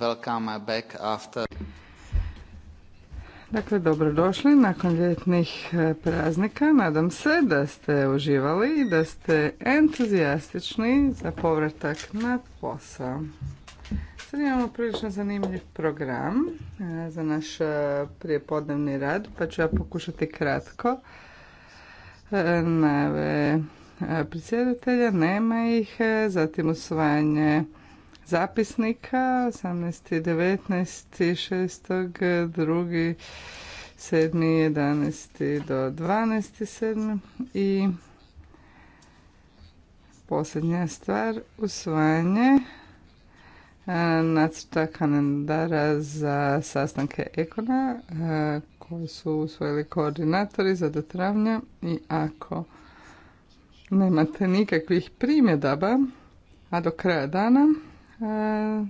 welcome back Dakle, dobrodošli nakon ljetnih e, praznika. Nadam se da ste uživali i da ste entuzijastični za povratak na posao. Sad imamo prilično zanimljiv program e, za naš e, prijepodnevni rad, pa ću ja pokušati kratko. Nave predsjedatelja, nema ih, zatim usvajanje zapisnika 18. 19. 6. 2. 7. 11. do 12. 7. i posljednja stvar usvajanje e, nacrta kanendara za sastanke Ekona e, koji su usvojili koordinatori za do travnja i ako nemate nikakvih primjedaba, a do kraja dana E,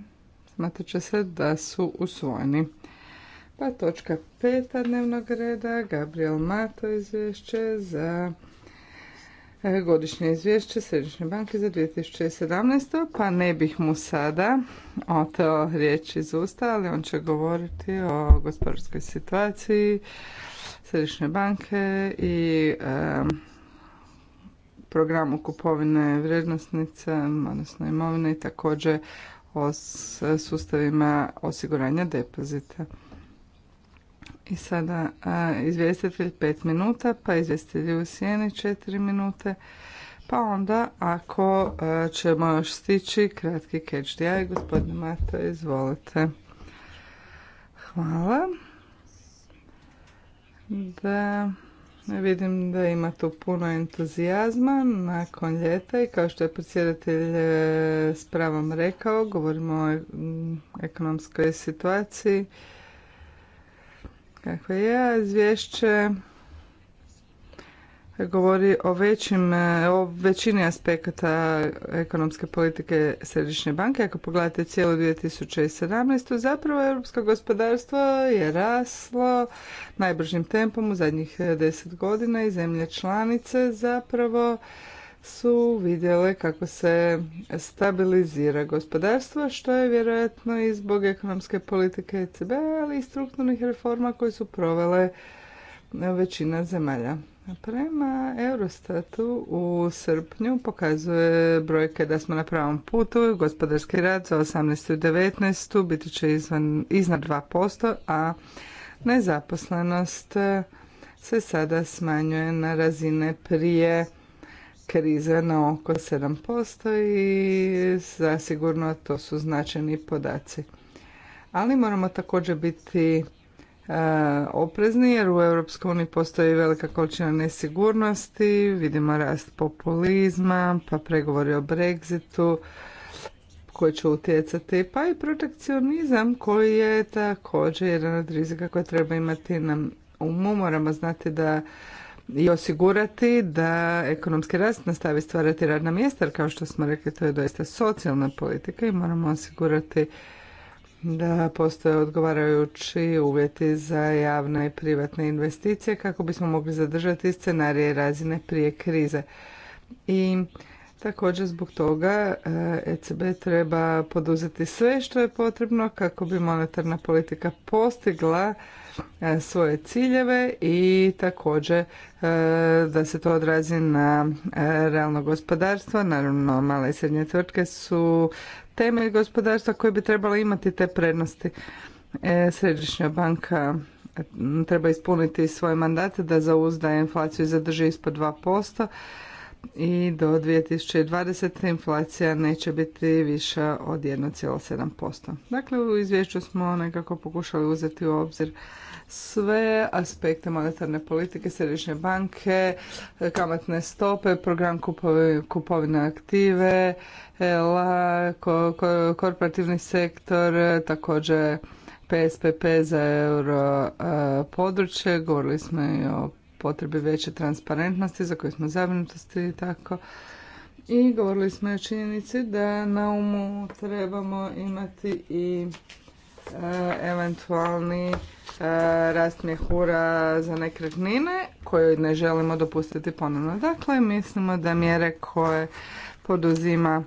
smatrat će se da su usvojeni. Pa točka peta dnevnog reda, Gabriel Mato izvješće za e, godišnje izvješće Središnje banke za 2017. Pa ne bih mu sada oteo riječ iz usta, ali on će govoriti o gospodarskoj situaciji Središnje banke i e, programu kupovine vrijednosnice, odnosno imovine i također o sustavima osiguranja depozita. I sada izvjestitelj 5 minuta, pa izvjestitelj u sjeni 4 minute, pa onda ako ćemo još stići, kratki catch the eye, gospodine Mata, izvolite. Hvala. Da... Vidim da ima tu puno entuzijazma nakon ljeta i kao što je predsjedatelj e, s pravom rekao, govorimo o mm, ekonomskoj situaciji. Kako je, izvješće govori o, većim, e, o većini aspekata ekonomske politike Središnje banke. Ako pogledate cijelu 2017. zapravo europsko gospodarstvo je raslo najbržim tempom u zadnjih deset godina i zemlje članice zapravo su vidjele kako se stabilizira gospodarstvo, što je vjerojatno i zbog ekonomske politike ECB, ali i strukturnih reforma koje su provele većina zemalja. Prema Eurostatu u srpnju pokazuje brojke da smo na pravom putu. Gospodarski rad za 18. i 19. biti će izvan, iznad 2%, a nezaposlenost se sada smanjuje na razine prije krize na oko 7% i zasigurno to su značajni podaci. Ali moramo također biti E, oprezni jer u EU postoji velika količina nesigurnosti, vidimo rast populizma, pa pregovori o Brexitu koji će utjecati, pa i protekcionizam koji je također jedan od rizika koje treba imati na umu. Moramo znati da i osigurati da ekonomski rast nastavi stvarati radna mjesta, jer kao što smo rekli to je doista socijalna politika i moramo osigurati da postoje odgovarajući uvjeti za javne i privatne investicije kako bismo mogli zadržati scenarije razine prije krize. I također zbog toga ECB eh, e treba poduzeti sve što je potrebno kako bi monetarna politika postigla eh, svoje ciljeve i također eh, da se to odrazi na realno gospodarstvo. Naravno, male i srednje tvrtke su temelj gospodarstva koje bi trebala imati te prednosti. E, Središnja banka e, treba ispuniti svoje mandate da zauzda inflaciju i zadrži ispod 2% i do 2020. inflacija neće biti viša od 1,7%. Dakle, u izvješću smo nekako pokušali uzeti u obzir sve aspekte monetarne politike središnje banke, kamatne stope, program kupovine aktive, korporativni sektor, također PSPP za euro e, područje, govorili smo i o potrebi veće transparentnosti za koju smo zabrinutosti i tako. I govorili smo i o činjenici da na umu trebamo imati i E, eventualni e, rast mjehura za nekretnine koje ne želimo dopustiti ponovno. Dakle, mislimo da mjere koje poduzima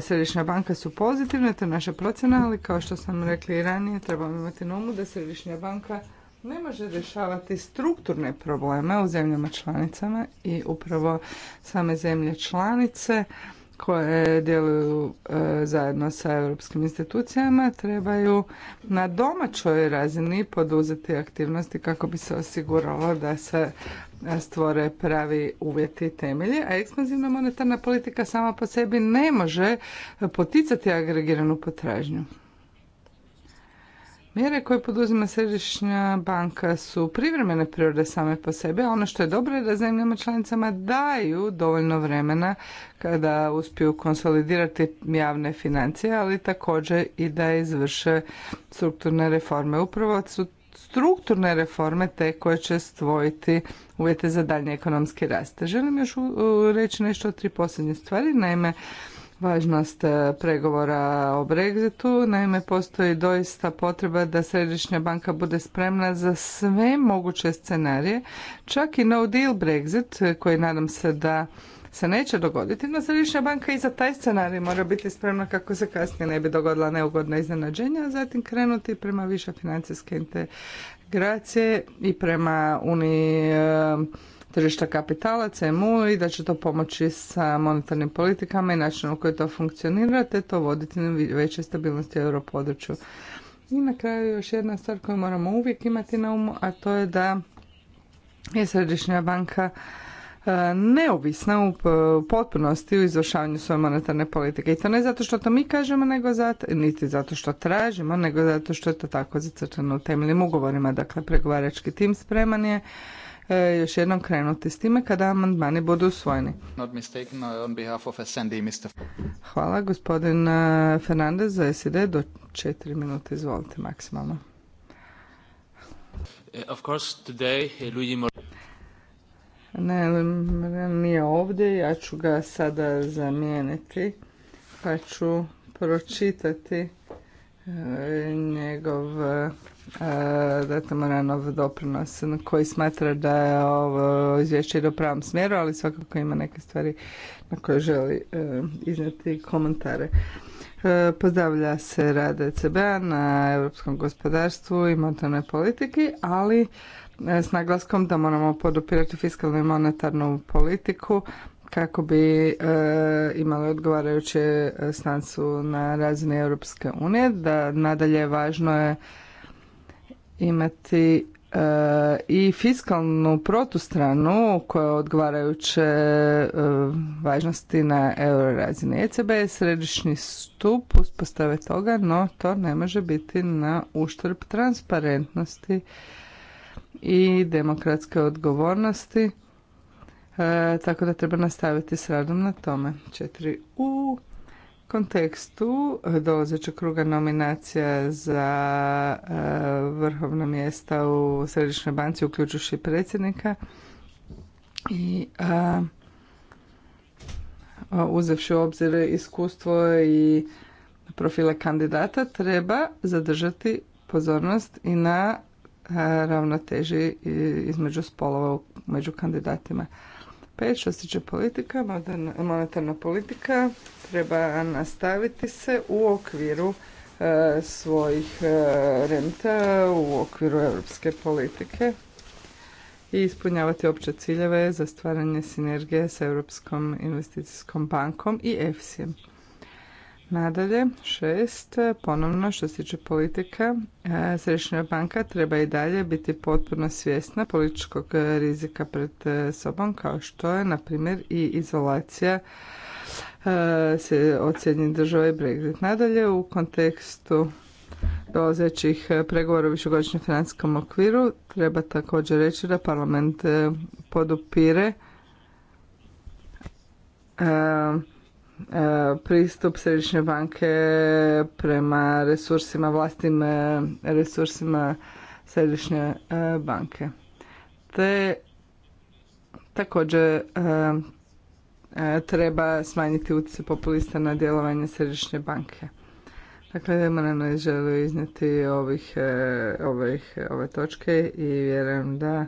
Središnja banka su pozitivne, to je naša procjena, ali kao što sam rekli i ranije, trebamo imati na umu da Središnja banka ne može rješavati strukturne probleme u zemljama članicama i upravo same zemlje članice koje djeluju e, zajedno sa europskim institucijama trebaju na domaćoj razini poduzeti aktivnosti kako bi se osiguralo da se stvore pravi uvjeti i temelji, a ekspanzivna monetarna politika sama po sebi ne može poticati agregiranu potražnju. Mjere koje poduzima središnja banka su privremene prirode same po sebi, a ono što je dobro je da zemljama članicama daju dovoljno vremena kada uspiju konsolidirati javne financije, ali također i da izvrše strukturne reforme. Upravo su strukturne reforme te koje će stvojiti uvjete za daljnji ekonomski rast. Želim još reći nešto o tri posljednje stvari. Naime, važnost e, pregovora o Brexitu. Naime, postoji doista potreba da Središnja banka bude spremna za sve moguće scenarije, čak i no deal Brexit, koji nadam se da se neće dogoditi, no Središnja banka i za taj scenarij mora biti spremna kako se kasnije ne bi dogodila neugodna iznenađenja, a zatim krenuti prema više financijske integracije i prema uniji e, tržišta kapitala, CMU i da će to pomoći sa monetarnim politikama i načinom koji to funkcionira, te to voditi na veće stabilnosti u europodručju. I na kraju još jedna stvar koju moramo uvijek imati na umu, a to je da je Središnja banka e, neovisna u potpunosti u izvršavanju svoje monetarne politike. I to ne zato što to mi kažemo, nego zato, niti zato što tražimo, nego zato što je to tako zacrtano u temeljnim ugovorima. Dakle, pregovarački tim spreman je E, još jednom krenuti s time kada amandmani budu usvojeni. Uh, Hvala, gospodin e, Fernandez za SID do četiri minute, izvolite maksimalno. Uh, of course, uh, ne, nije ovdje, ja ću ga sada zamijeniti, pa ću pročitati e, njegov E, dati Moranov doprinos koji smatra da je ovo izvješće ide u pravom smjeru, ali svakako ima neke stvari na koje želi e, iznijeti komentare. E, pozdravlja se rad ECB-a na europskom gospodarstvu i monetarnoj politiki, ali s naglaskom da moramo podupirati fiskalnu i monetarnu politiku kako bi imali odgovarajuće stancu na razini Europske unije. Da nadalje važno je imati e, i fiskalnu protustranu koja je odgovarajuće e, važnosti na euro razini. ECB središnji stup uspostave toga, no to ne može biti na uštrb transparentnosti i demokratske odgovornosti, e, tako da treba nastaviti s radom na tome. 4 u kontekstu eh, dolazećeg kruga nominacija za eh, vrhovna mjesta u Središnjoj banci, uključujući predsjednika i a, eh, uzevši u obzir iskustvo i profile kandidata, treba zadržati pozornost i na ravnoteži između spolova među kandidatima. 5 što se tiče politika, monetarna politika treba nastaviti se u okviru e, svojih e, renta u okviru europske politike i ispunjavati opće ciljeve za stvaranje sinergije sa Europskom investicijskom bankom i efsi Nadalje, šest, ponovno što se tiče politika, e, Središnja banka treba i dalje biti potpuno svjesna političkog rizika pred e, sobom, kao što je, na primjer, i izolacija e, se država i Brexit. Nadalje, u kontekstu dolazećih pregovora u višegodišnjem financijskom okviru, treba također reći da parlament podupire pristup Središnje banke prema resursima, vlastim e, resursima Središnje e, banke. Te također e, treba smanjiti utjecaj populista na djelovanje Središnje banke. Dakle, Demona ne želi iznijeti ovih, ovih, ove točke i vjerujem da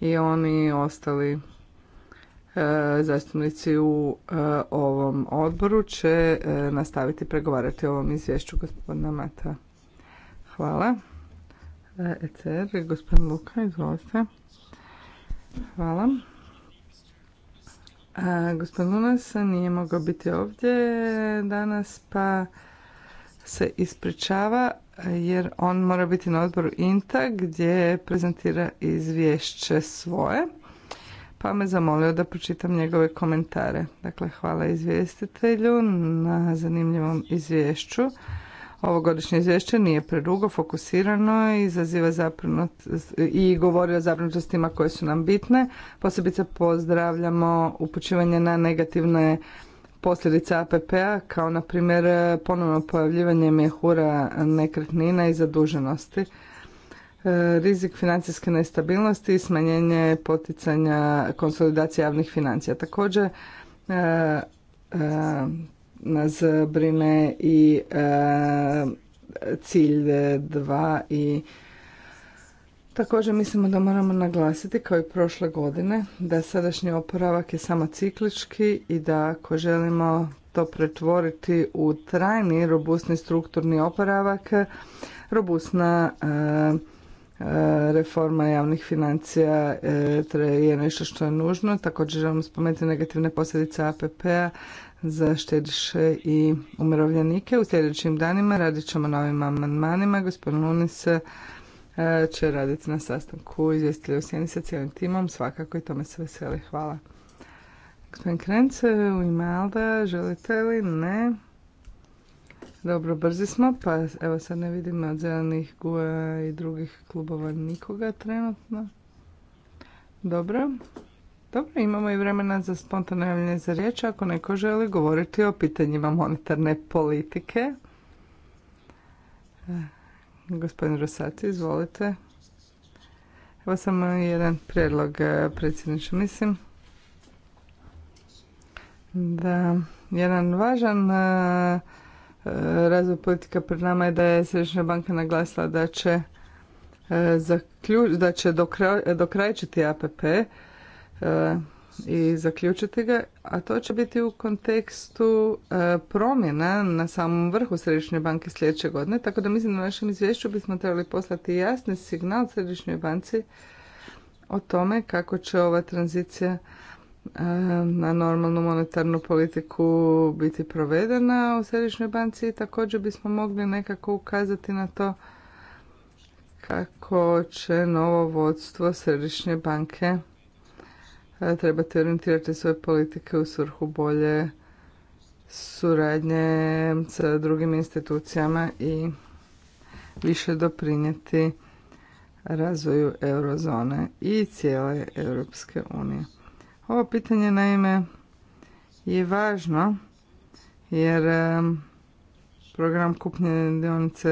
i oni ostali E, zastupnici u e, ovom odboru će e, nastaviti pregovarati o ovom izvješću gospodina Mata. Hvala. ECR, gospodin Luka, izvolite. Hvala. gospodin Lunas nije mogao biti ovdje danas, pa se ispričava jer on mora biti na odboru INTA gdje prezentira izvješće svoje pa me zamolio da pročitam njegove komentare. Dakle, hvala izvjestitelju na zanimljivom izvješću. Ovo godišnje izvješće nije predugo fokusirano i izaziva zaprinut, i govori o zabrinutostima koje su nam bitne. Posebice pozdravljamo upućivanje na negativne posljedice APP-a kao na primjer ponovno pojavljivanje mjehura nekretnina i zaduženosti. E, rizik financijske nestabilnosti i smanjenje poticanja konsolidacije javnih financija. Također e, e, nas brine i cilj 2 i Također mislimo da moramo naglasiti kao i prošle godine da sadašnji oporavak je samo ciklički i da ako želimo to pretvoriti u trajni robustni strukturni oporavak, robustna E, reforma javnih financija e, je nešto što je nužno. Također želim spomenuti negativne posljedice APP-a za štediše i umirovljenike. U sljedećim danima radit ćemo na ovim amandmanima. Gospodin Lunis e, će raditi na sastanku izvjestitelja u sjeni sa cijelim timom. Svakako i tome se veseli. Hvala. Gospodin Krence, u ime Alda, želite li? Ne. Dobro, brzi smo, pa evo sad ne vidim od zelenih guja i drugih klubova nikoga trenutno. Dobro. Dobro, imamo i vremena za spontano javljanje za riječ ako neko želi govoriti o pitanjima monetarne politike. E, gospodin Rosati, izvolite. Evo samo jedan prijedlog e, predsjedniče. Mislim da jedan važan e, E, razvoj politika pred nama je da je Središnja banka naglasila da će e, da će dokrajčiti APP e, i zaključiti ga, a to će biti u kontekstu promjena na samom vrhu Središnje banke sljedeće godine, tako da mislim da u našem izvješću bismo trebali poslati jasni signal Središnjoj banci o tome kako će ova tranzicija na normalnu monetarnu politiku biti provedena u Središnjoj banci i također bismo mogli nekako ukazati na to kako će novo vodstvo Središnje banke trebati orijentirati svoje politike u svrhu bolje suradnje sa drugim institucijama i više doprinijeti razvoju eurozone i cijele Europske unije. Ovo pitanje naime je važno jer program kupnje dionice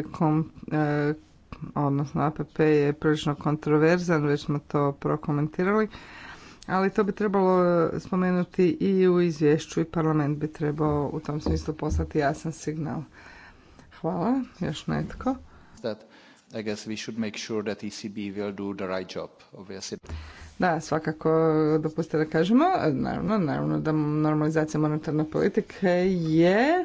e, odnosno APP je prilično kontroverzan, već smo to prokomentirali, ali to bi trebalo e, spomenuti i u izvješću i parlament bi trebao u tom smislu poslati jasan signal. Hvala, još netko. E da, svakako dopustite da kažemo, naravno, naravno da normalizacija monetarne politike je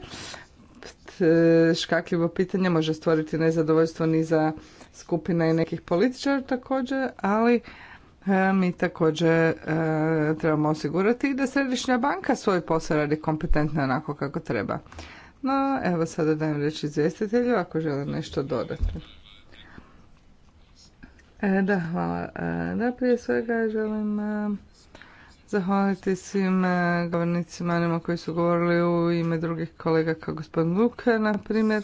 škakljivo pitanje, može stvoriti nezadovoljstvo ni za skupina i nekih političara također, ali e, mi također e, trebamo osigurati da središnja banka svoj posao radi kompetentno onako kako treba. No, evo sada dajem reći izvjestitelju ako žele nešto dodati. E, da, hvala. E, da, prije svega želim e, zahvaliti svim govornicima, onima koji su govorili u ime drugih kolega kao gospodin Luka, na primjer.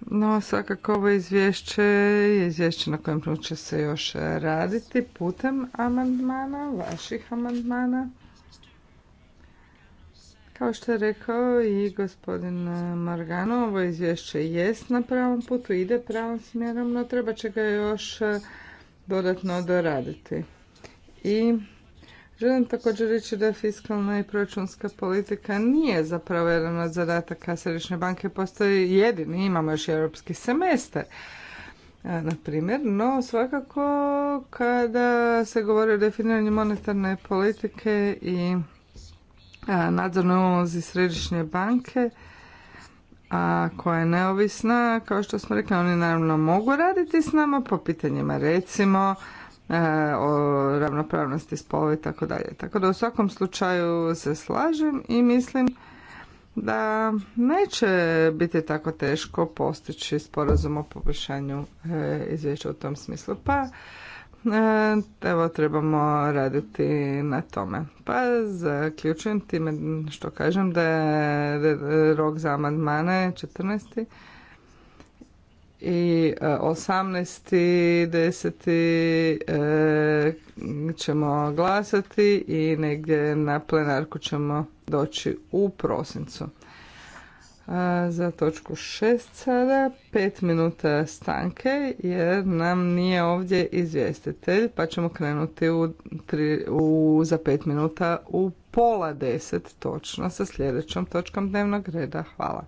No, svakako ovo izvješće je izvješće na kojem će se još raditi putem amandmana, vaših amandmana. Kao što je rekao i gospodin Margano, ovo izvješće jest na pravom putu, ide pravom smjerom, no treba će ga još e, dodatno doraditi. I želim također reći da fiskalna i proračunska politika nije zapravo jedan od zadataka Središnje banke, postoji jedini, imamo još europski semestar e, na primjer, no svakako kada se govori o definiranju monetarne politike i nadzornoj ulozi središnje banke a koja je neovisna, kao što smo rekli, oni naravno mogu raditi s nama po pitanjima recimo e, o ravnopravnosti spolova i tako dalje. Tako da u svakom slučaju se slažem i mislim da neće biti tako teško postići sporazum o poboljšanju e, izvješća u tom smislu. Pa E, evo trebamo raditi na tome. Pa zaključujem time što kažem da je rok za amandmane 14. I 10. E, e, ćemo glasati i negdje na plenarku ćemo doći u prosincu za točku 6 sada, 5 minuta stanke jer nam nije ovdje izvjestitelj pa ćemo krenuti u, u za 5 minuta u pola 10 točno sa sljedećom točkom dnevnog reda. Hvala.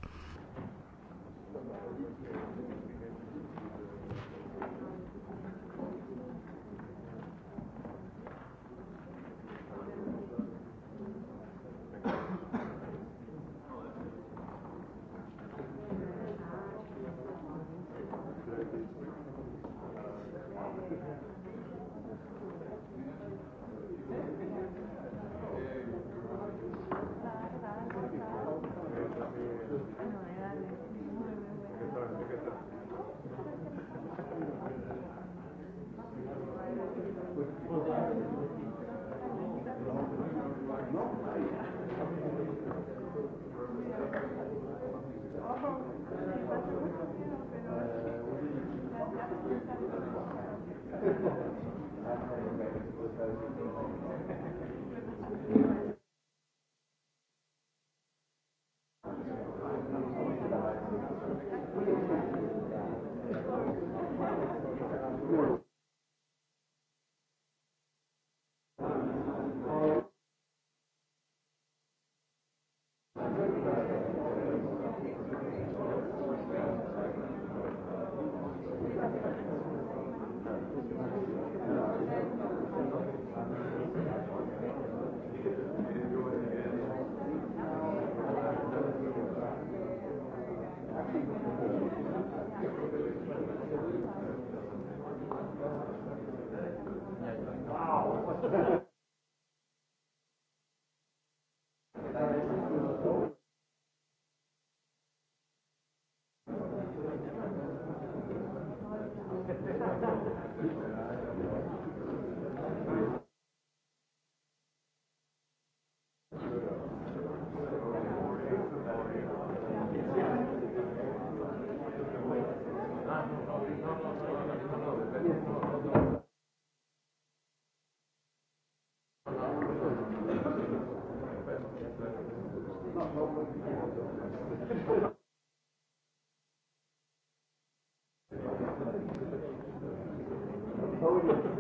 Hvala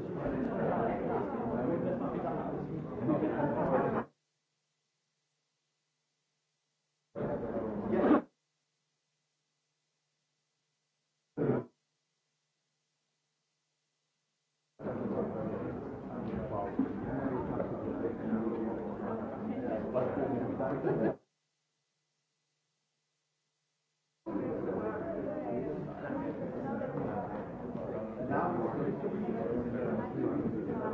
Da mi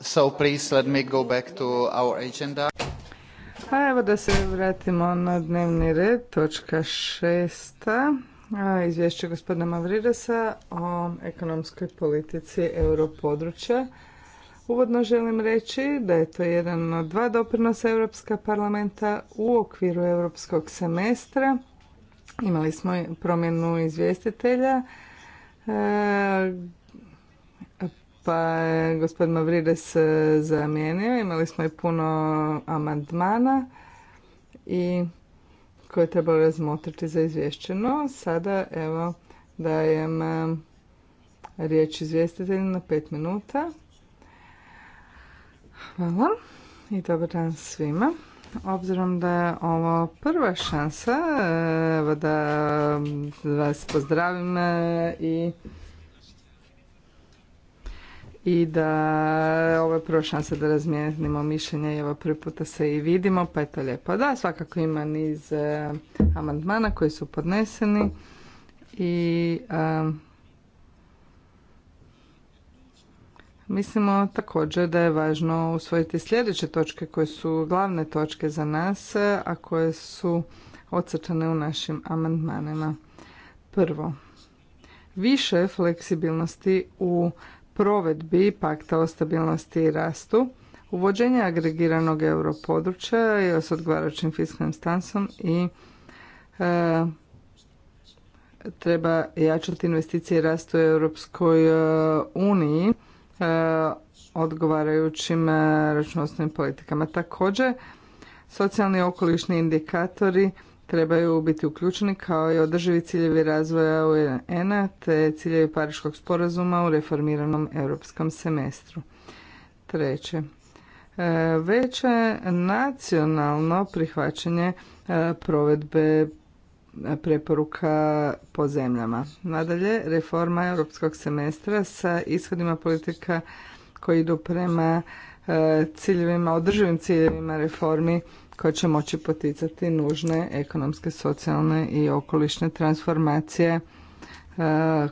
So pa evo da se vratimo na dnevni red, točka šesta, izvješće gospodina Mavridesa o ekonomskoj politici europodručja. Uvodno želim reći da je to jedan od dva doprinosa Europska parlamenta u okviru europskog semestra. Imali smo promjenu izvjestitelja pa je gospodin Mavrides e, zamijenio. Imali smo i puno amandmana i koje je trebalo razmotriti za izvješće. No, sada evo dajem e, riječ izvjestiteljima na pet minuta. Hvala i dobar dan svima. Obzirom da je ovo prva šansa e, evo da vas pozdravim i i da ovo je prva šansa da razmijenimo mišljenje i ovo prvi puta se i vidimo, pa je to lijepo. Da, svakako ima niz e, amandmana koji su podneseni i e, mislimo također da je važno usvojiti sljedeće točke koje su glavne točke za nas, e, a koje su ocrtane u našim amandmanima. Prvo, više fleksibilnosti u provedbi pakta o stabilnosti i rastu, uvođenje agregiranog europodručja s odgovarajućim fiskalnim stansom i e, treba jačati investicije i rastu u Europskoj e, uniji e, odgovarajućim računovodstvenim politikama. Također, socijalni okolišni indikatori trebaju biti uključeni kao i održivi ciljevi razvoja UN-a te ciljevi Pariškog sporazuma u reformiranom europskom semestru. Treće, e, veće nacionalno prihvaćanje e, provedbe preporuka po zemljama. Nadalje, reforma europskog semestra sa ishodima politika koji idu prema e, ciljevima, održivim ciljevima reformi koje će moći poticati nužne ekonomske, socijalne i okolišne transformacije e,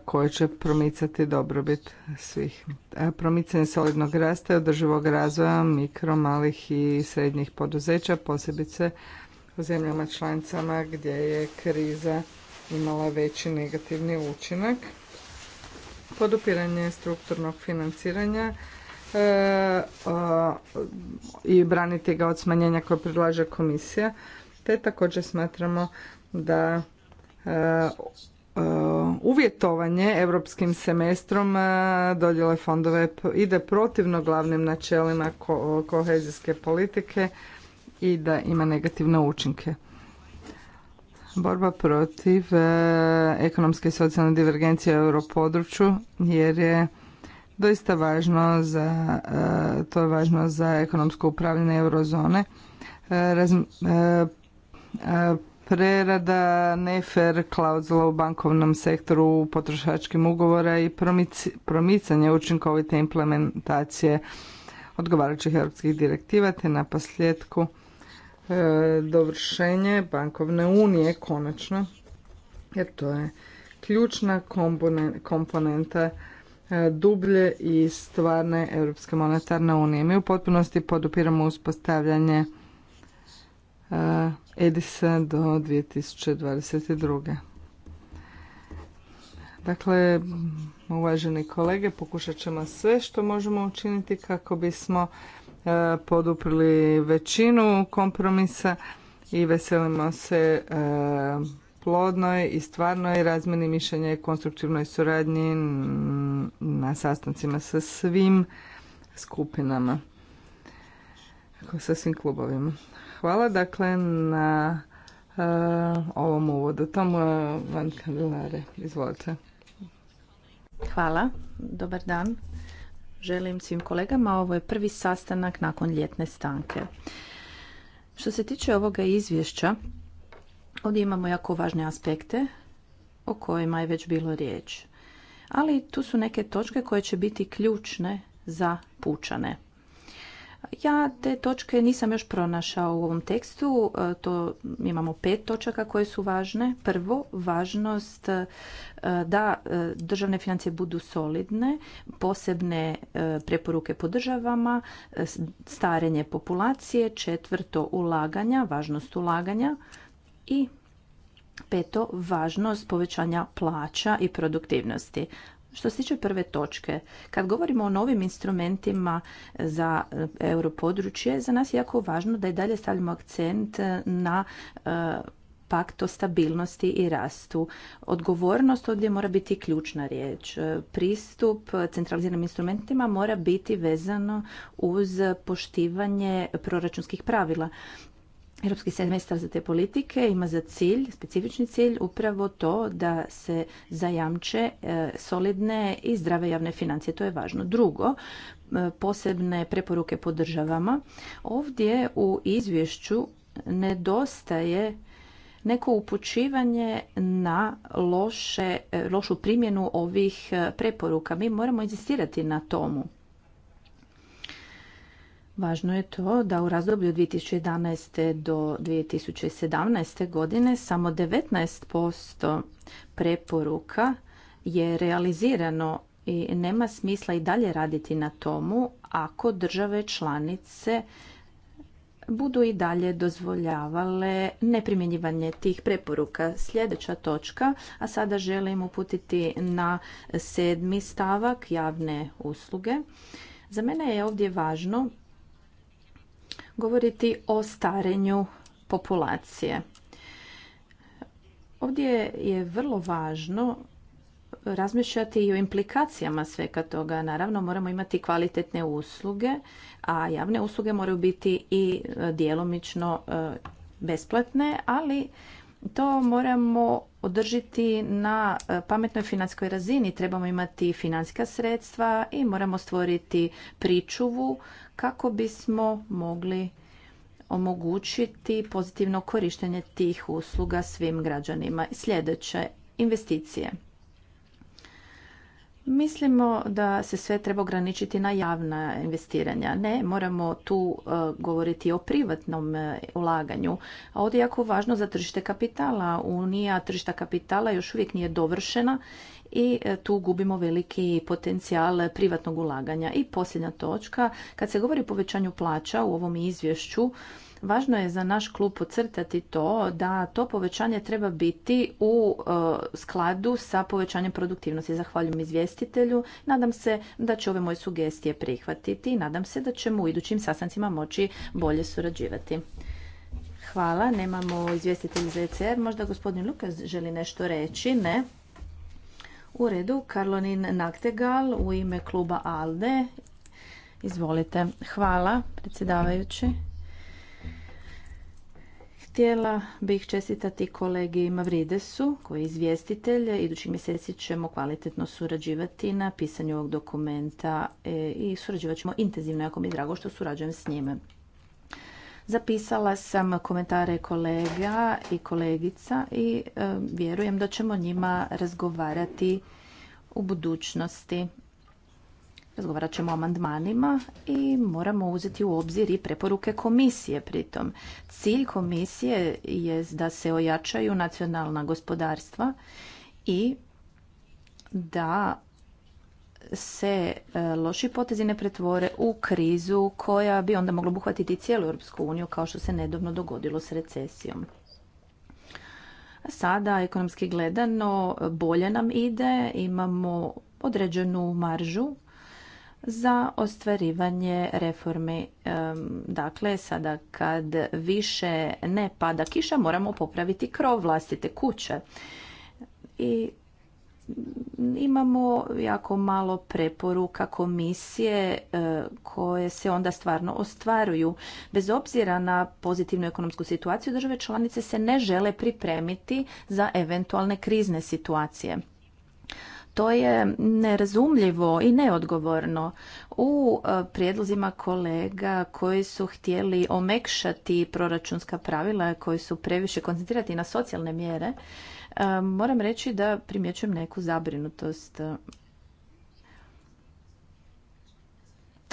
koje će promicati dobrobit svih. E, promicanje solidnog rasta i održivog razvoja mikro, malih i srednjih poduzeća, posebice u zemljama članicama gdje je kriza imala veći negativni učinak. Podupiranje strukturnog financiranja E, i braniti ga od smanjenja koje predlaže komisija. Te također smatramo da e, uvjetovanje europskim semestrom e, dodjele fondove ide protivno glavnim načelima kohezijske politike i da ima negativne učinke. Borba protiv ekonomske i socijalne divergencije u europodručju jer je doista važno za, e, to je važno za ekonomsko upravljanje eurozone. E, e, prerada nefer klauzula u bankovnom sektoru potrošačkim ugovora i promicanje učinkovite implementacije odgovarajućih europskih direktiva te na posljedku dovršenje bankovne unije konačno jer to je ključna komponenta E, dublje i stvarne Europske monetarne unije. Mi u potpunosti podupiramo uspostavljanje e, Edisa do 2022. Dakle, uvaženi kolege, pokušat ćemo sve što možemo učiniti kako bismo e, poduprili većinu kompromisa i veselimo se plodnoj i stvarnoj razmeni mišljenja i konstruktivnoj suradnji na sastancima sa svim skupinama, sa svim klubovima. Hvala dakle na eh, ovom uvodu. Tamo van kandelare. Izvolite. Hvala. Dobar dan. Želim svim kolegama. Ovo je prvi sastanak nakon ljetne stanke. Što se tiče ovoga izvješća, Ovdje imamo jako važne aspekte o kojima je već bilo riječ. Ali tu su neke točke koje će biti ključne za pučane. Ja te točke nisam još pronašao u ovom tekstu. E, to imamo pet točaka koje su važne. Prvo, važnost e, da e, državne financije budu solidne, posebne preporuke po državama, starenje populacije, četvrto ulaganja, važnost ulaganja, i peto, važnost povećanja plaća i produktivnosti. Što se tiče prve točke, kad govorimo o novim instrumentima za e, europodručje, za nas je jako važno da i dalje stavljamo akcent e, na e, pakt o stabilnosti i rastu. Odgovornost ovdje mora biti ključna riječ. Pristup centraliziranim instrumentima mora biti vezano uz poštivanje proračunskih pravila. Europski semestar za te politike ima za cilj, specifični cilj, upravo to da se zajamče e, solidne i zdrave javne financije. To je važno. Drugo, e, posebne preporuke po državama. Ovdje u izvješću nedostaje neko upućivanje na e, lošu primjenu ovih preporuka. Mi moramo insistirati na tomu. Važno je to da u razdoblju 2011. do 2017. godine samo 19% preporuka je realizirano i nema smisla i dalje raditi na tomu ako države članice budu i dalje dozvoljavale neprimjenjivanje tih preporuka. Sljedeća točka, a sada želim uputiti na sedmi stavak javne usluge. Za mene je ovdje važno govoriti o starenju populacije. Ovdje je vrlo važno razmišljati i o implikacijama svega toga. Naravno, moramo imati kvalitetne usluge, a javne usluge moraju biti i e, djelomično e, besplatne, ali to moramo održiti na e, pametnoj financijskoj razini. Trebamo imati financijska sredstva i moramo stvoriti pričuvu kako bismo mogli omogućiti pozitivno korištenje tih usluga svim građanima. Sljedeće, investicije. Mislimo da se sve treba ograničiti na javna investiranja. Ne, moramo tu e, govoriti o privatnom e, ulaganju. A ovdje je jako važno za tržište kapitala. Unija tržišta kapitala još uvijek nije dovršena i e, tu gubimo veliki potencijal privatnog ulaganja. I posljednja točka, kad se govori o povećanju plaća u ovom izvješću, Važno je za naš klub podcrtati to da to povećanje treba biti u e, skladu sa povećanjem produktivnosti. Zahvaljujem izvjestitelju. Nadam se da će ove moje sugestije prihvatiti i nadam se da ćemo u idućim sastancima moći bolje surađivati. Hvala. Nemamo izvjestitelj za ECR. Možda gospodin Lukas želi nešto reći? Ne. U redu. Karlonin Naktegal u ime kluba ALDE. Izvolite. Hvala, predsjedavajući. Htjela bih čestitati kolegi Mavridesu, koji je izvjestitelj. Idući mjeseci ćemo kvalitetno surađivati na pisanju ovog dokumenta e, i surađivat ćemo intenzivno, jako mi je drago što surađujem s njime. Zapisala sam komentare kolega i kolegica i e, vjerujem da ćemo njima razgovarati u budućnosti. Razgovarat ćemo o amandmanima i moramo uzeti u obzir i preporuke komisije pritom. Cilj komisije je da se ojačaju nacionalna gospodarstva i da se e, loši potezi ne pretvore u krizu koja bi onda mogla obuhvatiti cijelu Europsku uniju kao što se nedobno dogodilo s recesijom. Sada, ekonomski gledano, bolje nam ide, imamo određenu maržu za ostvarivanje reforme. Dakle, sada kad više ne pada kiša, moramo popraviti krov vlastite kuće. I imamo jako malo preporuka komisije e, koje se onda stvarno ostvaruju. Bez obzira na pozitivnu ekonomsku situaciju, države članice se ne žele pripremiti za eventualne krizne situacije. To je nerazumljivo i neodgovorno. U e, prijedlozima kolega koji su htjeli omekšati proračunska pravila koji su previše koncentrirati na socijalne mjere, e, moram reći da primjećujem neku zabrinutost.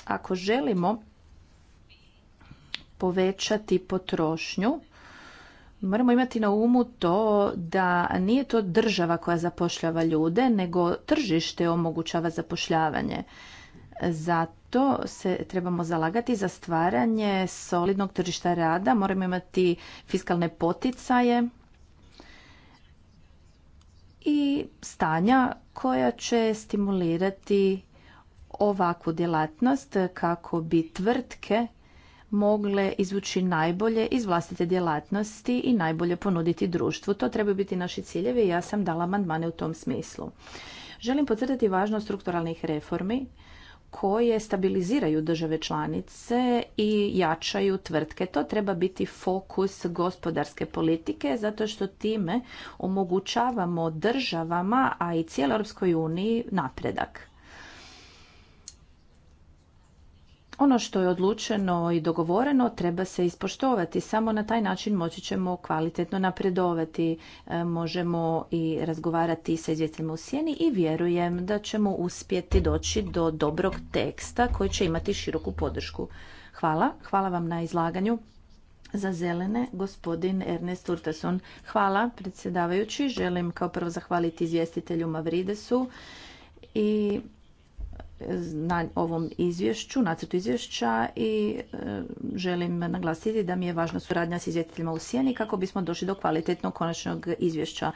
Ako želimo povećati potrošnju, Moramo imati na umu to da nije to država koja zapošljava ljude, nego tržište omogućava zapošljavanje. Zato se trebamo zalagati za stvaranje solidnog tržišta rada, moramo imati fiskalne poticaje i stanja koja će stimulirati ovakvu djelatnost kako bi tvrtke mogle izvući najbolje iz vlastite djelatnosti i najbolje ponuditi društvu. To trebaju biti naši ciljevi i ja sam dala amandmane u tom smislu. Želim potvrditi važnost strukturalnih reformi koje stabiliziraju države članice i jačaju tvrtke. To treba biti fokus gospodarske politike zato što time omogućavamo državama, a i cijeloj Europskoj uniji napredak. Ono što je odlučeno i dogovoreno treba se ispoštovati. Samo na taj način moći ćemo kvalitetno napredovati. E, možemo i razgovarati sa izvjetljima u sjeni i vjerujem da ćemo uspjeti doći do dobrog teksta koji će imati široku podršku. Hvala. Hvala vam na izlaganju. Za zelene, gospodin Ernest Urtason. Hvala, predsjedavajući. Želim kao prvo zahvaliti izvjestitelju Mavridesu i na ovom izvješću, nacrtu izvješća i e, želim naglasiti da mi je važna suradnja s izvjetiteljima u Sjeni kako bismo došli do kvalitetnog konačnog izvješća.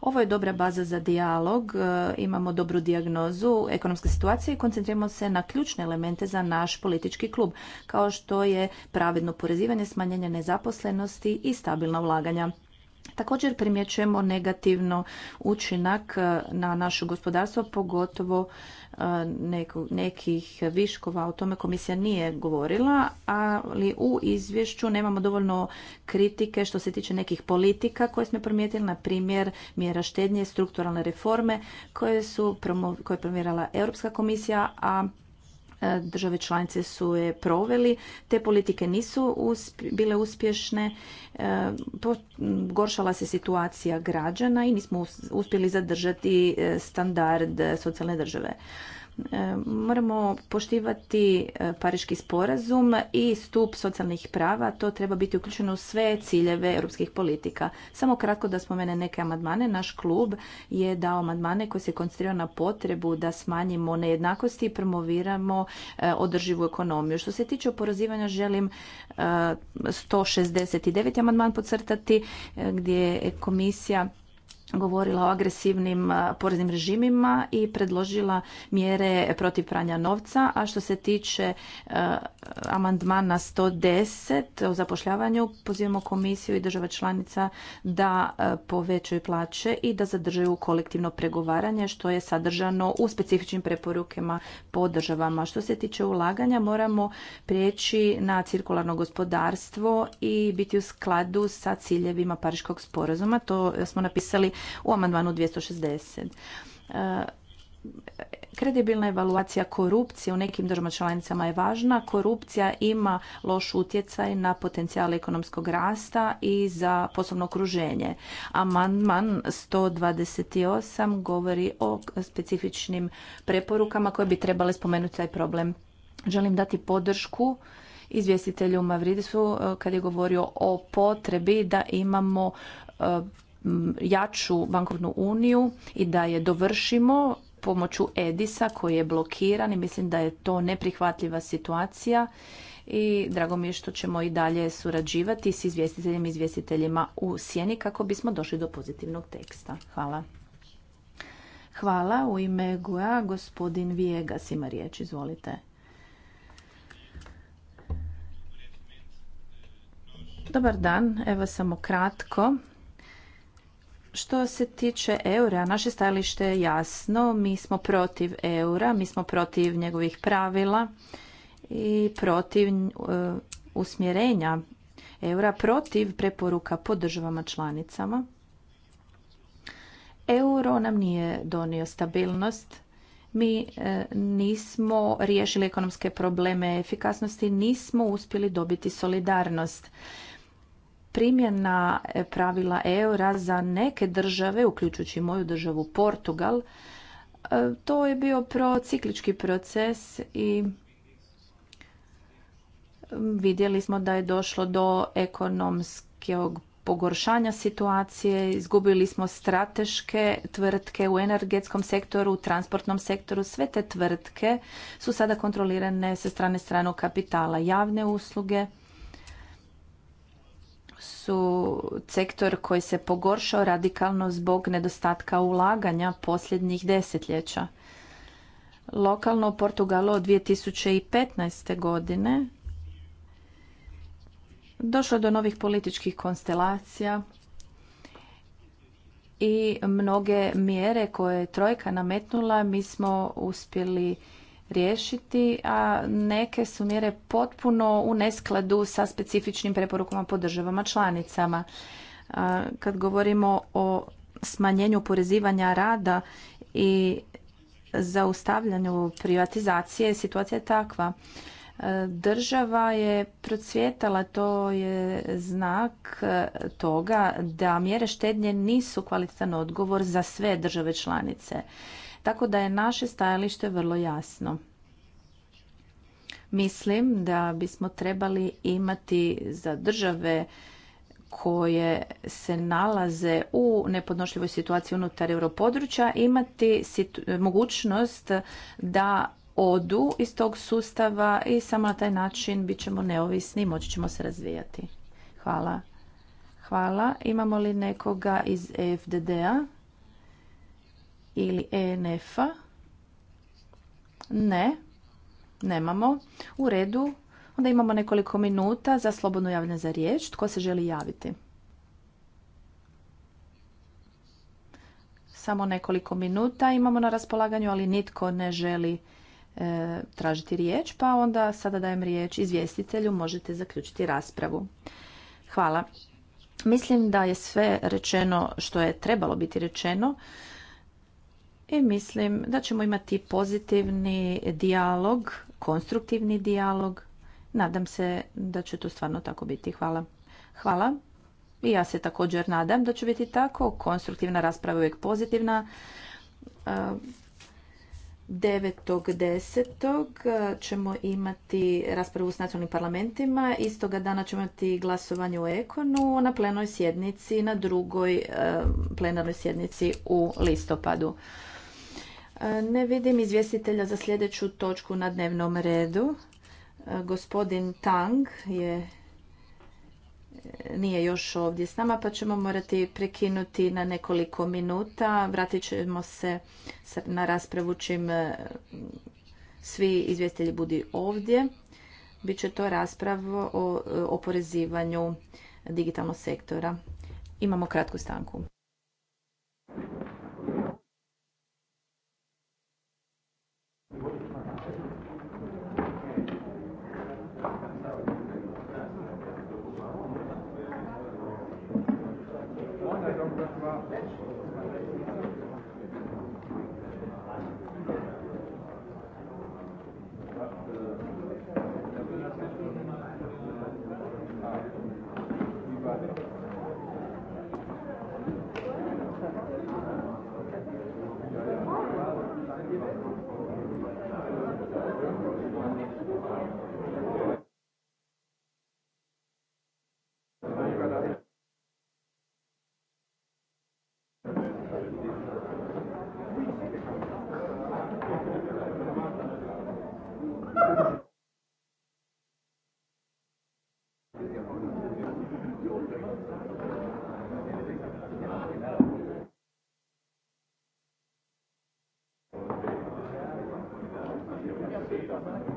Ovo je dobra baza za dijalog, e, imamo dobru dijagnozu ekonomske situacije i koncentriramo se na ključne elemente za naš politički klub, kao što je pravedno porezivanje, smanjenje nezaposlenosti i stabilna ulaganja. Također primjećujemo negativno učinak e, na naše gospodarstvo, pogotovo e, nekih viškova, o tome komisija nije govorila, ali u izvješću nemamo dovoljno kritike što se tiče nekih politika koje smo primijetili, na primjer mjera štednje, strukturalne reforme koje su je promovirala Europska komisija, a E, države članice su je proveli. Te politike nisu bile uspješne, e, goršala se situacija građana i nismo uspjeli zadržati e, standard socijalne države. E, moramo poštivati e, Pariški sporazum i stup socijalnih prava. To treba biti uključeno u sve ciljeve europskih politika. Samo kratko da spomene neke amandmane. Naš klub je dao amandmane koji se koncentrirao na potrebu da smanjimo nejednakosti i promoviramo e, održivu ekonomiju. Što se tiče oporezivanja, želim 169. amandman podcrtati gdje je komisija govorila o agresivnim poreznim režimima i predložila mjere protiv pranja novca, a što se tiče amandmana 110 o zapošljavanju, pozivamo komisiju i država članica da povećaju plaće i da zadržaju kolektivno pregovaranje što je sadržano u specifičnim preporukama po državama. Što se tiče ulaganja, moramo prijeći na cirkularno gospodarstvo i biti u skladu sa ciljevima Pariškog sporazuma. To smo napisali u amandmanu 260. E, kredibilna evaluacija korupcije u nekim državama članicama je važna. Korupcija ima loš utjecaj na potencijal ekonomskog rasta i za poslovno okruženje. Amandman 128 govori o specifičnim preporukama koje bi trebale spomenuti taj problem. Želim dati podršku izvjestitelju Mavridisu e, kad je govorio o potrebi da imamo e, Mm, jaču bankovnu uniju i da je dovršimo pomoću Edisa koji je blokiran i mislim da je to neprihvatljiva situacija i drago mi je što ćemo i dalje surađivati s izvjestiteljima i izvjestiteljima u sjeni kako bismo došli do pozitivnog teksta. Hvala. Hvala. U ime GUA gospodin Vijegas ima riječ. Izvolite. Dobar dan. Evo samo kratko. Što se tiče eura, naše stajalište je jasno. Mi smo protiv eura, mi smo protiv njegovih pravila i protiv e, usmjerenja eura, protiv preporuka po državama članicama. Euro nam nije donio stabilnost. Mi e, nismo riješili ekonomske probleme efikasnosti, nismo uspjeli dobiti solidarnost primjena e, pravila eura za neke države, uključujući moju državu Portugal, e, to je bio prociklički proces i mm, vidjeli smo da je došlo do ekonomskog pogoršanja situacije, izgubili smo strateške tvrtke u energetskom sektoru, u transportnom sektoru. Sve te tvrtke su sada kontrolirane sa strane stranog kapitala javne usluge su sektor koji se pogoršao radikalno zbog nedostatka ulaganja posljednjih desetljeća. Lokalno u Portugalu od 2015. godine došlo do novih političkih konstelacija i mnoge mjere koje je Trojka nametnula mi smo uspjeli riješiti, a neke su mjere potpuno u neskladu sa specifičnim preporukama po državama članicama. Kad govorimo o smanjenju oporezivanja rada i zaustavljanju privatizacije, situacija je takva. Država je procvjetala, to je znak e, toga da mjere štednje nisu kvalitetan odgovor za sve države članice. Tako da je naše stajalište vrlo jasno. Mislim da bismo trebali imati za države koje se nalaze u nepodnošljivoj situaciji unutar europodručja imati mogućnost da odu iz tog sustava i samo na taj način bit ćemo neovisni i moći ćemo se razvijati. Hvala. Hvala. Imamo li nekoga iz EFDD-a? ili ENF-a? Ne, nemamo. U redu, onda imamo nekoliko minuta za slobodno javljanje za riječ. Tko se želi javiti? Samo nekoliko minuta imamo na raspolaganju, ali nitko ne želi e, tražiti riječ, pa onda sada dajem riječ izvjestitelju, možete zaključiti raspravu. Hvala. Mislim da je sve rečeno što je trebalo biti rečeno i mislim da ćemo imati pozitivni dijalog, konstruktivni dijalog. Nadam se da će to stvarno tako biti. Hvala. Hvala. I ja se također nadam da će biti tako. Konstruktivna rasprava je uvijek pozitivna. 9.10. ćemo imati raspravu s nacionalnim parlamentima. Istoga dana ćemo imati glasovanje u Ekonu na plenoj sjednici, na drugoj eh, plenarnoj sjednici u listopadu. E, ne vidim izvjestitelja za sljedeću točku na dnevnom redu. E, gospodin Tang je e, nije još ovdje s nama, pa ćemo morati prekinuti na nekoliko minuta. Vratit ćemo se na raspravu čim svi izvjestitelji budi ovdje. Biće to rasprava o oporezivanju digitalnog sektora. Imamo kratku stanku. Hvala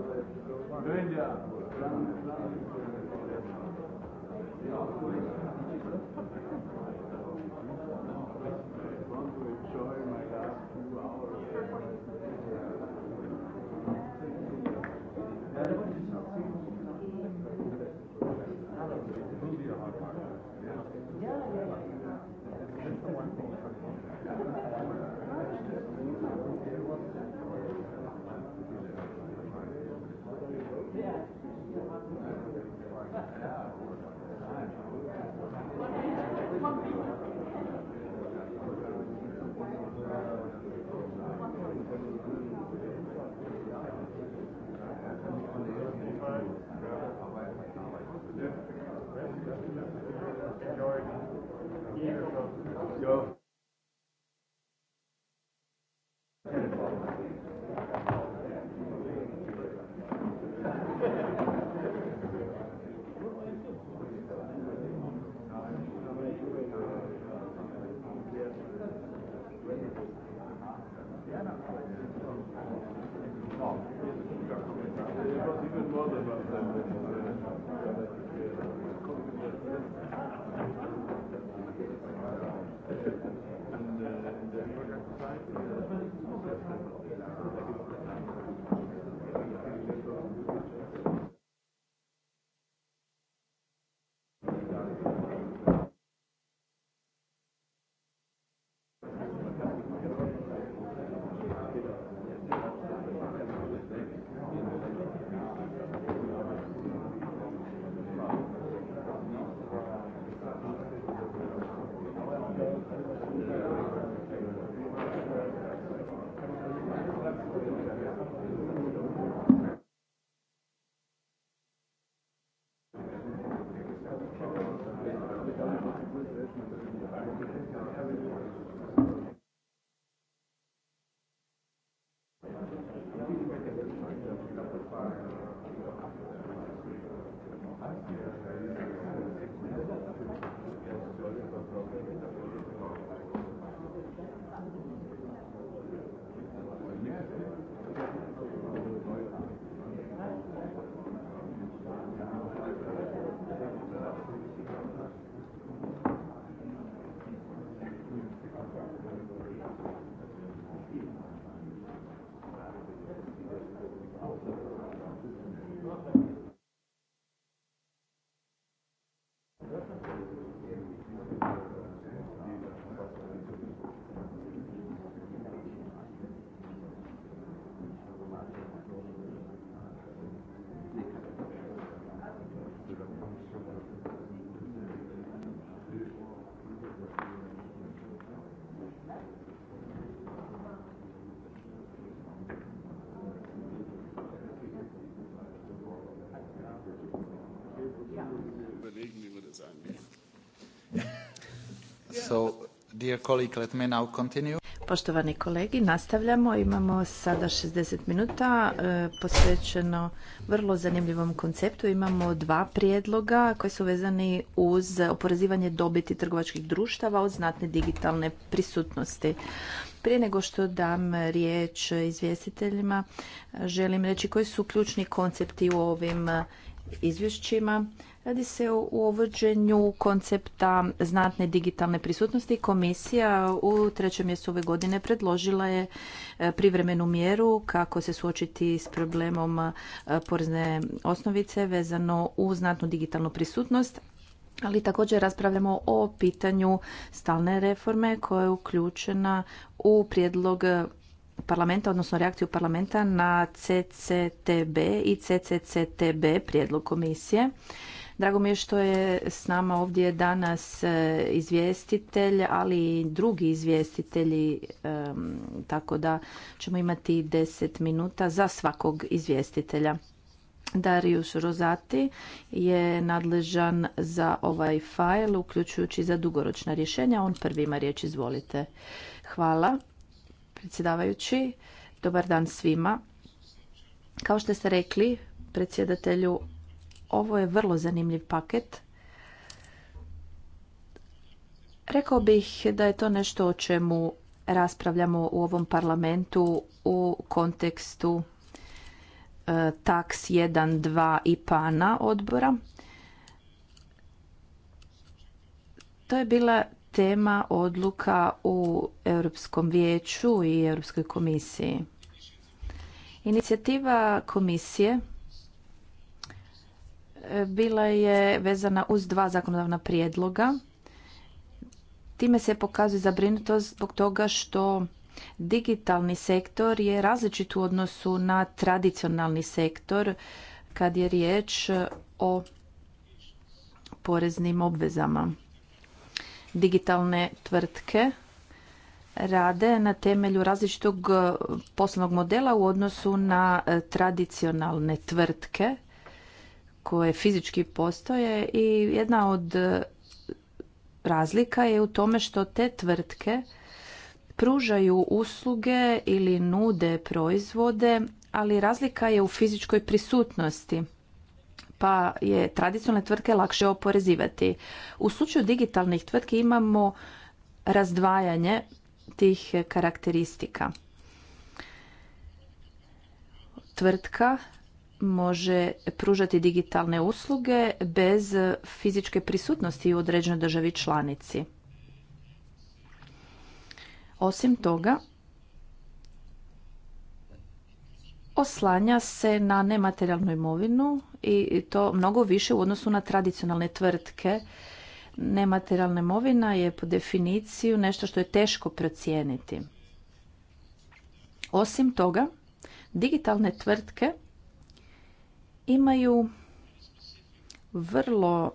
Grande pa ti So, dear Poštovani kolegi, nastavljamo. Imamo sada 60 minuta e, posvećeno vrlo zanimljivom konceptu. Imamo dva prijedloga koji su vezani uz oporezivanje dobiti trgovačkih društava od znatne digitalne prisutnosti. Prije nego što dam riječ izvjestiteljima, želim reći koji su ključni koncepti u ovim izvješćima. Radi se o uvođenju koncepta znatne digitalne prisutnosti. Komisija u trećem mjestu ove godine predložila je e, privremenu mjeru kako se suočiti s problemom e, porezne osnovice vezano u znatnu digitalnu prisutnost, ali također raspravljamo o pitanju stalne reforme koja je uključena u prijedlog parlamenta, odnosno reakciju parlamenta na CCTB i CCCTB prijedlog komisije. Drago mi je što je s nama ovdje danas e, izvjestitelj, ali i drugi izvjestitelji, tako da ćemo imati 10 minuta za svakog izvjestitelja. Darius Rozati je nadležan za ovaj fajl, uključujući za dugoročna rješenja. On prvi ima riječ, izvolite. Hvala predsjedavajući. Dobar dan svima. Kao što ste rekli, predsjedatelju, ovo je vrlo zanimljiv paket. Rekao bih da je to nešto o čemu raspravljamo u ovom parlamentu u kontekstu e, Taks 1, 2 i PANA odbora. To je bila tema odluka u Europskom vijeću i Europskoj komisiji. Inicijativa komisije e, bila je vezana uz dva zakonodavna prijedloga. Time se pokazuje zabrinutost zbog toga što digitalni sektor je različit u odnosu na tradicionalni sektor kad je riječ o poreznim obvezama digitalne tvrtke rade na temelju različitog e, poslovnog modela u odnosu na e, tradicionalne tvrtke koje fizički postoje i jedna od e, razlika je u tome što te tvrtke pružaju usluge ili nude proizvode, ali razlika je u fizičkoj prisutnosti pa je tradicionalne tvrtke lakše oporezivati. U slučaju digitalnih tvrtki imamo razdvajanje tih karakteristika. Tvrtka može pružati digitalne usluge bez fizičke prisutnosti u određenoj državi članici. Osim toga, oslanja se na nematerijalnu imovinu i to mnogo više u odnosu na tradicionalne tvrtke. Nematerijalna imovina je po definiciju nešto što je teško procijeniti. Osim toga, digitalne tvrtke imaju vrlo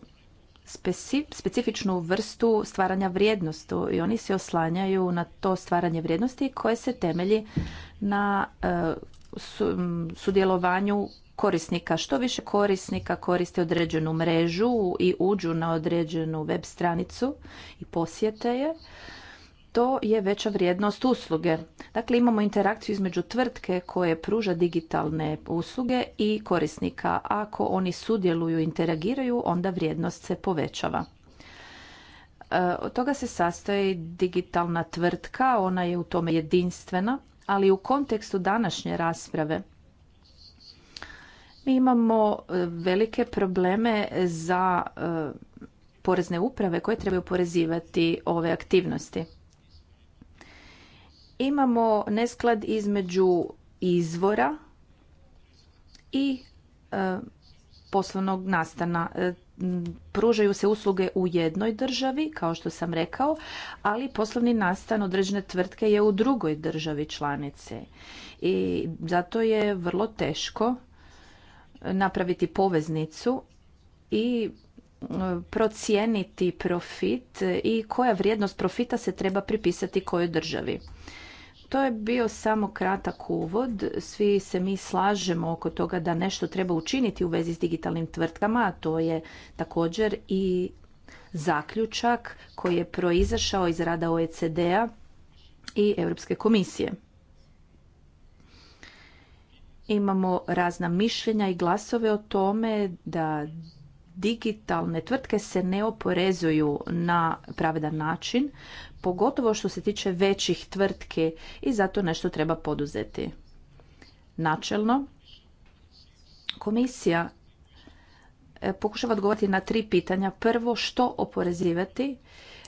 specifičnu vrstu stvaranja vrijednosti i oni se oslanjaju na to stvaranje vrijednosti koje se temelji na e, Mm, sudjelovanju korisnika. Što više korisnika koriste određenu mrežu i uđu na određenu web stranicu i posjete je, to je veća vrijednost usluge. Dakle, imamo interakciju između tvrtke koje pruža digitalne usluge i korisnika. Ako oni sudjeluju interagiraju, onda vrijednost se povećava. E, od toga se sastoji digitalna tvrtka, ona je u tome jedinstvena ali u kontekstu današnje rasprave mi imamo e, velike probleme za e, porezne uprave koje trebaju porezivati ove aktivnosti. Imamo nesklad između izvora i e, poslovnog nastana pružaju se usluge u jednoj državi, kao što sam rekao, ali poslovni nastan određene tvrtke je u drugoj državi članice. I zato je vrlo teško napraviti poveznicu i procijeniti profit i koja vrijednost profita se treba pripisati kojoj državi. To je bio samo kratak uvod. Svi se mi slažemo oko toga da nešto treba učiniti u vezi s digitalnim tvrtkama, a to je također i zaključak koji je proizašao iz rada OECD-a i Europske komisije. Imamo razna mišljenja i glasove o tome da digitalne tvrtke se ne oporezuju na pravedan način pogotovo što se tiče većih tvrtki i zato nešto treba poduzeti. Načelno, komisija e, pokušava odgovoriti na tri pitanja. Prvo, što oporezivati?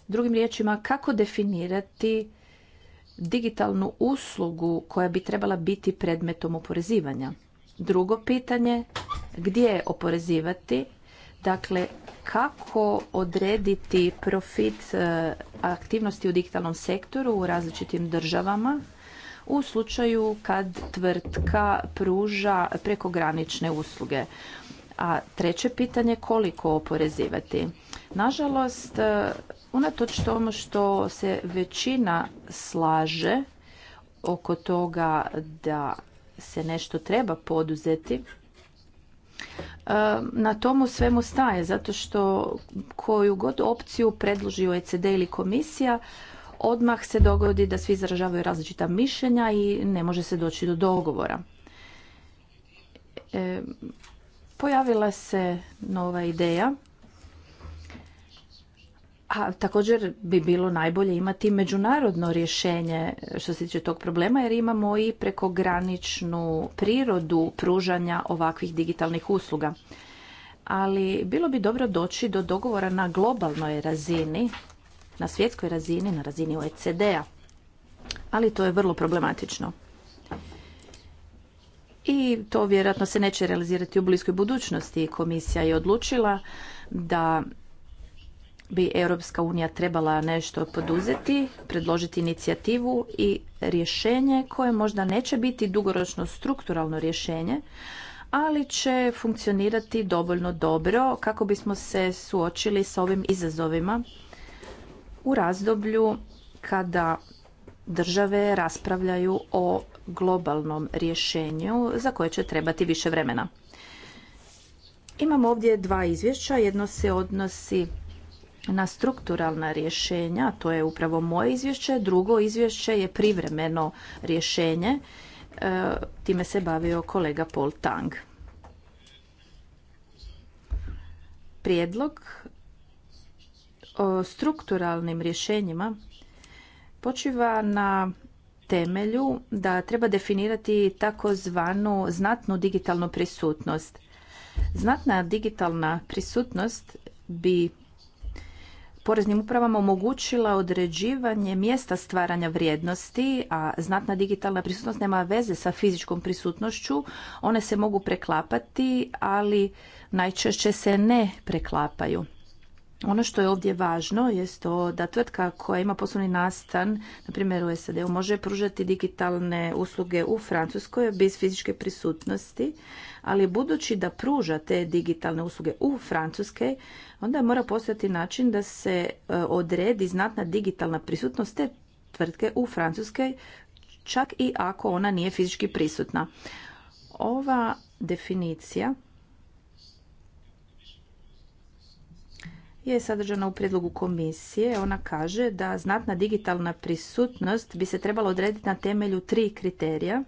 Drugim riječima, kako definirati digitalnu uslugu koja bi trebala biti predmetom oporezivanja? Drugo pitanje, gdje je oporezivati? Dakle, kako odrediti profit e, aktivnosti u digitalnom sektoru u različitim državama u slučaju kad tvrtka pruža prekogranične usluge. A treće pitanje koliko oporezivati. Nažalost, e, unatoč tomu što se većina slaže oko toga da se nešto treba poduzeti na tomu svemu staje, zato što koju god opciju predloži OECD ili komisija, odmah se dogodi da svi izražavaju različita mišljenja i ne može se doći do dogovora. E, pojavila se nova ideja a također bi bilo najbolje imati međunarodno rješenje što se tiče tog problema jer imamo i prekograničnu prirodu pružanja ovakvih digitalnih usluga. Ali bilo bi dobro doći do dogovora na globalnoj razini, na svjetskoj razini, na razini OECD-a. Ali to je vrlo problematično. I to vjerojatno se neće realizirati u bliskoj budućnosti. Komisija je odlučila da bi Europska unija trebala nešto poduzeti, predložiti inicijativu i rješenje koje možda neće biti dugoročno strukturalno rješenje, ali će funkcionirati dovoljno dobro kako bismo se suočili s ovim izazovima u razdoblju kada države raspravljaju o globalnom rješenju za koje će trebati više vremena. Imamo ovdje dva izvješća. Jedno se odnosi na strukturalna rješenja, to je upravo moje izvješće, drugo izvješće je privremeno rješenje, e, time se bavio kolega Paul Tang. Prijedlog o strukturalnim rješenjima počiva na temelju da treba definirati takozvanu znatnu digitalnu prisutnost. Znatna digitalna prisutnost bi poreznim upravama omogućila određivanje mjesta stvaranja vrijednosti, a znatna digitalna prisutnost nema veze sa fizičkom prisutnošću. One se mogu preklapati, ali najčešće se ne preklapaju. Ono što je ovdje važno je to da tvrtka koja ima poslovni nastan, na primjer u SAD-u, može pružati digitalne usluge u Francuskoj bez fizičke prisutnosti ali budući da pruža te digitalne usluge u Francuskoj, onda mora postojati način da se e, odredi znatna digitalna prisutnost te tvrtke u Francuskoj, čak i ako ona nije fizički prisutna. Ova definicija je sadržana u predlogu komisije. Ona kaže da znatna digitalna prisutnost bi se trebala odrediti na temelju tri kriterija.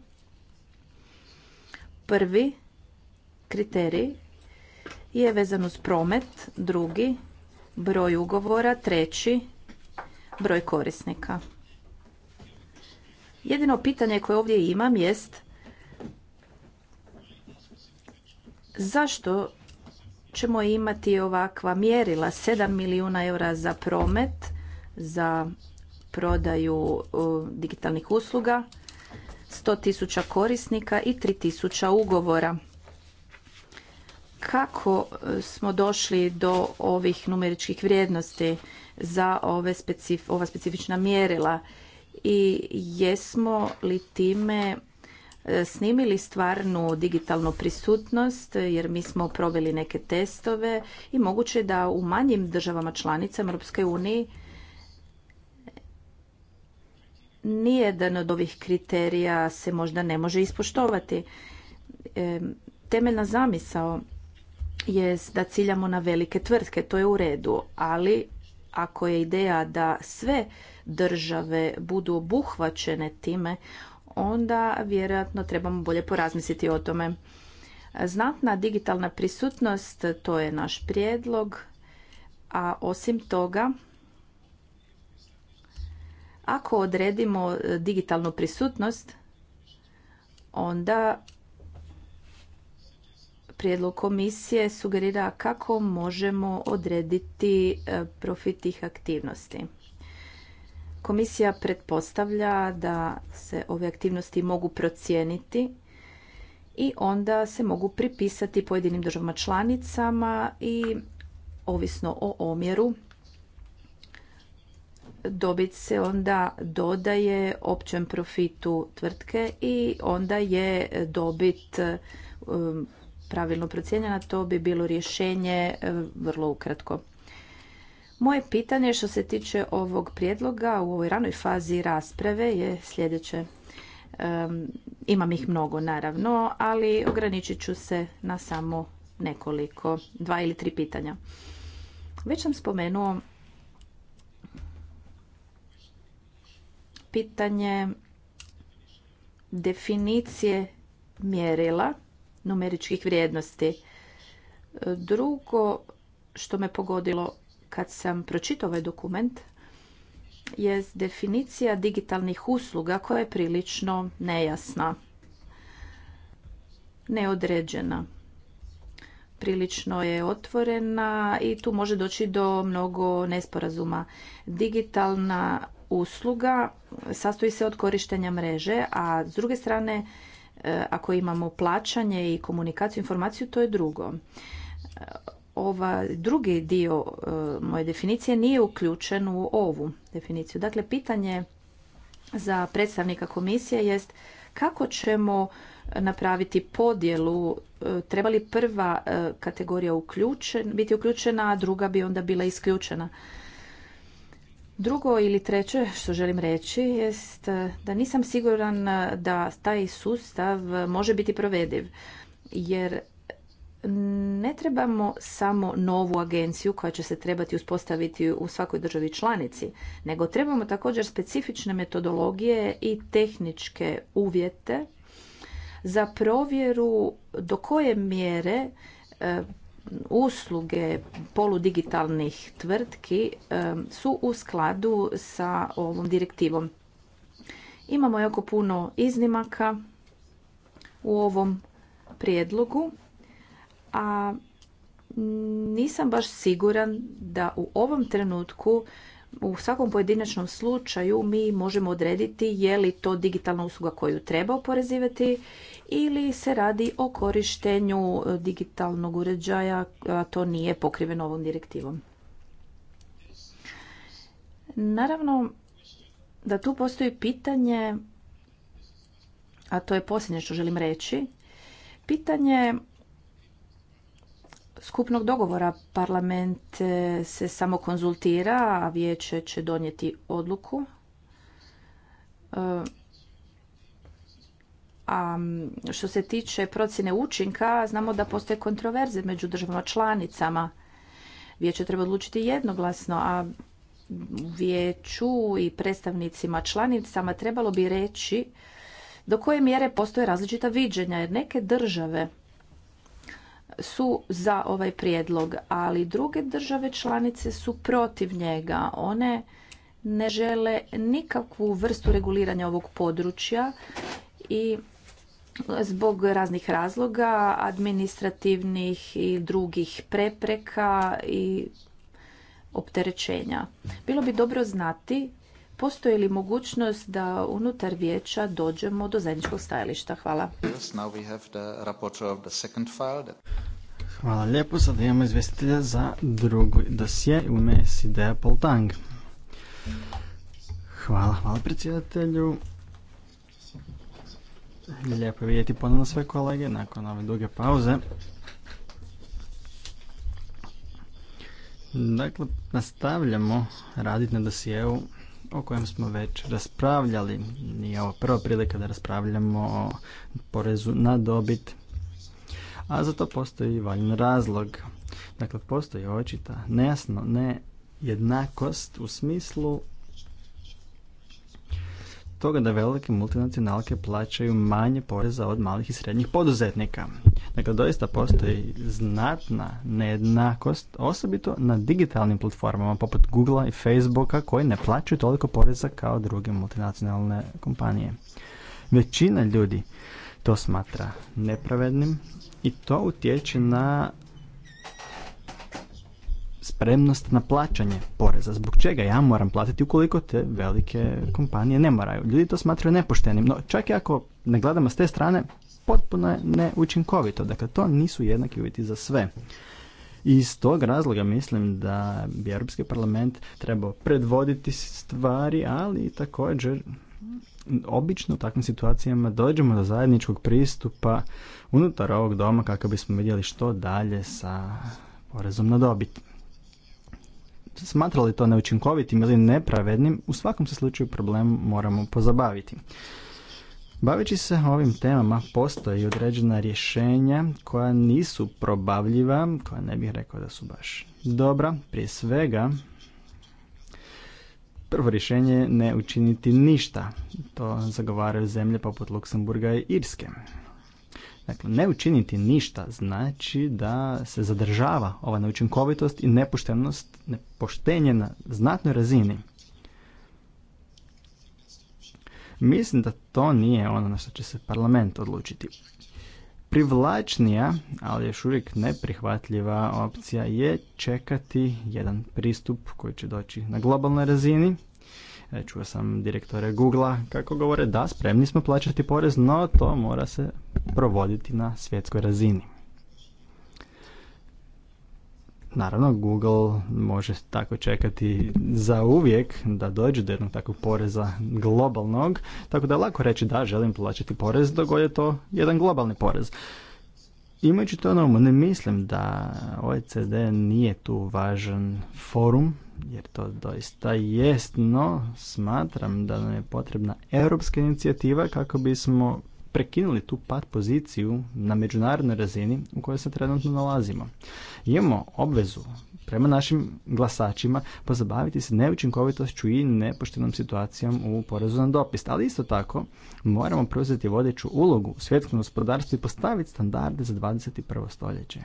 Prvi kriterij je vezan uz promet, drugi, broj ugovora, treći, broj korisnika. Jedino pitanje koje ovdje imam jest zašto ćemo imati ovakva mjerila 7 milijuna eura za promet, za prodaju digitalnih usluga, 100 tisuća korisnika i 3 tisuća ugovora kako e, smo došli do ovih numeričkih vrijednosti za ove ova specifična mjerila i jesmo li time e, snimili stvarnu digitalnu prisutnost jer mi smo proveli neke testove i moguće da u manjim državama članicama Europske unije nijedan od ovih kriterija se možda ne može ispoštovati. Temeljna zamisao je da ciljamo na velike tvrtke, to je u redu, ali ako je ideja da sve države budu obuhvaćene time, onda vjerojatno trebamo bolje porazmisliti o tome. Znatna digitalna prisutnost, to je naš prijedlog, a osim toga, ako odredimo digitalnu prisutnost, onda prijedlog komisije sugerira kako možemo odrediti e, profit tih aktivnosti. Komisija pretpostavlja da se ove aktivnosti mogu procijeniti i onda se mogu pripisati pojedinim državama članicama i ovisno o omjeru dobit se onda dodaje općem profitu tvrtke i onda je dobit e, pravilno procijenjena, to bi bilo rješenje e, vrlo ukratko. Moje pitanje što se tiče ovog prijedloga u ovoj ranoj fazi rasprave je sljedeće. E, imam ih mnogo naravno, ali ograničit ću se na samo nekoliko, dva ili tri pitanja. Već sam spomenuo pitanje definicije mjerila numeričkih vrijednosti. E, drugo što me pogodilo kad sam pročitao ovaj dokument je definicija digitalnih usluga koja je prilično nejasna, neodređena. Prilično je otvorena i tu može doći do mnogo nesporazuma. Digitalna usluga sastoji se od korištenja mreže, a s druge strane E, ako imamo plaćanje i komunikaciju, informaciju, to je drugo. E, ova drugi dio e, moje definicije nije uključen u ovu definiciju. Dakle, pitanje za predstavnika komisije jest kako ćemo napraviti podjelu, treba li prva kategorija biti uključena, a druga bi onda bila isključena. Drugo ili treće što želim reći jest e, da nisam siguran e, da taj sustav e, može biti provediv jer ne trebamo samo novu agenciju koja će se trebati uspostaviti u svakoj državi članici, nego trebamo također specifične metodologije i tehničke uvjete za provjeru do koje mjere usluge poludigitalnih tvrtki su u skladu sa ovom direktivom. Imamo jako puno iznimaka u ovom prijedlogu, a nisam baš siguran da u ovom trenutku u svakom pojedinačnom slučaju mi možemo odrediti je li to digitalna usluga koju treba oporezivati ili se radi o korištenju digitalnog uređaja, a to nije pokriveno ovom direktivom. Naravno da tu postoji pitanje, a to je posljednje što želim reći, pitanje skupnog dogovora. Parlament e, se samo konzultira, a vijeće će donijeti odluku. E, a što se tiče procjene učinka, znamo da postoje kontroverze među državama članicama. Vijeće treba odlučiti jednoglasno, a vijeću i predstavnicima članicama trebalo bi reći do koje mjere postoje različita viđenja, jer neke države su za ovaj prijedlog, ali druge države članice su protiv njega. One ne žele nikakvu vrstu reguliranja ovog područja i zbog raznih razloga, administrativnih i drugih prepreka i opterećenja. Bilo bi dobro znati Postoji li mogućnost da unutar vijeća dođemo do zajedničkog stajališta? Hvala. Hvala lijepo. Sada imamo izvjestitelja za drugi dosje u ime Sidea Poltang. Hvala, hvala predsjedatelju. Lijepo je vidjeti ponovno sve kolege nakon ove duge pauze. Dakle, nastavljamo raditi na dosijevu o kojem smo već raspravljali. Nije ovo prva prilika da raspravljamo o porezu na dobit, a za to postoji valjan razlog. Dakle, postoji očita nejasno nejednakost u smislu toga da velike multinacionalke plaćaju manje poreza od malih i srednjih poduzetnika. Dakle, doista postoji znatna nejednakost, osobito na digitalnim platformama poput Googlea i Facebooka koji ne plaćaju toliko poreza kao druge multinacionalne kompanije. Većina ljudi to smatra nepravednim i to utječe na spremnost na plaćanje poreza. Zbog čega ja moram platiti ukoliko te velike kompanije ne moraju? Ljudi to smatraju nepoštenim, no čak i ako ne gledamo s te strane, potpuno je neučinkovito. Dakle, to nisu jednaki uvjeti za sve. I iz tog razloga mislim da bi Europski parlament trebao predvoditi stvari, ali također obično u takvim situacijama dođemo do zajedničkog pristupa unutar ovog doma kako bismo vidjeli što dalje sa porezom na dobit. Smatrali li to neučinkovitim ili nepravednim, u svakom se slučaju problem moramo pozabaviti. Baveći se ovim temama postoji određena rješenja koja nisu probavljiva, koja ne bih rekao da su baš dobra. Prije svega, prvo rješenje je ne učiniti ništa. To zagovaraju zemlje poput Luksemburga i Irske. Dakle, ne učiniti ništa znači da se zadržava ova neučinkovitost i nepoštenost, nepoštenje na znatnoj razini. Mislim da to nije ono na što će se parlament odlučiti. Privlačnija, ali još uvijek neprihvatljiva opcija je čekati jedan pristup koji će doći na globalnoj razini – E, čuo sam direktore google kako govore da spremni smo plaćati porez, no to mora se provoditi na svjetskoj razini. Naravno, Google može tako čekati za uvijek da dođe do jednog takvog poreza globalnog, tako da je lako reći da želim plaćati porez dok je to jedan globalni porez. Imajući to na umu, ne mislim da OECD nije tu važan forum jer to doista jest, no smatram da nam je potrebna europska inicijativa kako bismo prekinuli tu pat poziciju na međunarodnoj razini u kojoj se trenutno nalazimo. Imamo obvezu prema našim glasačima pozabaviti se neučinkovitošću i nepoštenom situacijom u porezu na dopis. Ali isto tako moramo preuzeti vodeću ulogu u svjetskom gospodarstvu i postaviti standarde za 21. stoljeće.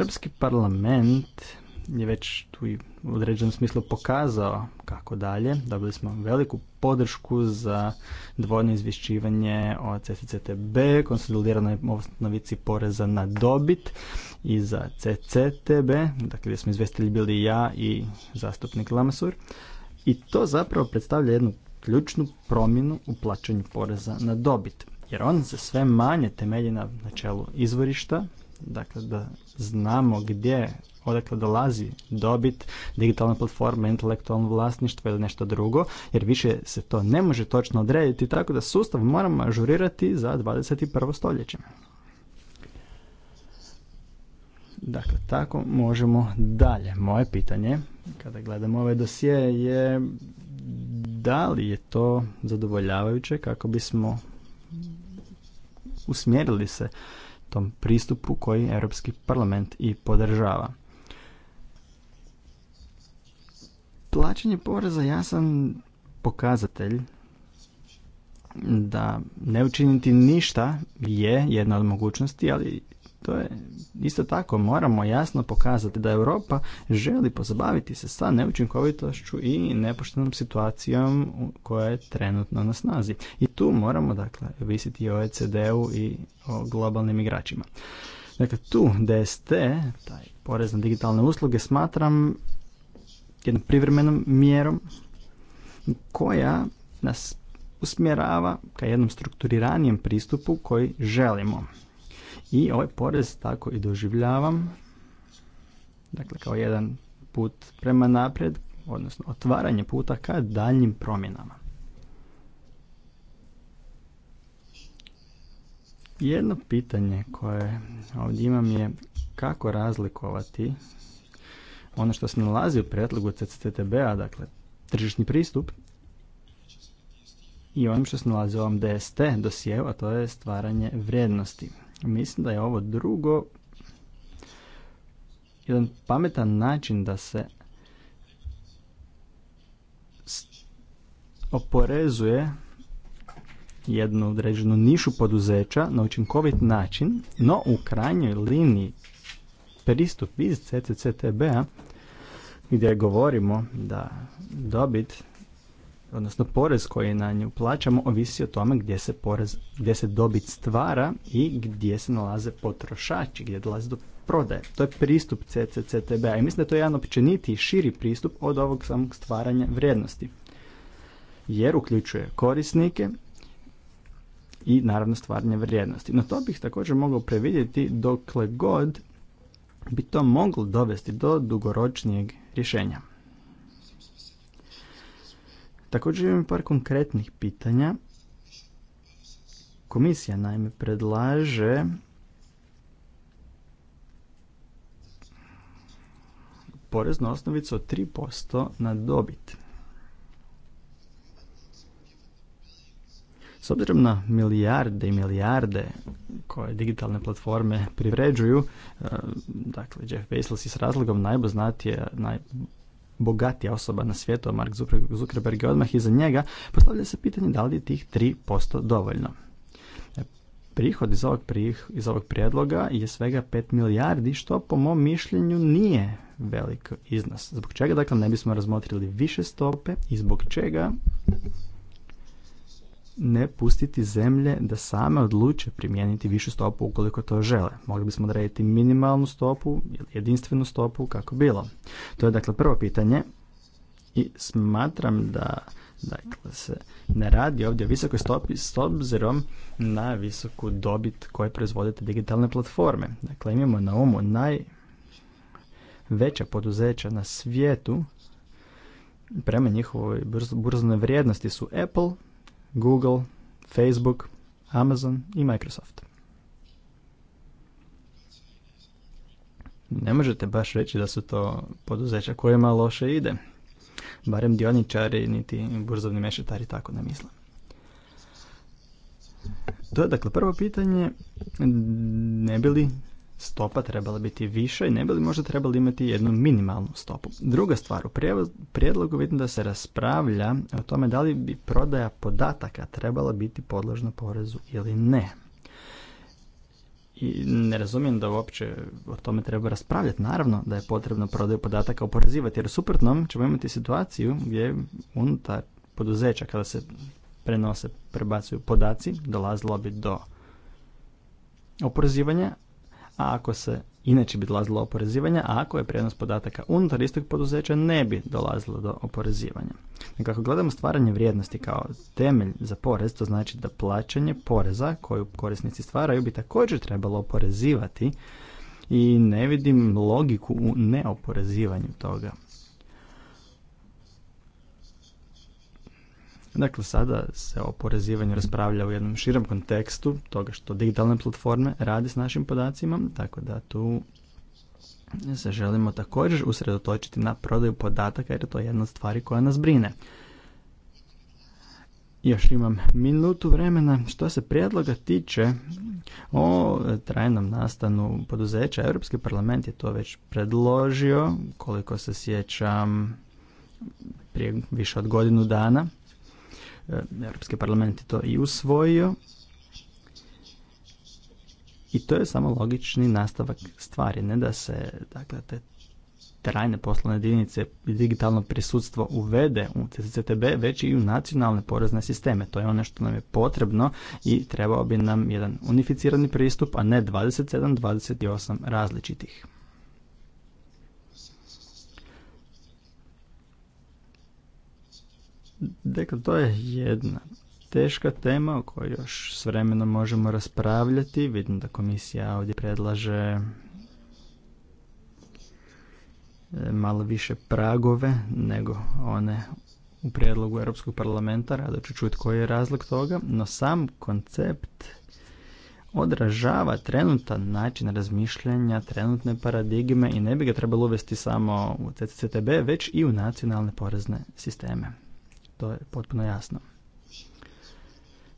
Europski parlament je već tu i u određenom smislu pokazao kako dalje. Dobili smo veliku podršku za dvojno izvješćivanje o CCCTB, konsolidiranoj osnovici poreza na dobit i za CCTB, dakle gdje smo izvestili bili ja i zastupnik Lamasur. I to zapravo predstavlja jednu ključnu promjenu u plaćanju poreza na dobit. Jer on se sve manje temelji na načelu izvorišta, dakle da znamo gdje, odakle dolazi dobit, digitalne platforme, intelektualno vlasništvo ili nešto drugo, jer više se to ne može točno odrediti, tako da sustav moramo ažurirati za 21. stoljeće. Dakle, tako možemo dalje. Moje pitanje, kada gledamo ove dosije, je da li je to zadovoljavajuće kako bismo usmjerili se tom pristupu koji Europski parlament i podržava. Plaćanje poreza jasan pokazatelj da ne učiniti ništa je jedna od mogućnosti, ali to je isto tako moramo jasno pokazati da Europa želi pozabaviti se sa neučinkovitošću i nepoštenom situacijom koja je trenutno na snazi. I tu moramo dakle visiti o ecd u i o globalnim igračima. Dakle, tu DST, taj porez na digitalne usluge, smatram jednom privremenom mjerom koja nas usmjerava ka jednom strukturiranijem pristupu koji želimo. I ovaj porez tako i doživljavam, dakle kao jedan put prema naprijed, odnosno otvaranje puta ka daljnjim promjenama. Jedno pitanje koje ovdje imam je kako razlikovati ono što se nalazi u pretlogu CCTB-a, dakle tržišni pristup, i onim što se nalazi u ovom DST dosjeva, a to je stvaranje vrijednosti. Mislim da je ovo drugo jedan pametan način da se oporezuje jednu određenu nišu poduzeća na učinkovit način, no u krajnjoj liniji pristup iz CCCTB-a gdje govorimo da dobit odnosno porez koji na nju plaćamo, ovisi o tome gdje se, porez, gdje se dobit stvara i gdje se nalaze potrošači, gdje dolazi do prodaje. To je pristup CCCTB i mislim da je to jedan općenitiji, širi pristup od ovog samog stvaranja vrijednosti. Jer uključuje korisnike i naravno stvaranje vrijednosti. No to bih također mogao previdjeti dokle god bi to moglo dovesti do dugoročnijeg rješenja. Također imam par konkretnih pitanja. Komisija naime predlaže poreznu osnovicu od 3% na dobit. S obzirom na milijarde i milijarde koje digitalne platforme privređuju, eh, dakle Jeff Bezos je s razlogom najpoznatija naj, Bogatija osoba na svijetu, Mark Zuckerberg je odmah iza njega, postavlja se pitanje da li je tih 3% dovoljno. E, prihod iz ovog, iz ovog prijedloga je svega 5 milijardi, što po mom mišljenju nije velik iznos. Zbog čega dakle ne bismo razmotrili više stope i zbog čega ne pustiti zemlje da same odluče primijeniti višu stopu ukoliko to žele. Mogli bismo odrediti minimalnu stopu ili jedinstvenu stopu kako bilo. To je dakle prvo pitanje i smatram da dakle, se ne radi ovdje o visokoj stopi s obzirom na visoku dobit koje proizvodite digitalne platforme. Dakle, imamo na umu najveća poduzeća na svijetu prema njihovoj burznoj vrijednosti su Apple, Google, Facebook, Amazon i Microsoft. Ne možete baš reći da su to poduzeća kojima loše ide. Barem dioničari niti burzovni mešetari tako ne misle. To je dakle prvo pitanje, ne bi li stopa trebala biti viša i ne bi li možda trebali imati jednu minimalnu stopu. Druga stvar, u prijedlogu vidim da se raspravlja o tome da li bi prodaja podataka trebala biti podložna porezu ili ne. I ne razumijem da uopće o tome treba raspravljati. Naravno da je potrebno prodaju podataka oporezivati, jer suprotno ćemo imati situaciju gdje unutar poduzeća kada se prenose, prebacuju podaci, dolazilo bi do oporezivanja, a ako se inače bi dolazilo oporezivanja, a ako je prijenos podataka unutar istog poduzeća ne bi dolazilo do oporezivanja. Dakle, ako gledamo stvaranje vrijednosti kao temelj za porez, to znači da plaćanje poreza koju korisnici stvaraju bi također trebalo oporezivati i ne vidim logiku u neoporezivanju toga. Dakle, sada se o porezivanju raspravlja u jednom širem kontekstu toga što digitalne platforme radi s našim podacima, tako da tu se želimo također usredotočiti na prodaju podataka jer to je jedna od stvari koja nas brine. Još imam minutu vremena. Što se prijedloga tiče o trajnom nastanu poduzeća, Europski parlament je to već predložio, koliko se sjećam, prije više od godinu dana. E, Europski parlament je to i usvojio. I to je samo logični nastavak stvari, ne da se dakle, te trajne poslovne jedinice i digitalno prisutstvo uvede u CCTB, već i u nacionalne porezne sisteme. To je ono što nam je potrebno i trebao bi nam jedan unificirani pristup, a ne 27-28 različitih. Dakle, to je jedna teška tema o kojoj još s vremenom možemo raspravljati. Vidim da komisija ovdje predlaže e, malo više pragove nego one u prijedlogu Europskog parlamenta, rado ću čuti koji je razlog toga, no sam koncept odražava trenutan način razmišljanja, trenutne paradigme i ne bi ga trebalo uvesti samo u CCTB, već i u nacionalne porezne sisteme to je potpuno jasno.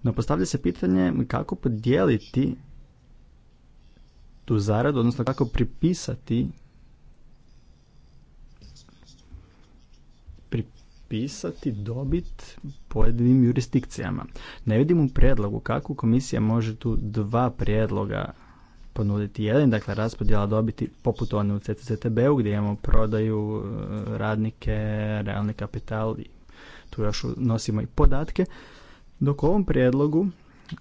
No postavlja se pitanje kako podijeliti tu zaradu, odnosno kako pripisati pripisati dobit pojedinim jurisdikcijama. Ne vidim u prijedlogu kako komisija može tu dva prijedloga ponuditi. Jedan, dakle, raspodjela dobiti poput one u CCCTB-u gdje imamo prodaju e, radnike, realni kapital i tu još nosimo i podatke, dok u ovom prijedlogu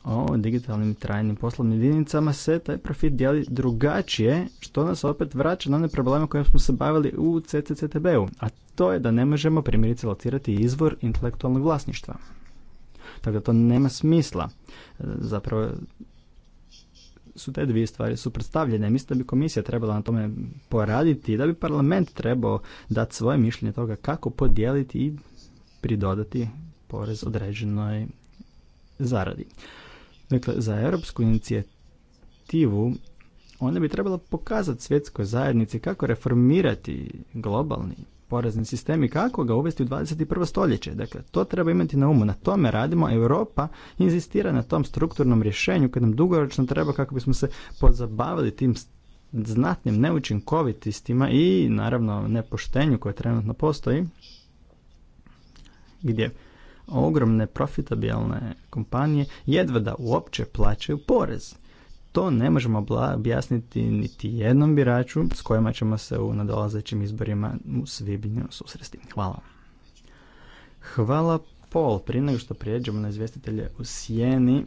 o digitalnim trajnim poslovnim jedinicama se taj profit dijeli drugačije, što nas opet vraća na one probleme kojim smo se bavili u CCCTB-u, a to je da ne možemo primjerice locirati izvor intelektualnog vlasništva. Tako da to nema smisla. Zapravo su te dvije stvari suprotstavljene. Mislim da bi komisija trebala na tome poraditi i da bi parlament trebao dati svoje mišljenje toga kako podijeliti i pridodati porez određenoj zaradi. Dakle, za europsku inicijativu ona bi trebala pokazati svjetskoj zajednici kako reformirati globalni porezni sistem i kako ga uvesti u 21. stoljeće. Dakle, to treba imati na umu. Na tome radimo. Europa inzistira na tom strukturnom rješenju kad nam dugoročno treba kako bismo se pozabavili tim znatnim neučinkovitostima i naravno nepoštenju koje trenutno postoji gdje ogromne profitabilne kompanije jedva da uopće plaćaju porez. To ne možemo objasniti niti jednom biraču s kojima ćemo se u nadolazećim izborima u Svibnju susresti. Hvala. Hvala Pol. Prije nego što prijeđemo na izvjestitelje u Sjeni,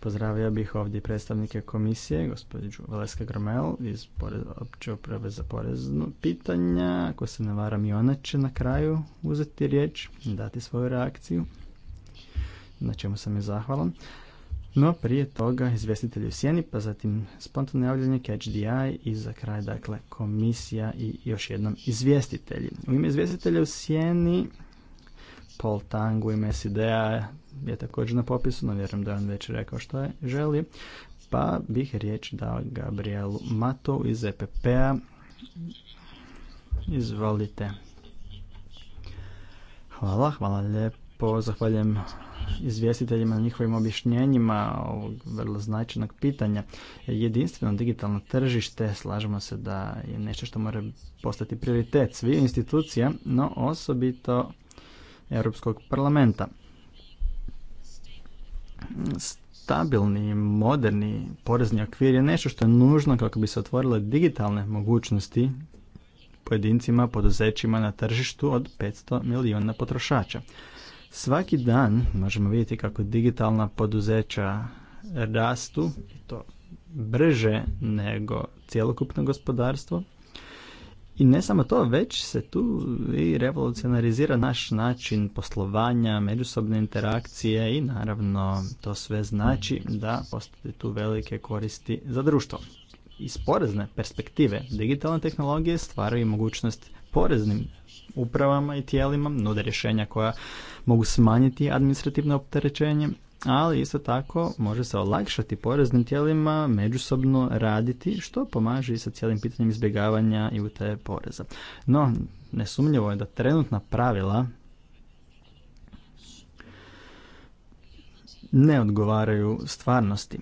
Pozdravio bih ovdje predstavnike komisije, gospođu Valeska Gromel iz opće uprave za porezno pitanja. Ako se ne varam i ona će na kraju uzeti riječ, dati svoju reakciju, na čemu sam je zahvalan. No prije toga izvjestitelj u sjeni, pa zatim spontano javljanje Catch DI i za kraj dakle komisija i još jednom izvjestitelji. U ime izvjestitelja u sjeni Paul Tang u ime sid je također na popisu, no vjerujem da je on već rekao što je želi. Pa bih riječ dao Gabrielu Mato iz EPP-a. Izvolite. Hvala, hvala lijepo. Zahvaljujem izvjestiteljima na njihovim objašnjenjima ovog vrlo značajnog pitanja. Jedinstveno digitalno tržište, slažemo se da je nešto što mora postati prioritet svih institucija, no osobito Europskog parlamenta. Stabilni, moderni porezni okvir je nešto što je nužno kako bi se otvorile digitalne mogućnosti pojedincima, poduzećima na tržištu od 500 milijuna potrošača. Svaki dan možemo vidjeti kako digitalna poduzeća rastu, to brže nego cjelokupno gospodarstvo, i ne samo to, već se tu i revolucionarizira naš način poslovanja, međusobne interakcije i naravno to sve znači da postoje tu velike koristi za društvo. Iz porezne perspektive digitalne tehnologije stvaraju mogućnost poreznim upravama i tijelima, nude rješenja koja mogu smanjiti administrativno opterećenje, ali isto tako može se olakšati poreznim tijelima međusobno raditi što pomaže i sa cijelim pitanjem izbjegavanja i utaje poreza. No, nesumnjivo je da trenutna pravila ne odgovaraju stvarnosti.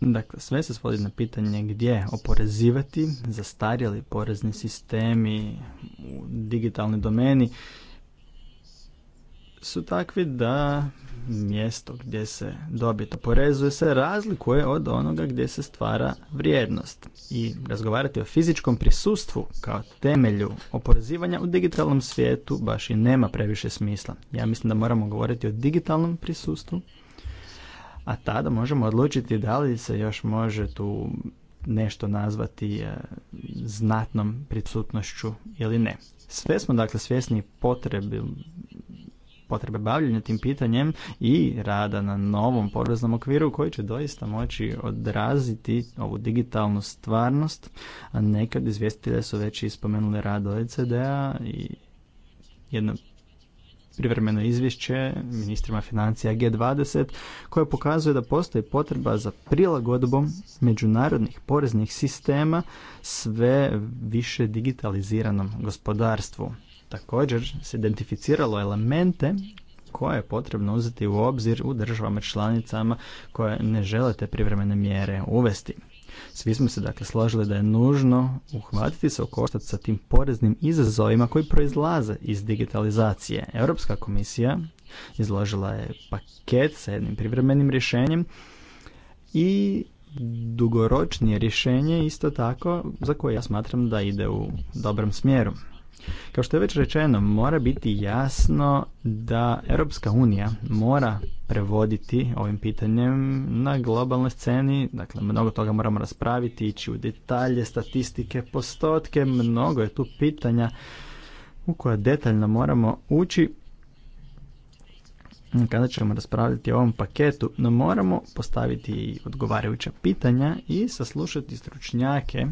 Dakle, sve se svodi na pitanje gdje oporezivati zastarjeli porezni sistemi u digitalnoj domeni su takvi da mjesto gdje se dobit oporezuje se razlikuje od onoga gdje se stvara vrijednost. I razgovarati o fizičkom prisustvu kao temelju oporezivanja u digitalnom svijetu baš i nema previše smisla. Ja mislim da moramo govoriti o digitalnom prisustvu, a tada možemo odlučiti da li se još može tu nešto nazvati e, znatnom prisutnošću ili ne. Sve smo dakle svjesni potrebi potrebe bavljenja tim pitanjem i rada na novom poreznom okviru koji će doista moći odraziti ovu digitalnu stvarnost. A nekad izvjestitelje su već ispomenuli rad OECD-a i jedno privremeno izvješće ministrima financija G20 koje pokazuje da postoji potreba za prilagodbom međunarodnih poreznih sistema sve više digitaliziranom gospodarstvu. Također se identificiralo elemente koje je potrebno uzeti u obzir u državama članicama koje ne žele te privremene mjere uvesti. Svi smo se dakle složili da je nužno uhvatiti se u koštac sa tim poreznim izazovima koji proizlaze iz digitalizacije. Europska komisija izložila je paket sa jednim privremenim rješenjem i dugoročnije rješenje isto tako za koje ja smatram da ide u dobrom smjeru. Kao što je već rečeno, mora biti jasno da Europska unija mora prevoditi ovim pitanjem na globalnoj sceni. Dakle, mnogo toga moramo raspraviti, ići u detalje, statistike, postotke, mnogo je tu pitanja u koja detaljno moramo ući kada ćemo raspravljati o ovom paketu, no moramo postaviti odgovarajuća pitanja i saslušati stručnjake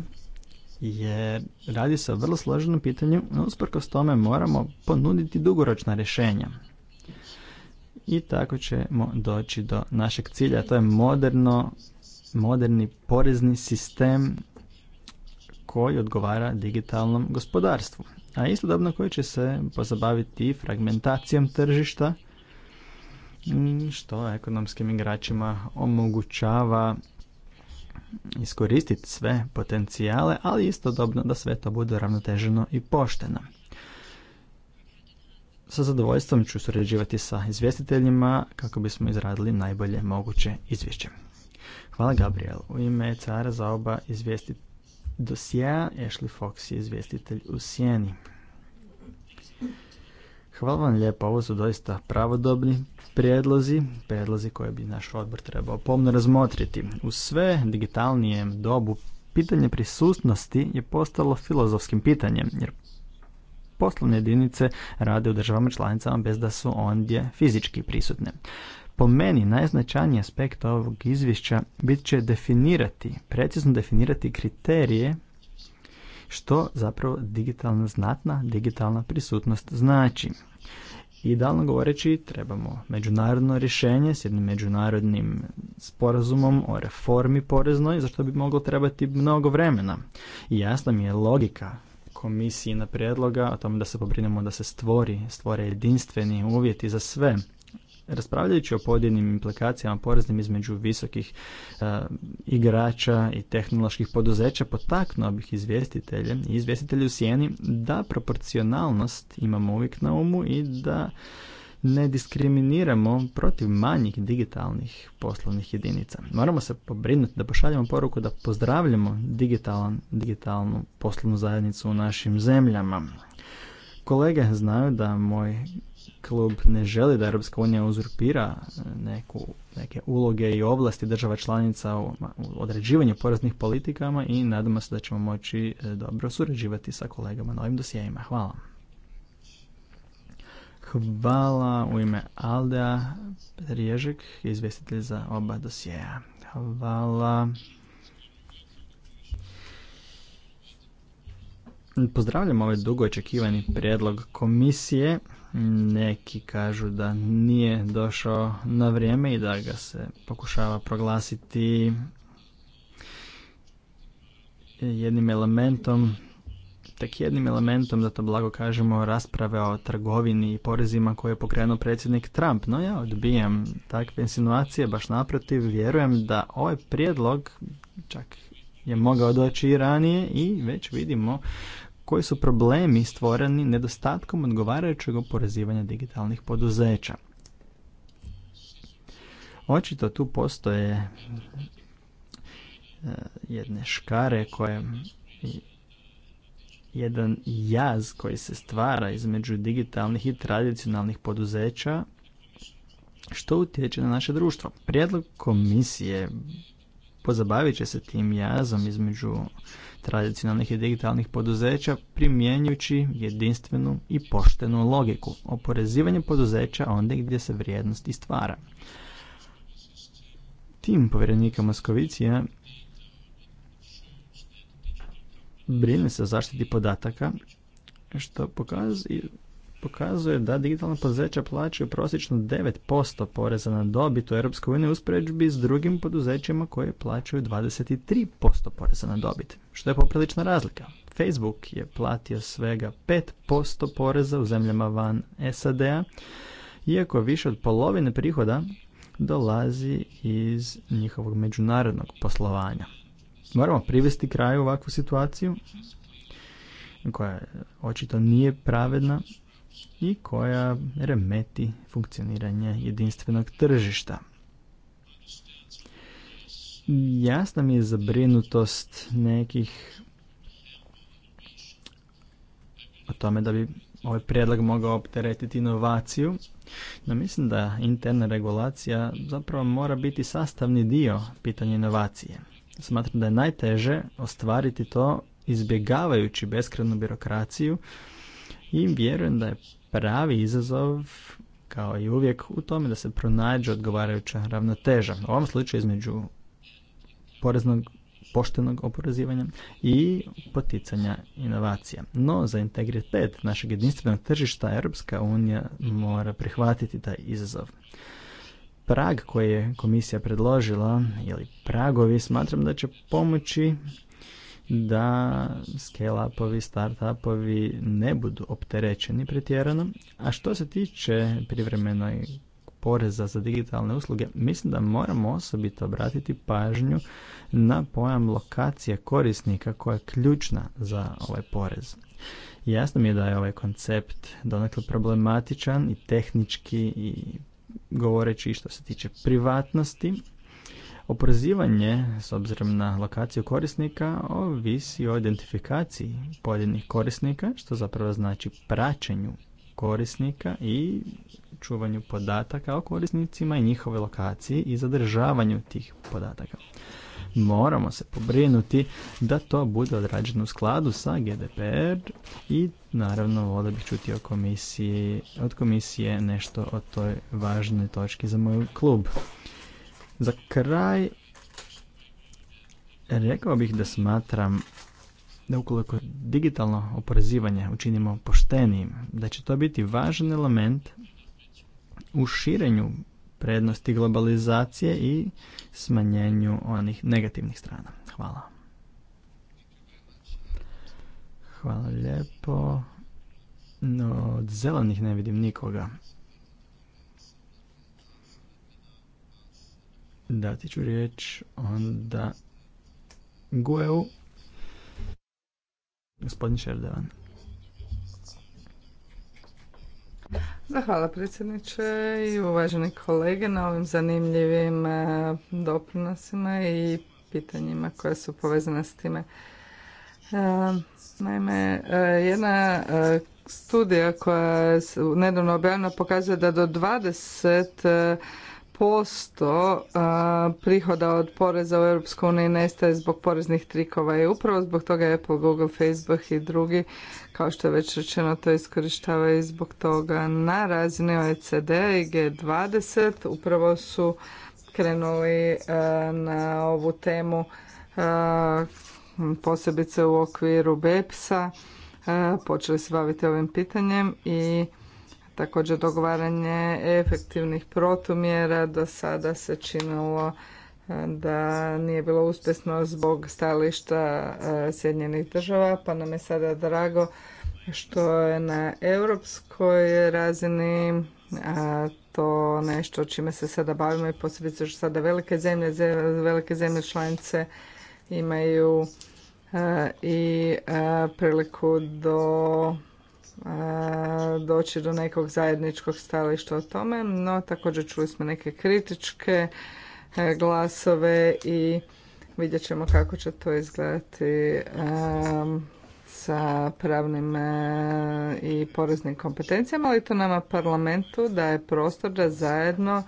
je radi se o vrlo složenom pitanju, no usprkos tome moramo ponuditi dugoročna rješenja. I tako ćemo doći do našeg cilja, to je moderno, moderni porezni sistem koji odgovara digitalnom gospodarstvu, a istodobno koji će se pozabaviti fragmentacijom tržišta, što ekonomskim igračima omogućava iskoristiti sve potencijale, ali istodobno da sve to bude ravnoteženo i pošteno. Sa zadovoljstvom ću surađivati sa izvjestiteljima kako bismo izradili najbolje moguće izvješće. Hvala Gabriel. U ime cara za oba izvjestitelja dosija, Ashley Fox je izvjestitelj u Sjeni. Hvala vam lijepo, ovo su doista pravodobni prijedlozi, prijedlozi koje bi naš odbor trebao pomno razmotriti. U sve digitalnijem dobu pitanje prisutnosti je postalo filozofskim pitanjem, jer poslovne jedinice rade u državama članicama bez da su ondje fizički prisutne. Po meni najznačajniji aspekt ovog izvješća bit će definirati, precizno definirati kriterije što zapravo digitalna znatna digitalna prisutnost znači. Idealno govoreći trebamo međunarodno rješenje s jednim međunarodnim sporazumom o reformi poreznoj za što bi moglo trebati mnogo vremena. I jasna mi je logika komisijina prijedloga o tome da se pobrinemo da se stvori, stvore jedinstveni uvjeti za sve Raspravljajući o pojedinim implikacijama poreznim između visokih e, igrača i tehnoloških poduzeća, potaknuo bih izvjestitelje i izvjestitelje u sjeni da proporcionalnost imamo uvijek na umu i da ne diskriminiramo protiv manjih digitalnih poslovnih jedinica. Moramo se pobrinuti da pošaljemo poruku da pozdravljamo digitalan, digitalnu poslovnu zajednicu u našim zemljama. Kolege znaju da moj klub ne želi da Europska unija uzurpira e, neku, neke uloge i ovlasti država članica u, određivanju poreznih politikama i nadamo se da ćemo moći e, dobro surađivati sa kolegama na ovim dosijajima. Hvala. Hvala u ime Aldea Riježek, izvjestitelj za oba dosijeja. Hvala. Pozdravljam ovaj dugo očekivani prijedlog komisije neki kažu da nije došao na vrijeme i da ga se pokušava proglasiti jednim elementom, tek jednim elementom, da to blago kažemo, rasprave o trgovini i porezima koje je pokrenuo predsjednik Trump. No ja odbijam takve insinuacije, baš naprotiv, vjerujem da ovaj prijedlog čak je mogao doći i ranije i već vidimo koji su problemi stvoreni nedostatkom odgovarajućeg oporezivanja digitalnih poduzeća. Očito tu postoje e, jedne škare koje jedan jaz koji se stvara između digitalnih i tradicionalnih poduzeća što utječe na naše društvo. Prijedlog komisije pozabavit će se tim jazom između tradicionalnih i digitalnih poduzeća primjenjujući jedinstvenu i poštenu logiku. Oporezivanje poduzeća onda gdje se vrijednost i stvara. Tim povjerenika Moskovicija brine se o zaštiti podataka što pokazuje pokazuje da digitalna poduzeća plaćaju prosječno 9% poreza na dobit u EU usporedbi s drugim poduzećima koje plaćaju 23% poreza na dobit, što je poprilična razlika. Facebook je platio svega 5% poreza u zemljama van SAD-a, iako više od polovine prihoda dolazi iz njihovog međunarodnog poslovanja. Moramo privesti kraju ovakvu situaciju koja očito nije pravedna i koja remeti funkcioniranje jedinstvenog tržišta. Jasna mi je zabrinutost nekih o tome da bi ovaj prijedlog mogao opteretiti inovaciju, no mislim da interna regulacija zapravo mora biti sastavni dio pitanja inovacije. Smatram da je najteže ostvariti to izbjegavajući beskrajnu birokraciju i vjerujem da je pravi izazov kao i uvijek u tome da se pronađe odgovarajuća ravnoteža. U ovom slučaju između poreznog poštenog oporezivanja i poticanja inovacija. No, za integritet našeg jedinstvenog tržišta Europska unija mora prihvatiti taj izazov. Prag koji je komisija predložila ili pragovi smatram da će pomoći da scale-upovi, start-upovi ne budu opterećeni pretjerano. A što se tiče privremenog poreza za digitalne usluge, mislim da moramo osobito obratiti pažnju na pojam lokacije korisnika koja je ključna za ovaj porez. Jasno mi je da je ovaj koncept donekle problematičan i tehnički i govoreći što se tiče privatnosti, Oprozivanje s obzirom na lokaciju korisnika ovisi o identifikaciji pojedinih korisnika, što zapravo znači praćenju korisnika i čuvanju podataka o korisnicima i njihovoj lokaciji i zadržavanju tih podataka. Moramo se pobrinuti da to bude odrađeno u skladu sa GDPR i naravno volio bih čuti o komisiji, od komisije nešto o toj važnoj točki za moj klub. Za kraj rekao bih da smatram da ukoliko digitalno oporezivanje učinimo poštenijim, da će to biti važan element u širenju prednosti globalizacije i smanjenju onih negativnih strana. Hvala. Hvala lijepo. No, od zelenih ne vidim nikoga. dati ću riječ onda Gueu gospodin Šerdevan. Zahvala predsjedniče i uvaženi kolege na ovim zanimljivim e, doprinosima i pitanjima koja su povezana s time. E, naime, e, jedna studija koja je nedavno objavljena pokazuje da do 20 posto prihoda od poreza u EU nestaje zbog poreznih trikova i upravo zbog toga Apple, Google, Facebook i drugi, kao što je već rečeno, to iskorištavaju zbog toga na razini OECD i G20. Upravo su krenuli na ovu temu posebice u okviru BEPS-a. Počeli se baviti ovim pitanjem i Također dogovaranje efektivnih protumjera do sada se činilo e, da nije bilo uspješno zbog stajališta e, Sjedinjenih država, pa nam je sada drago što je na europskoj razini to nešto čime se sada bavimo i posebice što sada velike zemlje, velike zemlje članice imaju e, i priliku do doći do nekog zajedničkog stajališta o tome, no također čuli smo neke kritičke e, glasove i vidjet ćemo kako će to izgledati e, sa pravnim e, i poreznim kompetencijama, ali to nama parlamentu daje prostor da zajedno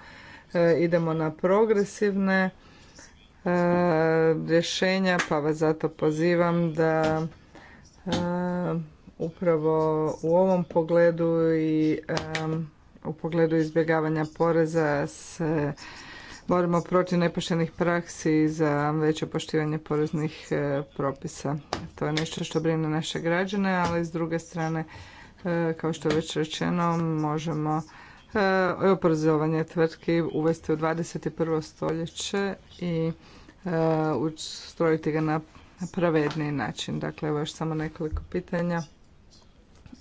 idemo na progresivne rješenja, pa vas zato pozivam da upravo u ovom pogledu i u pogledu izbjegavanja poreza se borimo protiv nepoštenih praksi za veće poštivanje poreznih e, propisa. To je nešto što brine naše građane, ali s druge strane, e, kao što je već rečeno, možemo e, oporezovanje tvrtki uvesti u 21. stoljeće i e, ustrojiti ga na pravedniji način. Dakle, evo još samo nekoliko pitanja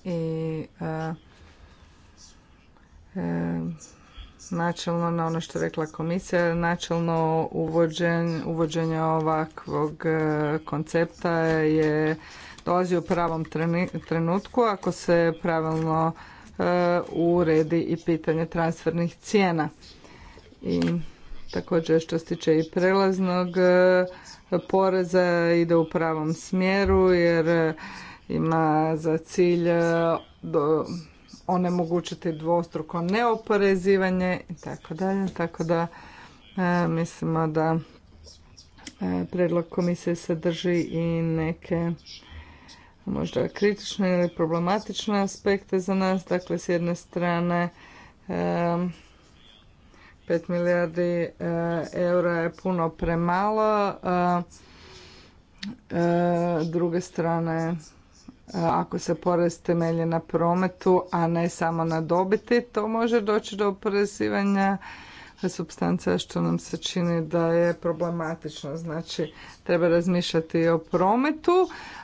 i e, e, načelno na ono što je rekla komisija, načelno uvođenje ovakvog e, koncepta je dolazi u pravom trenutku ako se pravilno uredi i pitanje transfernih cijena. I također što se tiče i prelaznog poreza ide u pravom smjeru jer ima za cilj e, onemogućiti dvostruko neoporezivanje i tako dalje. Tako da e, mislimo da e, predlog komisije sadrži i neke možda kritične ili problematične aspekte za nas. Dakle, s jedne strane 5 milijardi eura je puno premalo, s druge strane E, ako se porez temelji na prometu, a ne samo na dobiti, to može doći do oporezivanja substancija što nam se čini da je problematično. Znači, treba razmišljati o prometu,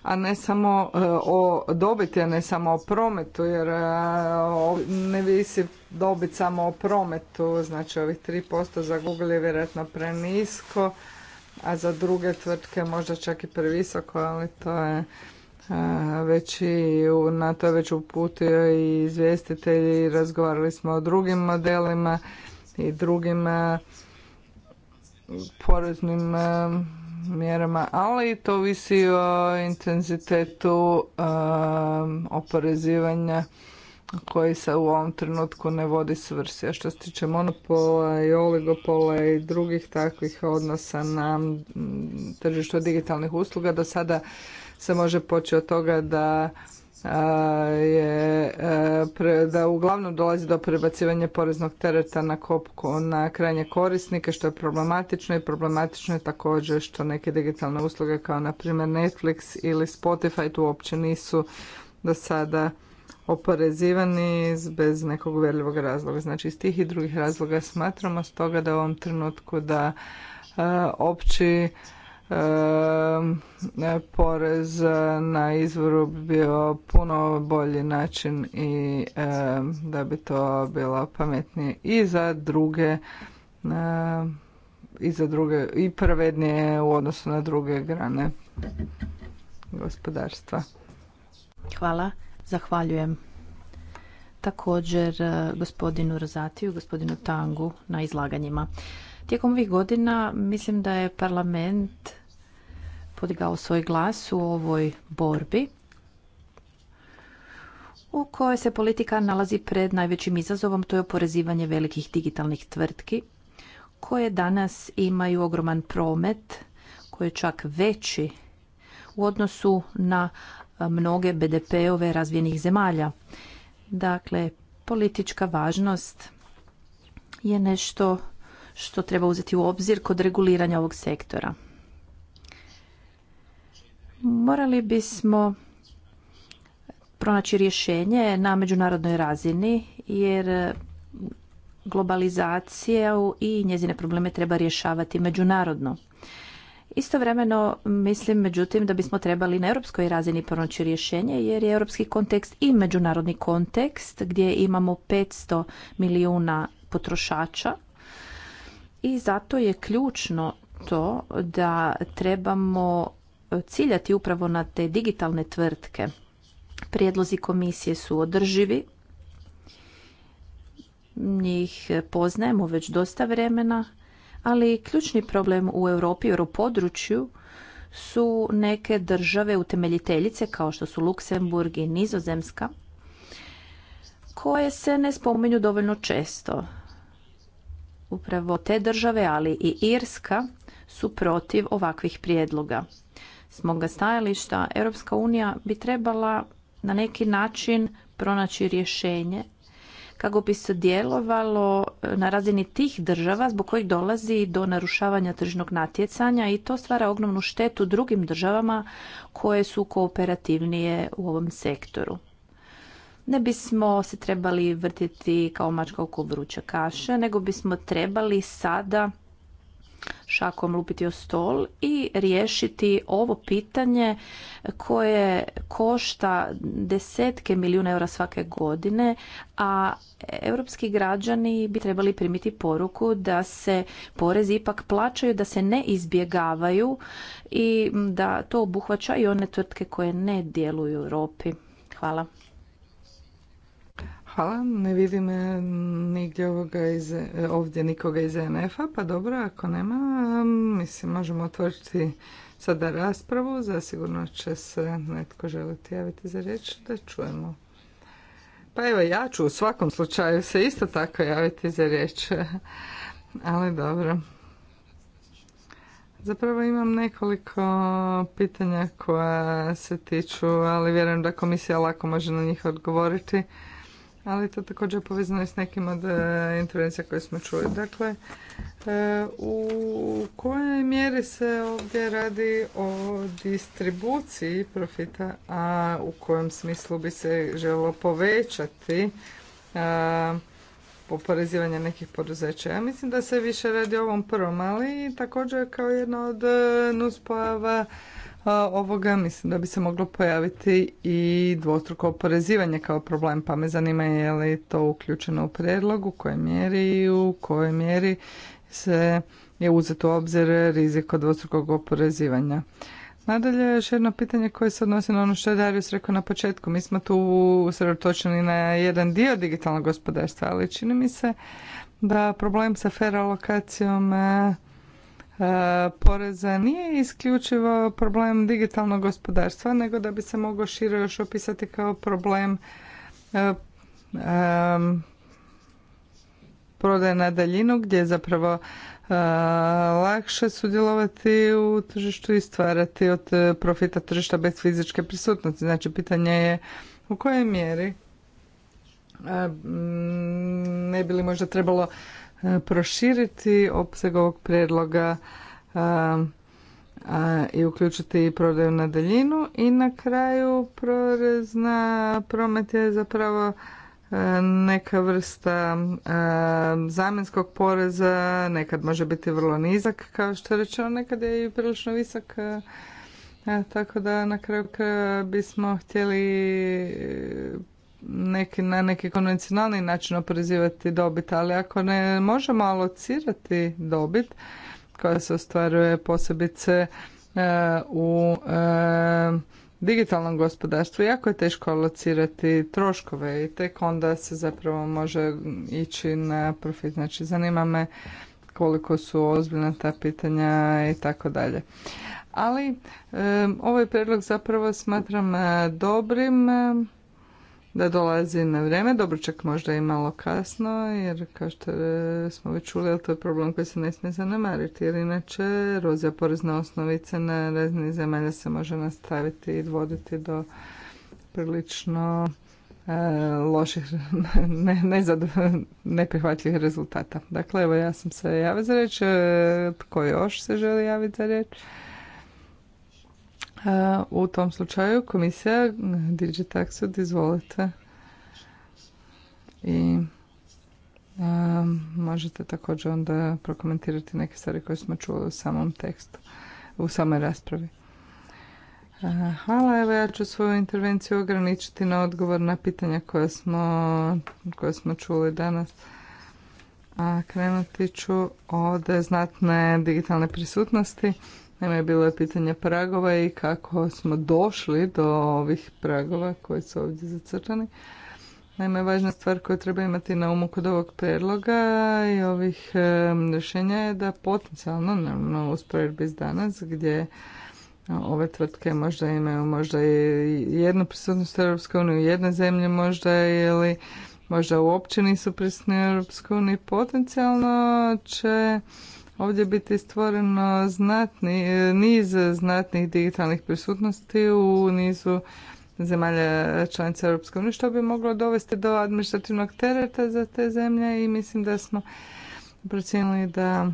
a ne samo e, o dobiti, a ne samo o prometu, jer e, ne visi dobit samo o prometu. Znači, ovih 3% za Google je vjerojatno prenisko, a za druge tvrtke možda čak i previsoko, ali to je već i na to već uputio i izvjestitelji, razgovarali smo o drugim modelima i drugim poreznim mjerama, ali to visi o intenzitetu oporezivanja koji se u ovom trenutku ne vodi svrsi. A što se tiče monopola i oligopola i drugih takvih odnosa na tržištu digitalnih usluga, do sada se može poći od toga da je da uglavnom dolazi do prebacivanja poreznog tereta na kopku na krajnje korisnike što je problematično i problematično je također što neke digitalne usluge kao na primjer Netflix ili Spotify tu uopće nisu do sada oporezivani bez nekog uvjerljivog razloga. Znači iz tih i drugih razloga smatramo stoga da u ovom trenutku da opći porez na izvoru bi bio puno bolji način i da bi to bilo pametnije i za druge i za druge i pravednije u odnosu na druge grane gospodarstva. Hvala, zahvaljujem također eh, gospodinu Rozatiju, gospodinu Tangu na izlaganjima. Tijekom ovih godina mislim da je parlament podigao svoj glas u ovoj borbi u kojoj se politika nalazi pred najvećim izazovom, to je oporezivanje velikih digitalnih tvrtki koje danas imaju ogroman promet koji je čak veći u odnosu na e, mnoge BDP-ove razvijenih zemalja. Dakle, politička važnost je nešto što treba uzeti u obzir kod reguliranja ovog sektora. Morali bismo pronaći rješenje na međunarodnoj razini jer globalizaciju i njezine probleme treba rješavati međunarodno. Istovremeno mislim međutim da bismo trebali na europskoj razini pronaći rješenje jer je europski kontekst i međunarodni kontekst gdje imamo 500 milijuna potrošača i zato je ključno to da trebamo ciljati upravo na te digitalne tvrtke. Prijedlozi komisije su održivi, njih poznajemo već dosta vremena, ali ključni problem u Europi, i u području su neke države utemeljiteljice kao što su Luksemburg i Nizozemska koje se ne spominju dovoljno često. Upravo te države, ali i Irska, su protiv ovakvih prijedloga. S moga stajališta, Europska unija bi trebala na neki način pronaći rješenje kako bi se djelovalo e, na razini tih država zbog kojih dolazi do narušavanja tržnog natjecanja i to stvara ogromnu štetu drugim državama koje su kooperativnije u ovom sektoru ne bismo se trebali vrtiti kao mačka oko vruće kaše, nego bismo trebali sada šakom lupiti o stol i riješiti ovo pitanje koje košta desetke milijuna eura svake godine, a europski građani bi trebali primiti poruku da se porezi ipak plaćaju, da se ne izbjegavaju i da to obuhvaća i one tvrtke koje ne djeluju u Europi. Hvala. Hvala, ne vidim e, nigdje ovoga iz, e, ovdje nikoga iz NF-a, pa dobro, ako nema, e, mislim, možemo otvoriti sada raspravu, zasigurno će se netko želiti javiti za riječ, da čujemo. Pa evo, ja ću u svakom slučaju se isto tako javiti za riječ, ali dobro. Zapravo imam nekoliko pitanja koja se tiču, ali vjerujem da komisija lako može na njih odgovoriti ali to također je povezano s nekim od e, intervencija koje smo čuli. Dakle, e, u kojoj mjeri se ovdje radi o distribuciji profita, a u kojem smislu bi se želo povećati e, oporezivanje nekih poduzeća. Ja mislim da se više radi o ovom prvom, ali također kao jedna od nuspojava ovoga mislim da bi se moglo pojaviti i dvostruko oporezivanje kao problem, pa me zanima je li to uključeno u predlogu, u kojoj mjeri i u kojoj mjeri se je uzet u obzir rizik od dvostrukog oporezivanja. Nadalje, još jedno pitanje koje se odnosi na ono što je Darius rekao na početku. Mi smo tu usredotočeni na jedan dio digitalnog gospodarstva, ali čini mi se da problem sa fair alokacijom eh, E, poreza nije isključivo problem digitalnog gospodarstva, nego da bi se mogao šire još opisati kao problem e, prodaje na daljinu gdje je zapravo e, lakše sudjelovati u tržištu i stvarati od profita tržišta bez fizičke prisutnosti. Znači pitanje je u kojoj mjeri ne bi li možda trebalo E, proširiti opseg ovog predloga e, i uključiti i prodaju na daljinu i na kraju porez na promet je zapravo e, neka vrsta zamjenskog poreza, nekad može biti vrlo nizak, kao što je rečeno, nekad je i prilično visok. Tako da na kraju bismo htjeli neki, na neki konvencionalni način oporezivati dobit, ali ako ne možemo alocirati dobit koja se ostvaruje posebice e, u e, digitalnom gospodarstvu, jako je teško alocirati troškove i tek onda se zapravo može ići na profit. Znači, zanima me koliko su ozbiljna ta pitanja i tako dalje. Ali e, ovaj prijedlog zapravo smatram dobrim da dolazi na vrijeme. čak možda i malo kasno, jer kao što e, smo već čuli, to je problem koji se ne smije zanemariti, jer inače erozija porezne osnovice na raznih zemalja se može nastaviti i voditi do prilično e, loših, ne, ne neprihvatljivih rezultata. Dakle, evo ja sam se javila za riječ. E, tko još se želi javiti za riječ? U tom slučaju komisija diđe izvolite. I možete također onda prokomentirati neke stvari koje smo čuli u samom tekstu, u samoj raspravi. hvala, evo ja ću svoju intervenciju ograničiti na odgovor na pitanja koje smo, koje smo čuli danas. A krenuti ću od znatne digitalne prisutnosti. Naime, bilo je pitanje pragova i kako smo došli do ovih pragova koji su ovdje zacrtani. Naime, važna stvar koju treba imati na umu kod ovog predloga i ovih rješenja je da potencijalno, naravno usporedbi s danas, gdje ove tvrtke možda imaju možda i jednu prisutnost u Europskoj uniji u jednoj zemlji možda ili možda uopće nisu prisutni u Europskoj potencijalno će ovdje biti stvoreno znatni, e, niz znatnih digitalnih prisutnosti u nizu zemalja članica Europske unije, što bi moglo dovesti do administrativnog tereta za te zemlje i mislim da smo procijenili da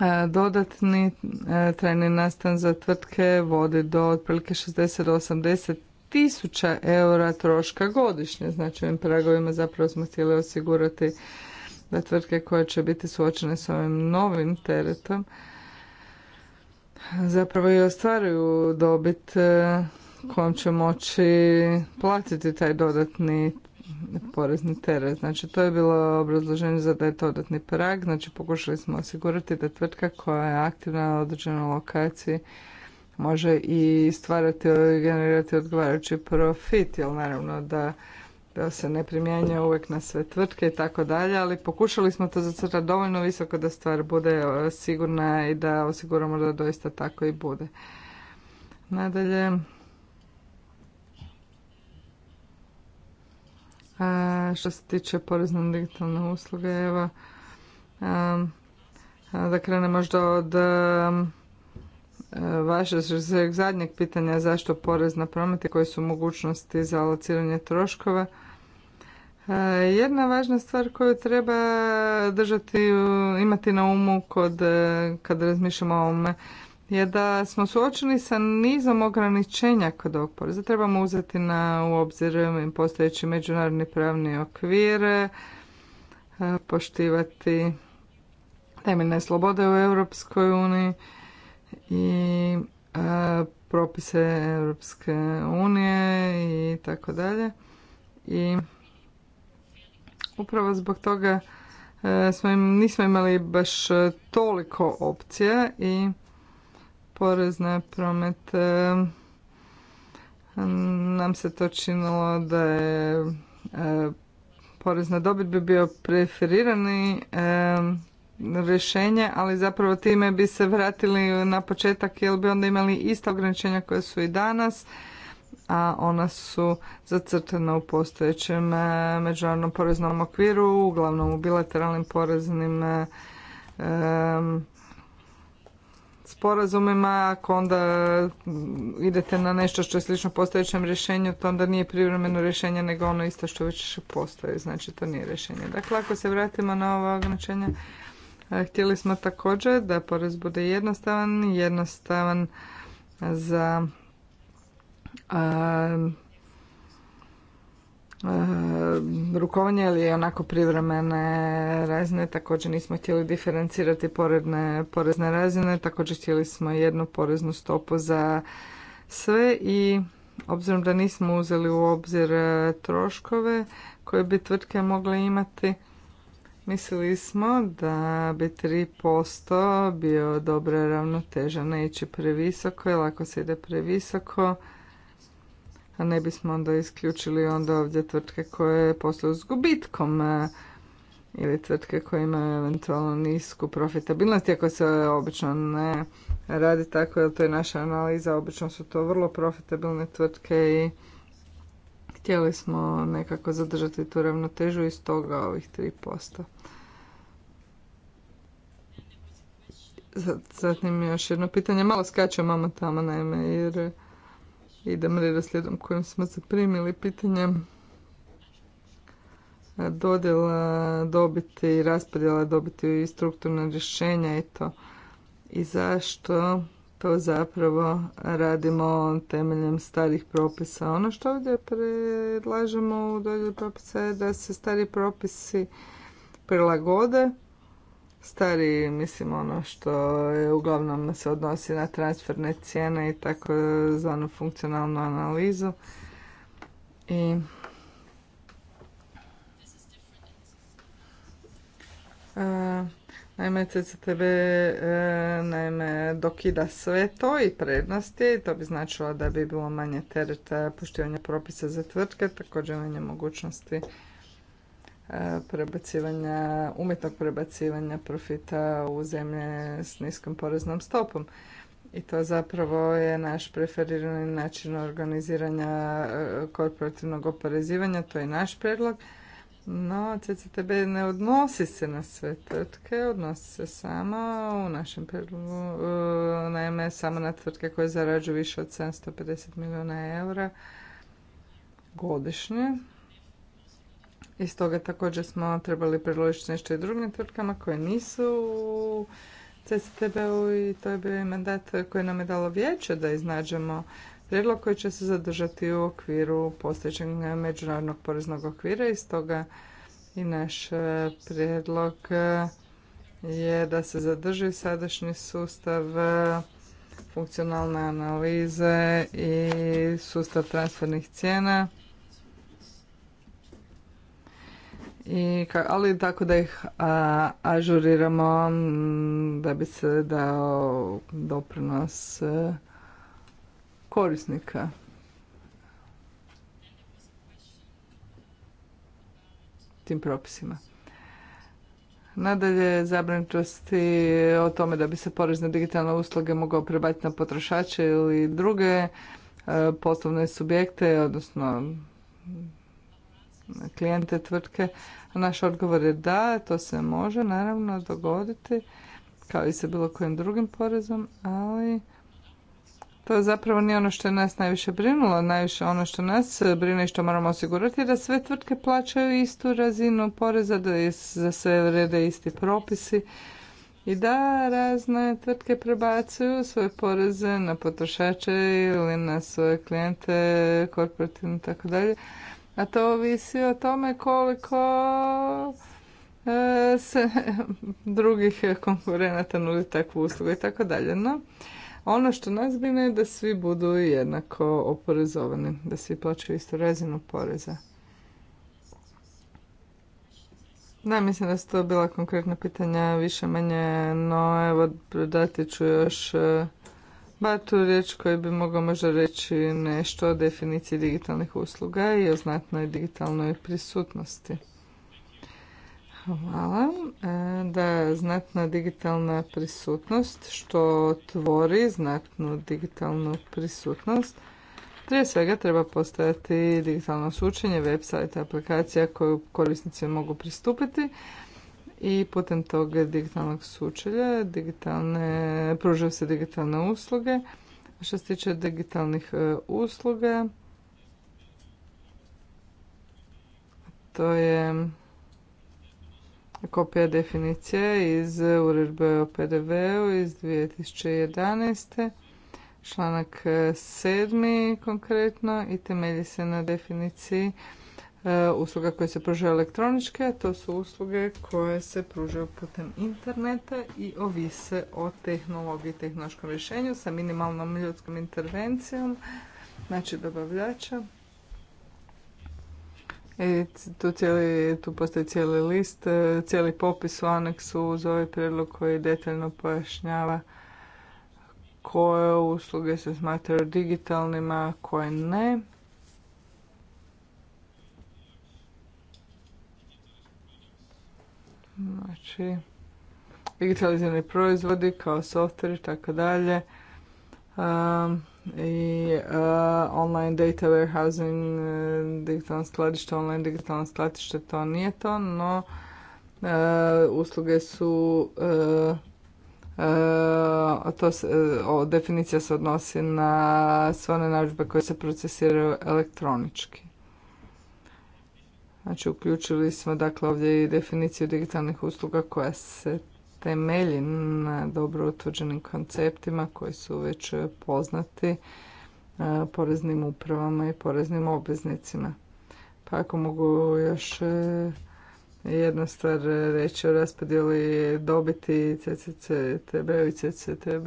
e, dodatni e, trajni nastan za tvrtke vodi do otprilike 60 do 80 tisuća eura troška godišnje. Znači ovim pragovima zapravo smo htjeli osigurati na tvrtke koje će biti suočene s ovim novim teretom zapravo i ostvaruju dobit e, kojom će moći platiti taj dodatni porezni teret. Znači to je bilo obrazloženje za da je to dodatni prag, znači pokušali smo osigurati da tvrtka koja je aktivna na određenoj lokaciji može i stvarati generirati odgovarajući profit, jer naravno da da se ne primjenjuje uvijek na sve tvrtke i tako dalje, ali pokušali smo to zacrtati dovoljno visoko da stvar bude e, sigurna i da osiguramo da doista tako i bude. Nadalje, e, što se tiče porezne na digitalne usluge, evo, e, da krene možda od vaše zadnjeg pitanja zašto porez na promete koje su mogućnosti za alociranje troškova. E, jedna važna stvar koju treba držati, e, imati na umu kod, e, kad razmišljamo o ovome je da smo suočeni sa nizom ograničenja kod ovog poreza. Trebamo uzeti na, u obzir postojeći međunarodni pravni okvir, poštivati temeljne slobode u Europskoj uniji i propise Europske unije i tako dalje. I Upravo zbog toga e, smo im, nismo imali baš e, toliko opcija i porez na promet e, nam se to činilo da je porez na dobit bi bio preferirani rješenje, ali zapravo time bi se vratili na početak jer bi onda imali ista ograničenja koja su i danas a ona su zacrtana u postojećem e, međunarodnom poreznom okviru, uglavnom u bilateralnim poreznim e, sporazumima. Ako onda idete na nešto što je slično postojećem rješenju, to onda nije privremeno rješenje, nego ono isto što već postoji. Znači, to nije rješenje. Dakle, ako se vratimo na ova ograničenja, e, htjeli smo također da porez bude jednostavan, jednostavan za rukovanje ili onako privremene razine također nismo htjeli diferencirati porezne razine također htjeli smo jednu poreznu stopu za sve i obzirom da nismo uzeli u obzir e, troškove koje bi tvrtke mogle imati mislili smo da bi 3% bio dobro ravnoteža Neće ići previsoko jer ako se ide previsoko a ne bismo onda isključili onda ovdje tvrtke koje posluju s gubitkom e, ili tvrtke koje imaju eventualno nisku profitabilnost, iako se obično ne radi tako, jer to je naša analiza, obično su to vrlo profitabilne tvrtke i htjeli smo nekako zadržati tu ravnotežu iz toga ovih 3%. Zatim još jedno pitanje, malo skačem mama, tamo naime, jer idem redoslijedom kojim smo zaprimili pitanje dodjela dobiti i raspodjela dobiti i strukturna rješenja i to. I zašto to zapravo radimo temeljem starih propisa. Ono što ovdje predlažemo u dodjeli propisa je da se stari propisi prilagode stari, mislim ono što je uglavnom se odnosi na transferne cijene i tako zvanu funkcionalnu analizu. I e, Naime, CCTV e, dokida sve to i prednosti. To bi značilo da bi bilo manje tereta poštivanja propisa za tvrtke, također manje mogućnosti E, prebacivanja, umjetnog prebacivanja profita u zemlje s niskom poreznom stopom. I to zapravo je naš preferirani način organiziranja e, korporativnog oporezivanja, to je naš predlog. No, CCTB ne odnosi se na sve tvrtke, odnosi se samo u našem predlogu, e, naime samo na tvrtke koje zarađuju više od 750 milijuna eura godišnje i stoga također smo trebali predložiti nešto i drugim tvrtkama koje nisu u CCTB-u i to je bio i mandat koji nam je dalo vijeće da iznađemo prijedlog koji će se zadržati u okviru postojećeg međunarodnog poreznog okvira i stoga i naš prijedlog je da se zadrži sadašnji sustav funkcionalne analize i sustav transfernih cijena I, ali tako da ih a, ažuriramo da bi se dao doprinos e, korisnika. tim propisima. Nadalje, zabrinutosti o tome da bi se porezne digitalne usluge mogao prebaciti na potrošače ili druge e, poslovne subjekte, odnosno klijente tvrtke? Naš odgovor je da, to se može naravno dogoditi kao i sa bilo kojim drugim porezom, ali to zapravo nije ono što je nas najviše brinulo. Najviše ono što nas brine i što moramo osigurati je da sve tvrtke plaćaju istu razinu poreza, da je za sve vrede isti propisi i da razne tvrtke prebacuju svoje poreze na potrošače ili na svoje klijente, korporativne i tako dalje. A to ovisi o tome koliko e, se drugih konkurenata nudi takvu uslugu i tako dalje. No, ono što nas brine je da svi budu jednako oporezovani, da svi plaćaju istu razinu poreza. Da, mislim da su to bila konkretna pitanja više manje, no evo predati ću još e, tu riječ koji bi mogao možda reći nešto o definiciji digitalnih usluga i o znatnoj digitalnoj prisutnosti. Hvala. E, da, znatna digitalna prisutnost što tvori znatnu digitalnu prisutnost. Prije svega treba postojati digitalno sučenje, website, aplikacija koju korisnici mogu pristupiti, i putem tog digitalnog sučelja digitalne, pružaju se digitalne usluge. Što se tiče digitalnih e, usluga, to je kopija definicije iz uredbe o PDV-u iz 2011. Članak e, sedmi konkretno i temelji se na definiciji E, usluga koje se pružaju elektroničke, to su usluge koje se pružaju putem interneta i ovise o tehnologiji i tehnološkom rješenju sa minimalnom ljudskom intervencijom, znači dobavljača. E, tu, postoji cijeli list, e, cijeli popis u aneksu uz ovaj prijedlog koji detaljno pojašnjava koje usluge se smatraju digitalnima, koje ne. Znači, digitalizirani proizvodi kao software i tako dalje. Um, I uh, online data warehousing, uh, digitalno skladište, online digitalno skladište, to nije to, no uh, usluge su o, definicija se odnosi na sve one narudžbe koje se procesiraju elektronički. Znači uključili smo dakle ovdje i definiciju digitalnih usluga koja se temelji na dobro utvrđenim konceptima koji su već e, poznati e, poreznim upravama i poreznim obveznicima. Pa ako mogu još e, jednu stvar reći o raspodjeli dobiti CCCTB i CCTB.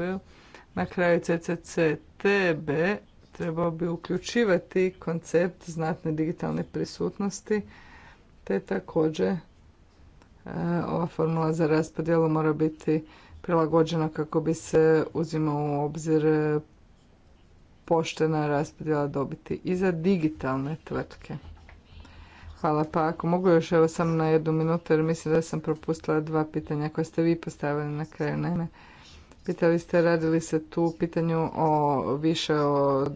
Na kraju CCCTB trebao bi uključivati koncept znatne digitalne prisutnosti te također e, ova formula za raspodjelu mora biti prilagođena kako bi se uzimao u obzir e, poštena raspodjela dobiti i za digitalne tvrtke. Hvala pa ako mogu još evo sam na jednu minutu jer mislim da sam propustila dva pitanja koja ste vi postavili na kraju. Naime, Pitali ste radili se tu u pitanju o više o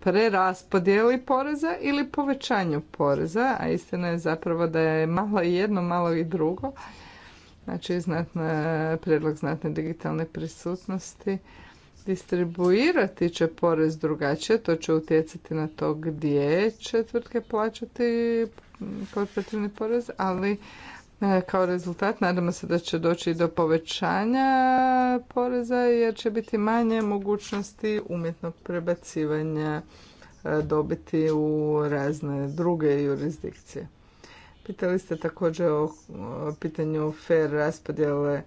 preraspodjeli poreza ili povećanju poreza, a istina je zapravo da je malo i jedno, malo i drugo. Znači, znatne, prijedlog znatne digitalne prisutnosti distribuirati će porez drugačije, to će utjecati na to gdje će tvrtke plaćati korporativni porez, ali E, kao rezultat nadamo se da će doći do povećanja poreza jer će biti manje mogućnosti umjetnog prebacivanja e, dobiti u razne druge jurisdikcije. Pitali ste također o pitanju fair raspodjele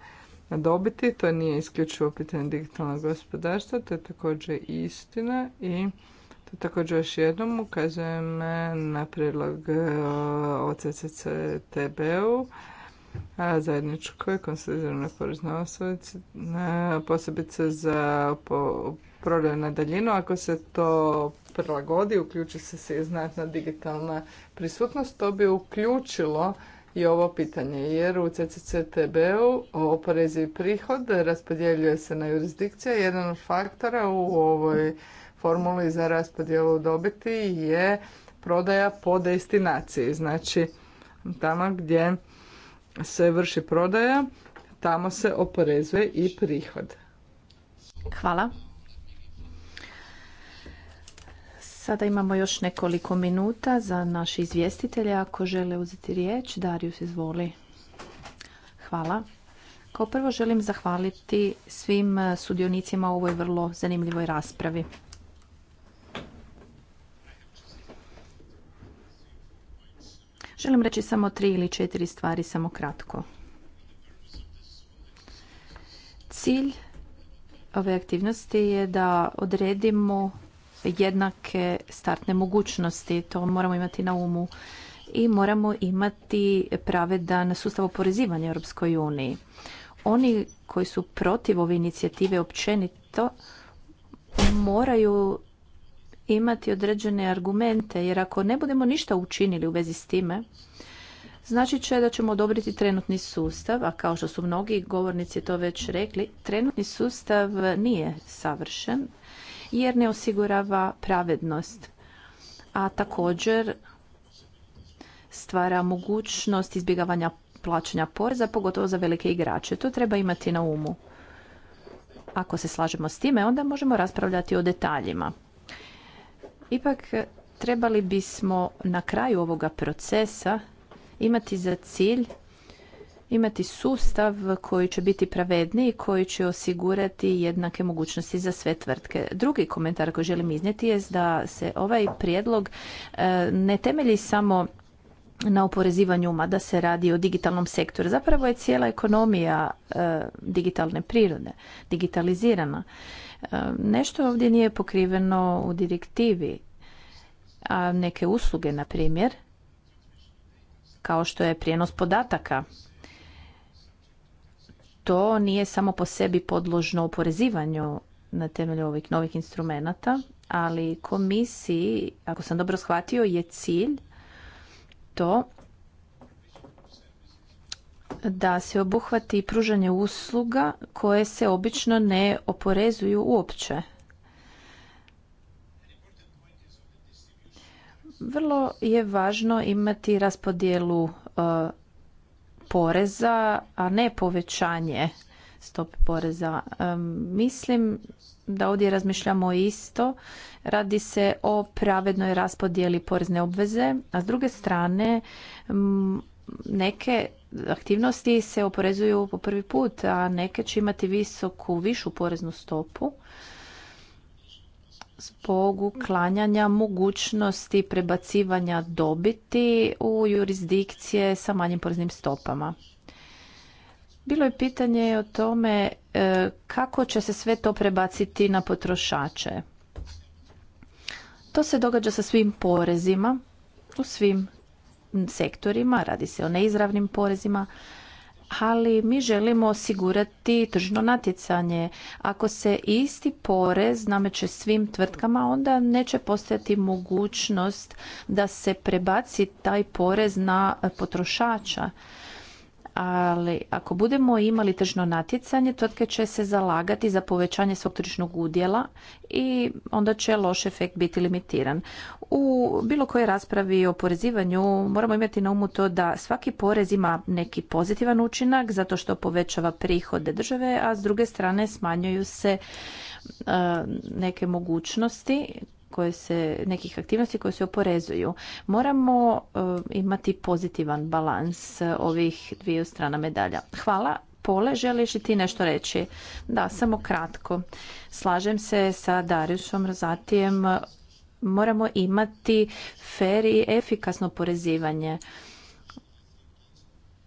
dobiti, to nije isključivo pitanje digitalnog gospodarstva, to je također istina i također još jednom ukazujem na prijedlog e, OCCCTB-u zajedničkoj konsolidiranoj poreznoj osnovici, e, posebice za po, prodaju na daljinu. Ako se to prilagodi, uključi se se znatna digitalna prisutnost, to bi uključilo i ovo pitanje, jer u CCCTB-u oporezivi prihod raspodjeljuje se na jurisdikcije. Jedan od faktora u ovoj formuli za raspodjelu dobiti je prodaja po destinaciji. Znači, tamo gdje se vrši prodaja, tamo se oporezuje i prihod. Hvala. Sada imamo još nekoliko minuta za naše izvjestitelje. Ako žele uzeti riječ, Darius izvoli. Hvala. Kao prvo želim zahvaliti svim sudionicima u ovoj vrlo zanimljivoj raspravi. Želim reći samo tri ili četiri stvari, samo kratko. Cilj ove aktivnosti je da odredimo jednake startne mogućnosti. To moramo imati na umu i moramo imati pravedan sustav oporezivanja Europskoj uniji. Oni koji su protiv ove inicijative općenito moraju imati određene argumente jer ako ne budemo ništa učinili u vezi s time, znači će da ćemo odobriti trenutni sustav, a kao što su mnogi govornici to već rekli, trenutni sustav nije savršen jer ne osigurava pravednost, a također stvara mogućnost izbjegavanja plaćanja poreza, pogotovo za velike igrače. To treba imati na umu. Ako se slažemo s time, onda možemo raspravljati o detaljima. Ipak eh, trebali bismo na kraju ovoga procesa imati za cilj imati sustav koji će biti pravedniji, koji će osigurati jednake mogućnosti za sve tvrtke. Drugi komentar koji želim iznijeti je da se ovaj prijedlog eh, ne temelji samo na oporezivanju, mada se radi o digitalnom sektoru. Zapravo je cijela ekonomija eh, digitalne prirode, digitalizirana. E, nešto ovdje nije pokriveno u direktivi, a neke usluge, na primjer, kao što je prijenos podataka, to nije samo po sebi podložno oporezivanju na temelju ovih novih instrumenata, ali komisiji, ako sam dobro shvatio, je cilj to da se obuhvati pružanje usluga koje se obično ne oporezuju uopće. Vrlo je važno imati raspodjelu e, poreza, a ne povećanje stope poreza. E, mislim da ovdje razmišljamo isto. Radi se o pravednoj raspodjeli porezne obveze, a s druge strane neke aktivnosti se oporezuju po prvi put, a neke će imati visoku, višu poreznu stopu zbog uklanjanja mogućnosti prebacivanja dobiti u jurisdikcije sa manjim poreznim stopama. Bilo je pitanje o tome e, kako će se sve to prebaciti na potrošače. To se događa sa svim porezima u svim sektorima, radi se o neizravnim porezima, ali mi želimo osigurati tržno natjecanje. Ako se isti porez nameće svim tvrtkama, onda neće postojati mogućnost da se prebaci taj porez na potrošača ali ako budemo imali tržno natjecanje, tvrtke će se zalagati za povećanje svog tržnog udjela i onda će loš efekt biti limitiran. U bilo kojoj raspravi o porezivanju moramo imati na umu to da svaki porez ima neki pozitivan učinak zato što povećava prihode države, a s druge strane smanjuju se e, neke mogućnosti koje se, nekih aktivnosti koje se oporezuju. Moramo eh, imati pozitivan balans eh, ovih dviju strana medalja. Hvala. Pole, želiš i ti nešto reći? Da, samo kratko. Slažem se sa Dariusom. razatijem Moramo imati fer i efikasno porezivanje.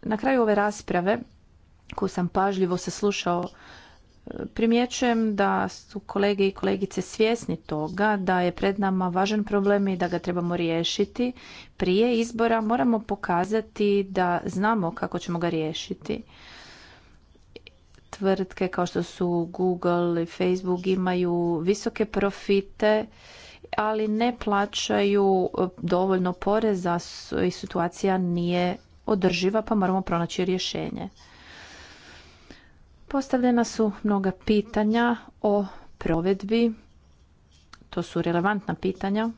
Na kraju ove rasprave koju sam pažljivo saslušao Primjećujem da su kolege i kolegice svjesni toga da je pred nama važan problem i da ga trebamo riješiti. Prije izbora moramo pokazati da znamo kako ćemo ga riješiti. Tvrtke kao što su Google i Facebook imaju visoke profite, ali ne plaćaju dovoljno poreza i situacija nije održiva pa moramo pronaći rješenje. Postavljena su mnoga pitanja o provedbi. To su relevantna pitanja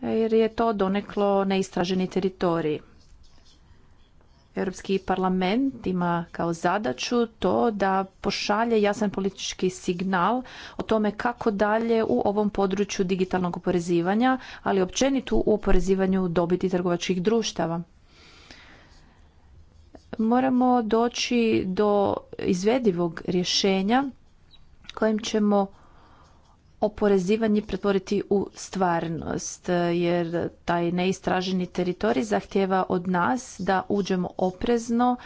jer je to doneklo neistraženi teritorij. Europski parlament ima kao zadaću to da pošalje jasan politički signal o tome kako dalje u ovom području digitalnog oporezivanja, ali općenito u oporezivanju dobiti trgovačkih društava moramo doći do izvedivog rješenja kojim ćemo oporezivanje pretvoriti u stvarnost jer taj neistraženi teritorij zahtjeva od nas da uđemo oprezno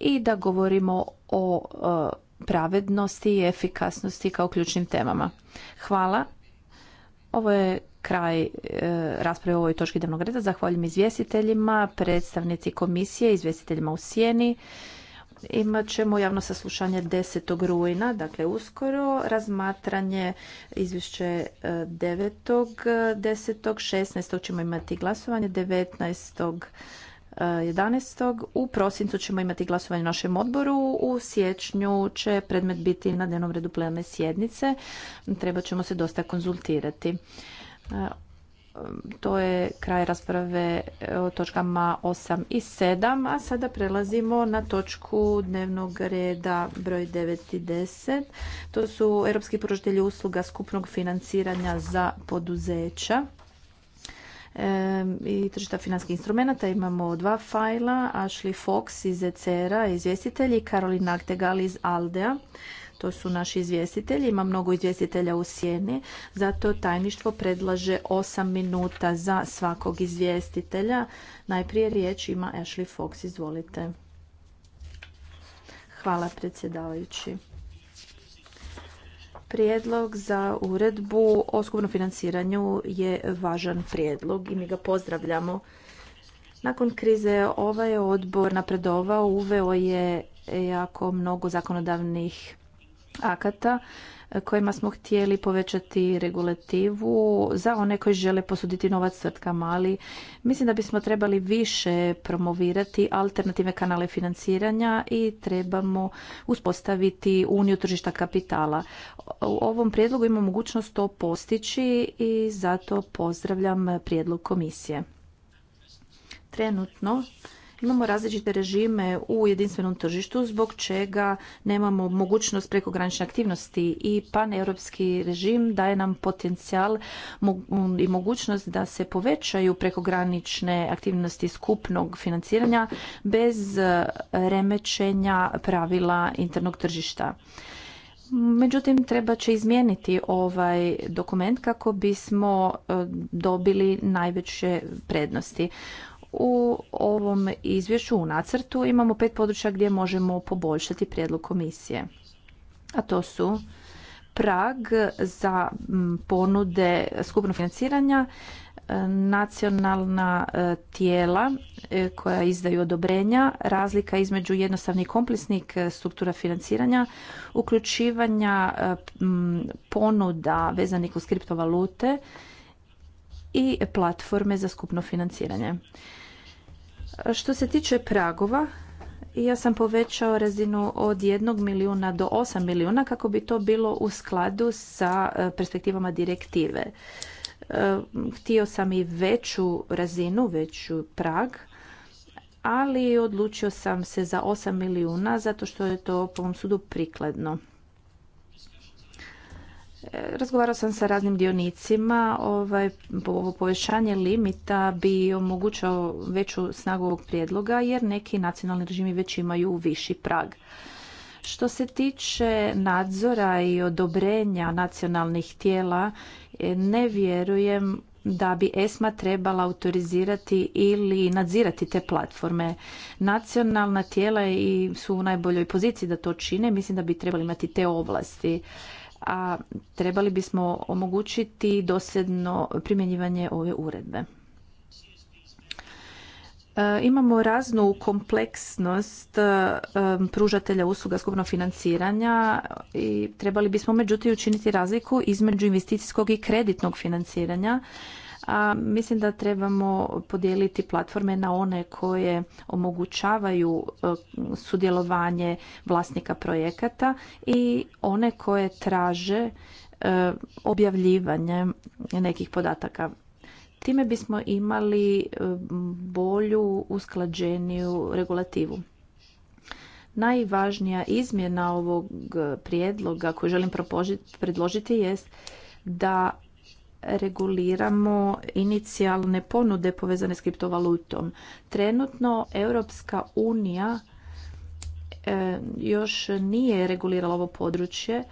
i da govorimo o e, pravednosti i efikasnosti kao ključnim temama. Hvala. Ovo je kraj e, rasprave o ovoj točki dnevnog reda. Zahvaljujem izvjestiteljima, predstavnici komisije, izvjestiteljima u sjeni. Imat ćemo javno saslušanje 10. rujna, dakle uskoro, razmatranje izvješće 9. E, 10. ćemo imati glasovanje, 19. 11. E, u prosincu ćemo imati glasovanje u našem odboru. U siječnju će predmet biti na dnevnom redu plenarne sjednice. Treba ćemo se dosta konzultirati. E, to je kraj rasprave e, o točkama 8 i 7, a sada prelazimo na točku dnevnog reda broj 9 i 10. To su europski pružitelji usluga skupnog financiranja za poduzeća e, i tržišta financijskih instrumenata Imamo dva fajla, Ashley Fox iz ECR-a, izvjestitelji, Karolina Aktegal iz Aldea to su naši izvjestitelji, ima mnogo izvjestitelja u sjeni, zato tajništvo predlaže osam minuta za svakog izvjestitelja. Najprije riječ ima Ashley Fox, izvolite. Hvala predsjedavajući. Prijedlog za uredbu o skupnom financiranju je važan prijedlog i mi ga pozdravljamo. Nakon krize ovaj odbor napredovao, uveo je jako mnogo zakonodavnih akata kojima smo htjeli povećati regulativu za one koji žele posuditi novac tvrtkama, ali mislim da bismo trebali više promovirati alternative kanale financiranja i trebamo uspostaviti uniju tržišta kapitala. U ovom prijedlogu imamo mogućnost to postići i zato pozdravljam prijedlog komisije. Trenutno Imamo različite režime u jedinstvenom tržištu zbog čega nemamo mogućnost prekogranične aktivnosti i paneuropski režim daje nam potencijal i mogućnost da se povećaju prekogranične aktivnosti skupnog financiranja bez remećenja pravila internog tržišta. Međutim, treba će izmijeniti ovaj dokument kako bismo e, dobili najveće prednosti. U ovom izvješću u nacrtu imamo pet područja gdje možemo poboljšati prijedlog komisije. A to su prag za ponude skupnog financiranja, nacionalna e, tijela e, koja izdaju odobrenja, razlika između jednostavnih i e, struktura financiranja, uključivanja ponuda vezanih uz kriptovalute i platforme za skupno financiranje. Što se tiče pragova, ja sam povećao razinu od jednog milijuna do 8 milijuna kako bi to bilo u skladu sa e, perspektivama direktive. E, htio sam i veću razinu, veću prag, ali odlučio sam se za 8 milijuna zato što je to po mom sudu prikladno. Razgovarao sam sa raznim dionicima. Ovaj, ovo povećanje limita bi omogućao veću snagu ovog prijedloga jer neki nacionalni režimi već imaju viši prag. Što se tiče nadzora i odobrenja nacionalnih tijela, eh, ne vjerujem da bi ESMA trebala autorizirati ili nadzirati te platforme. Nacionalna tijela su u najboljoj poziciji da to čine, mislim da bi trebali imati te ovlasti a trebali bismo omogućiti dosljedno primjenjivanje ove uredbe. E, imamo raznu kompleksnost e, pružatelja usluga skupnog financiranja i trebali bismo međutim učiniti razliku između investicijskog i kreditnog financiranja a mislim da trebamo podijeliti platforme na one koje omogućavaju e, sudjelovanje vlasnika projekata i one koje traže e, objavljivanje nekih podataka. Time bismo imali e, bolju, usklađeniju regulativu. Najvažnija izmjena ovog prijedloga koju želim predložiti jest da reguliramo inicijalne ponude povezane s kriptovalutom. Trenutno Europska unija e, još nije regulirala ovo područje.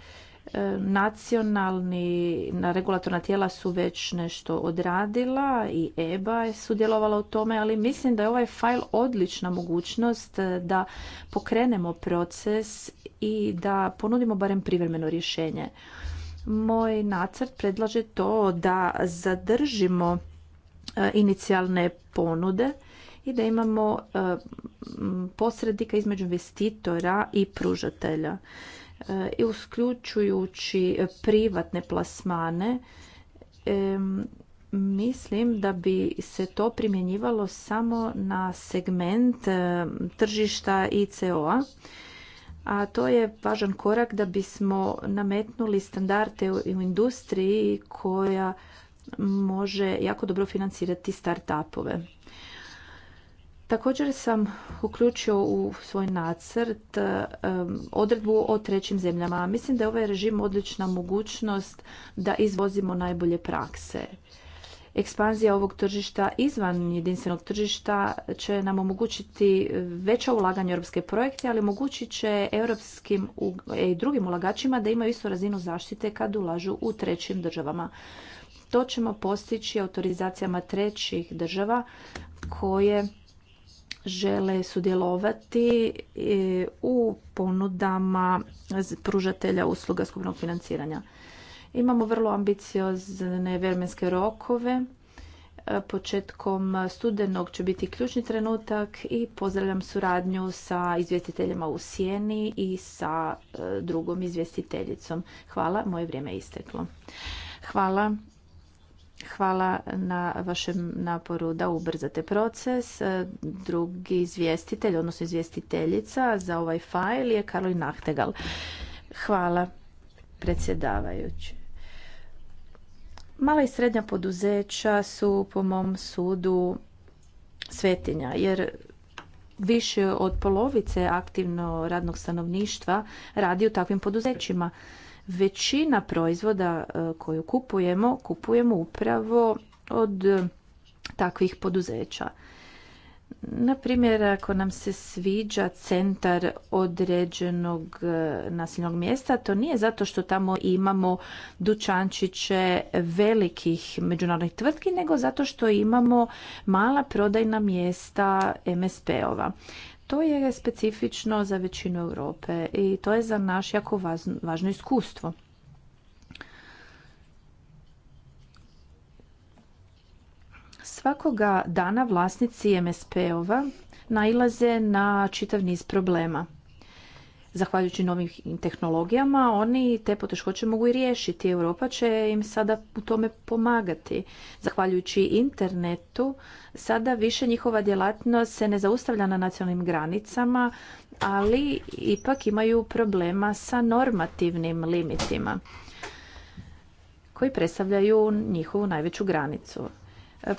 E, nacionalni regulatorna tijela su već nešto odradila i EBA je sudjelovala u tome, ali mislim da je ovaj fajl odlična mogućnost e, da pokrenemo proces i da ponudimo barem privremeno rješenje. Moj nacrt predlaže to da zadržimo e, inicijalne ponude i da imamo e, posrednika između investitora i pružatelja. E, I usključujući privatne plasmane, mislim da bi se to primjenjivalo samo na segment tržišta ICO-a a to je važan korak da bismo nametnuli standarde u industriji koja može jako dobro financirati start-upove. Također sam uključio u svoj nacrt odredbu o trećim zemljama. Mislim da je ovaj režim odlična mogućnost da izvozimo najbolje prakse Ekspanzija ovog tržišta izvan jedinstvenog tržišta će nam omogućiti veća ulaganja u europske projekte, ali omogućit će europskim e, i drugim ulagačima da imaju istu razinu zaštite kad ulažu u trećim državama. To ćemo postići autorizacijama trećih država koje žele sudjelovati e, u ponudama pružatelja usluga skupnog financiranja. Imamo vrlo ambiciozne vremenske rokove. E, početkom studenog će biti ključni trenutak i pozdravljam suradnju sa izvjestiteljima u Sjeni i sa e, drugom izvjestiteljicom. Hvala, moje vrijeme je isteklo. Hvala. Hvala na vašem naporu da ubrzate proces. E, drugi izvjestitelj, odnosno izvjestiteljica za ovaj fajl je Karolin Nahtegal. Hvala predsjedavajući. Mala i srednja poduzeća su po mom sudu svetinja, jer više od polovice aktivno radnog stanovništva radi u takvim poduzećima. Većina proizvoda e, koju kupujemo, kupujemo upravo od e, takvih poduzeća na primjer, ako nam se sviđa centar određenog e, nasilnog mjesta, to nije zato što tamo imamo dučančiće velikih međunarodnih tvrtki, nego zato što imamo mala prodajna mjesta MSP-ova. To je specifično za većinu Europe i to je za naš jako važno iskustvo. Svakoga dana vlasnici MSP-ova nailaze na čitav niz problema. Zahvaljujući novim tehnologijama, oni te poteškoće mogu i riješiti. Europa će im sada u tome pomagati. Zahvaljujući internetu, sada više njihova djelatnost se ne zaustavlja na nacionalnim granicama, ali ipak imaju problema sa normativnim limitima koji predstavljaju njihovu najveću granicu.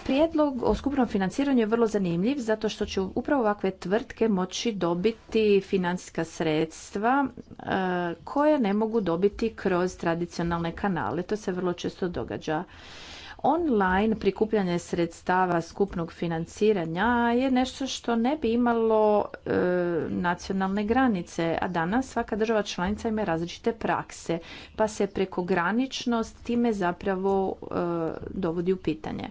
Prijedlog o skupnom financiranju je vrlo zanimljiv zato što će upravo ovakve tvrtke moći dobiti financijska sredstva e, koje ne mogu dobiti kroz tradicionalne kanale. To se vrlo često događa. Online prikupljanje sredstava skupnog financiranja je nešto što ne bi imalo e, nacionalne granice, a danas svaka država članica ima različite prakse, pa se prekograničnost time zapravo e, dovodi u pitanje.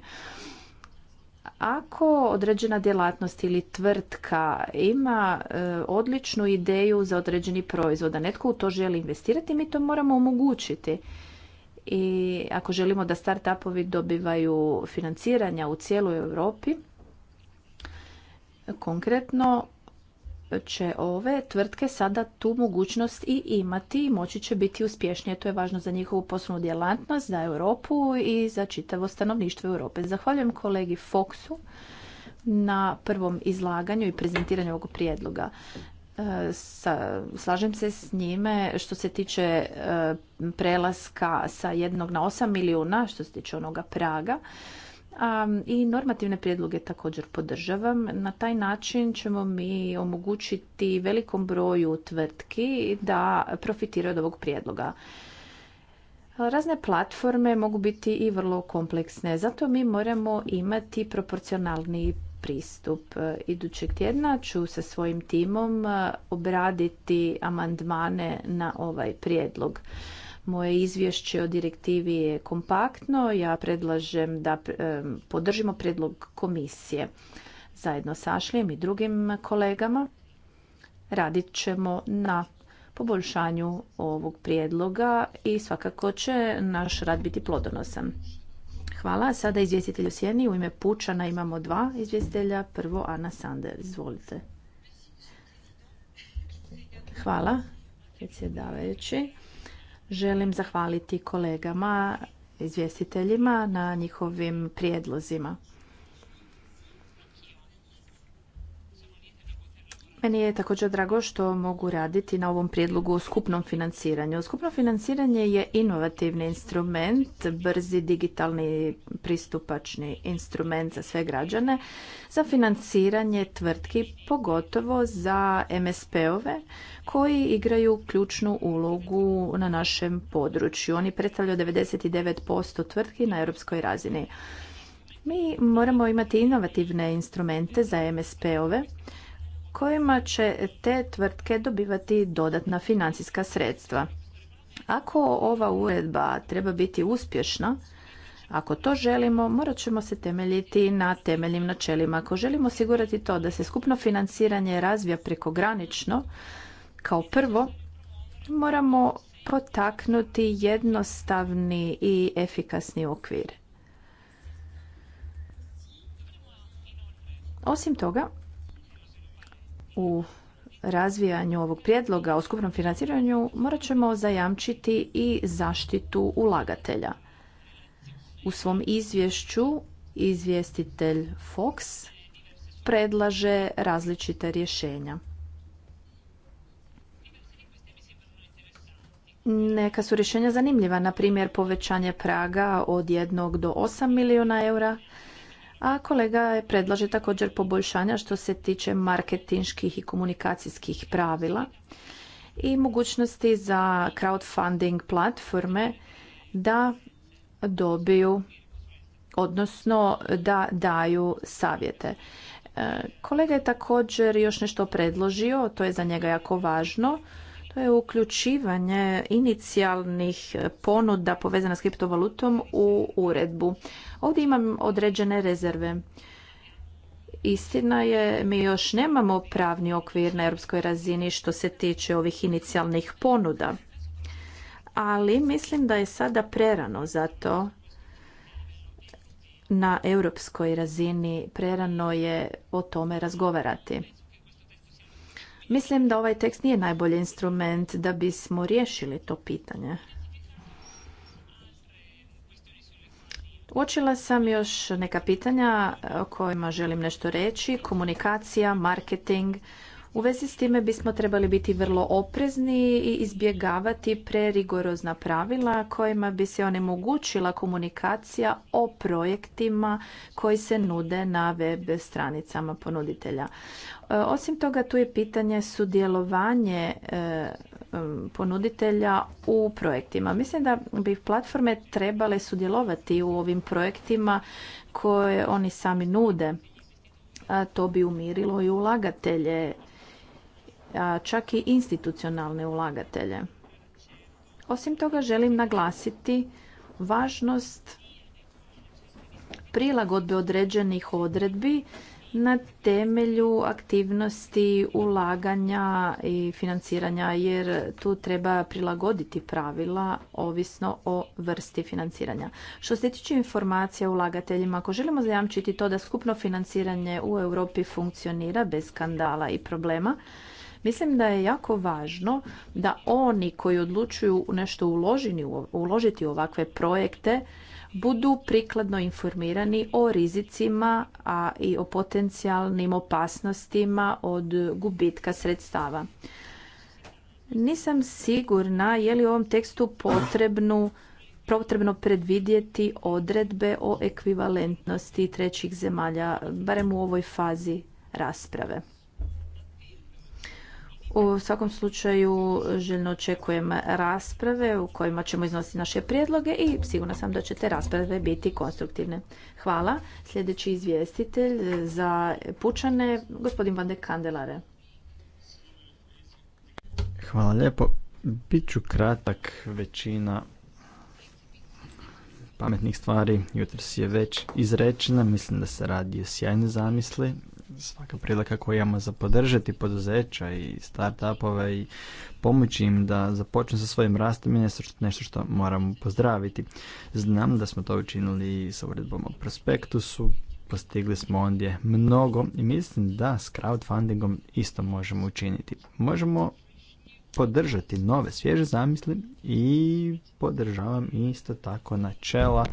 Ako određena djelatnost ili tvrtka ima e, odličnu ideju za određeni proizvod, a netko u to želi investirati, mi to moramo omogućiti. I ako želimo da startupovi dobivaju financiranja u cijeloj Europi, konkretno će ove tvrtke sada tu mogućnost i imati i moći će biti uspješnije. To je važno za njihovu poslovnu djelatnost, za Europu i za čitavo stanovništvo Europe. Zahvaljujem kolegi Foksu na prvom izlaganju i prezentiranju ovog prijedloga. E, sa, slažem se s njime što se tiče e, prelaska sa jednog na osam milijuna, što se tiče onoga praga i normativne prijedloge također podržavam. Na taj način ćemo mi omogućiti velikom broju tvrtki da profitira od ovog prijedloga. Razne platforme mogu biti i vrlo kompleksne, zato mi moramo imati proporcionalni pristup. Idućeg tjedna ću sa svojim timom obraditi amandmane na ovaj prijedlog. Moje izvješće o direktivi je kompaktno. Ja predlažem da e, podržimo predlog komisije zajedno sa Ašlijem i drugim kolegama. Radit ćemo na poboljšanju ovog prijedloga i svakako će naš rad biti plodonosan. Hvala. Sada izvjestitelj u U ime Pučana imamo dva izvjestitelja. Prvo Ana Sander. Izvolite. Hvala predsjedavajući. Želim zahvaliti kolegama, izvjestiteljima na njihovim prijedlozima. Meni je također drago što mogu raditi na ovom prijedlogu o skupnom financiranju. Skupno financiranje je inovativni instrument, brzi digitalni pristupačni instrument za sve građane, za financiranje tvrtki, pogotovo za MSP-ove koji igraju ključnu ulogu na našem području. Oni predstavljaju 99% tvrtki na europskoj razini. Mi moramo imati inovativne instrumente za MSP-ove kojima će te tvrtke dobivati dodatna financijska sredstva. Ako ova uredba treba biti uspješna, ako to želimo, morat ćemo se temeljiti na temeljnim načelima. Ako želimo osigurati to da se skupno financiranje razvija prekogranično, kao prvo moramo potaknuti jednostavni i efikasni okvir. Osim toga, u razvijanju ovog prijedloga o skupnom financiranju morat ćemo zajamčiti i zaštitu ulagatelja. U svom izvješću izvjestitelj Fox predlaže različite rješenja. Neka su rješenja zanimljiva, na primjer povećanje praga od 1 do osam milijuna eura, a kolega predlaže također poboljšanja što se tiče marketinških i komunikacijskih pravila i mogućnosti za crowdfunding platforme da dobiju odnosno da daju savjete. E, kolega je također još nešto predložio, to je za njega jako važno, to je uključivanje inicijalnih ponuda povezana s kriptovalutom u uredbu. Ovdje imam određene rezerve. Istina je, mi još nemamo pravni okvir na europskoj razini što se tiče ovih inicijalnih ponuda. Ali mislim da je sada prerano za to na europskoj razini prerano je o tome razgovarati. Mislim da ovaj tekst nije najbolji instrument da bismo riješili to pitanje. Uočila sam još neka pitanja o kojima želim nešto reći, komunikacija, marketing. U vezi s time bismo trebali biti vrlo oprezni i izbjegavati prerigorozna pravila kojima bi se onemogućila komunikacija o projektima koji se nude na web stranicama ponuditelja. E, osim toga tu je pitanje sudjelovanje e, ponuditelja u projektima. Mislim da bi platforme trebale sudjelovati u ovim projektima koje oni sami nude. To bi umirilo i ulagatelje, čak i institucionalne ulagatelje. Osim toga želim naglasiti važnost prilagodbe određenih odredbi na temelju aktivnosti ulaganja i financiranja jer tu treba prilagoditi pravila ovisno o vrsti financiranja. Što se tiče informacija ulagateljima, ako želimo zajamčiti to da skupno financiranje u Europi funkcionira bez skandala i problema, Mislim da je jako važno da oni koji odlučuju nešto uložiti u ovakve projekte budu prikladno informirani o rizicima, a i o potencijalnim opasnostima od gubitka sredstava. Nisam sigurna je li u ovom tekstu potrebnu potrebno predvidjeti odredbe o ekvivalentnosti trećih zemalja, barem u ovoj fazi rasprave. U svakom slučaju željno očekujem rasprave u kojima ćemo iznositi naše prijedloge i sigurna sam da će te rasprave biti konstruktivne. Hvala. Sljedeći izvjestitelj za pučane, gospodin Van Kandelare. Hvala lijepo. Biću kratak većina pametnih stvari jutros je već izrečena. Mislim da se radi o sjajnoj zamisli svaka prilika koja imamo za podržati poduzeća i start i pomoći im da započnu sa svojim rastom je nešto što moramo pozdraviti. Znam da smo to učinili sa uredbom o prospektusu, postigli smo ondje mnogo i mislim da s crowdfundingom isto možemo učiniti. Možemo podržati nove svježe zamisli i podržavam isto tako načela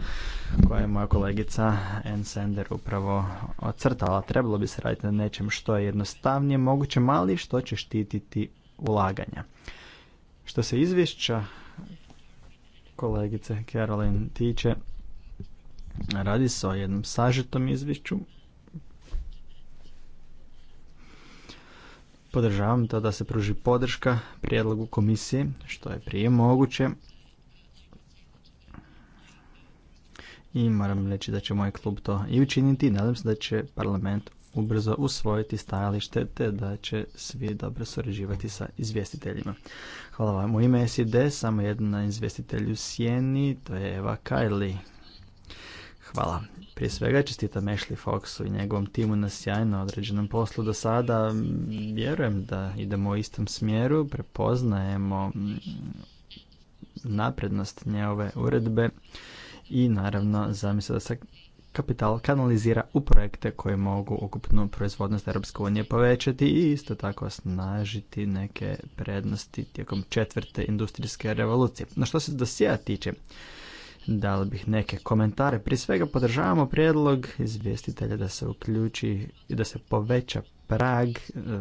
koje je moja kolegica Ann Sender upravo ocrtala. Trebalo bi se raditi na nečem što je jednostavnije moguće, mali, što će štititi ulaganja. Što se izvješća kolegice Caroline tiče, radi se o jednom sažetom izvješću Podržavam to da se pruži podrška prijedlogu komisije, što je prije moguće. I moram reći da će moj klub to i učiniti. Nadam se da će parlament ubrzo usvojiti stajalište te da će svi dobro surađivati sa izvjestiteljima. Hvala vam. U ime SID samo jedna izvjestitelj u Sjeni, to je Eva Kajli. Hvala. Prije svega čestitam Ashley Foxu i njegovom timu na sjajno određenom poslu do sada. Vjerujem da idemo u istom smjeru, prepoznajemo naprednost ove uredbe i naravno zamisla da se kapital kanalizira u projekte koji mogu ukupnu proizvodnost Europske unije povećati i isto tako snažiti neke prednosti tijekom četvrte industrijske revolucije. No što se dosjea tiče, dali bih neke komentare. Prije svega podržavamo prijedlog izvjestitelja da se uključi i da se poveća prag e,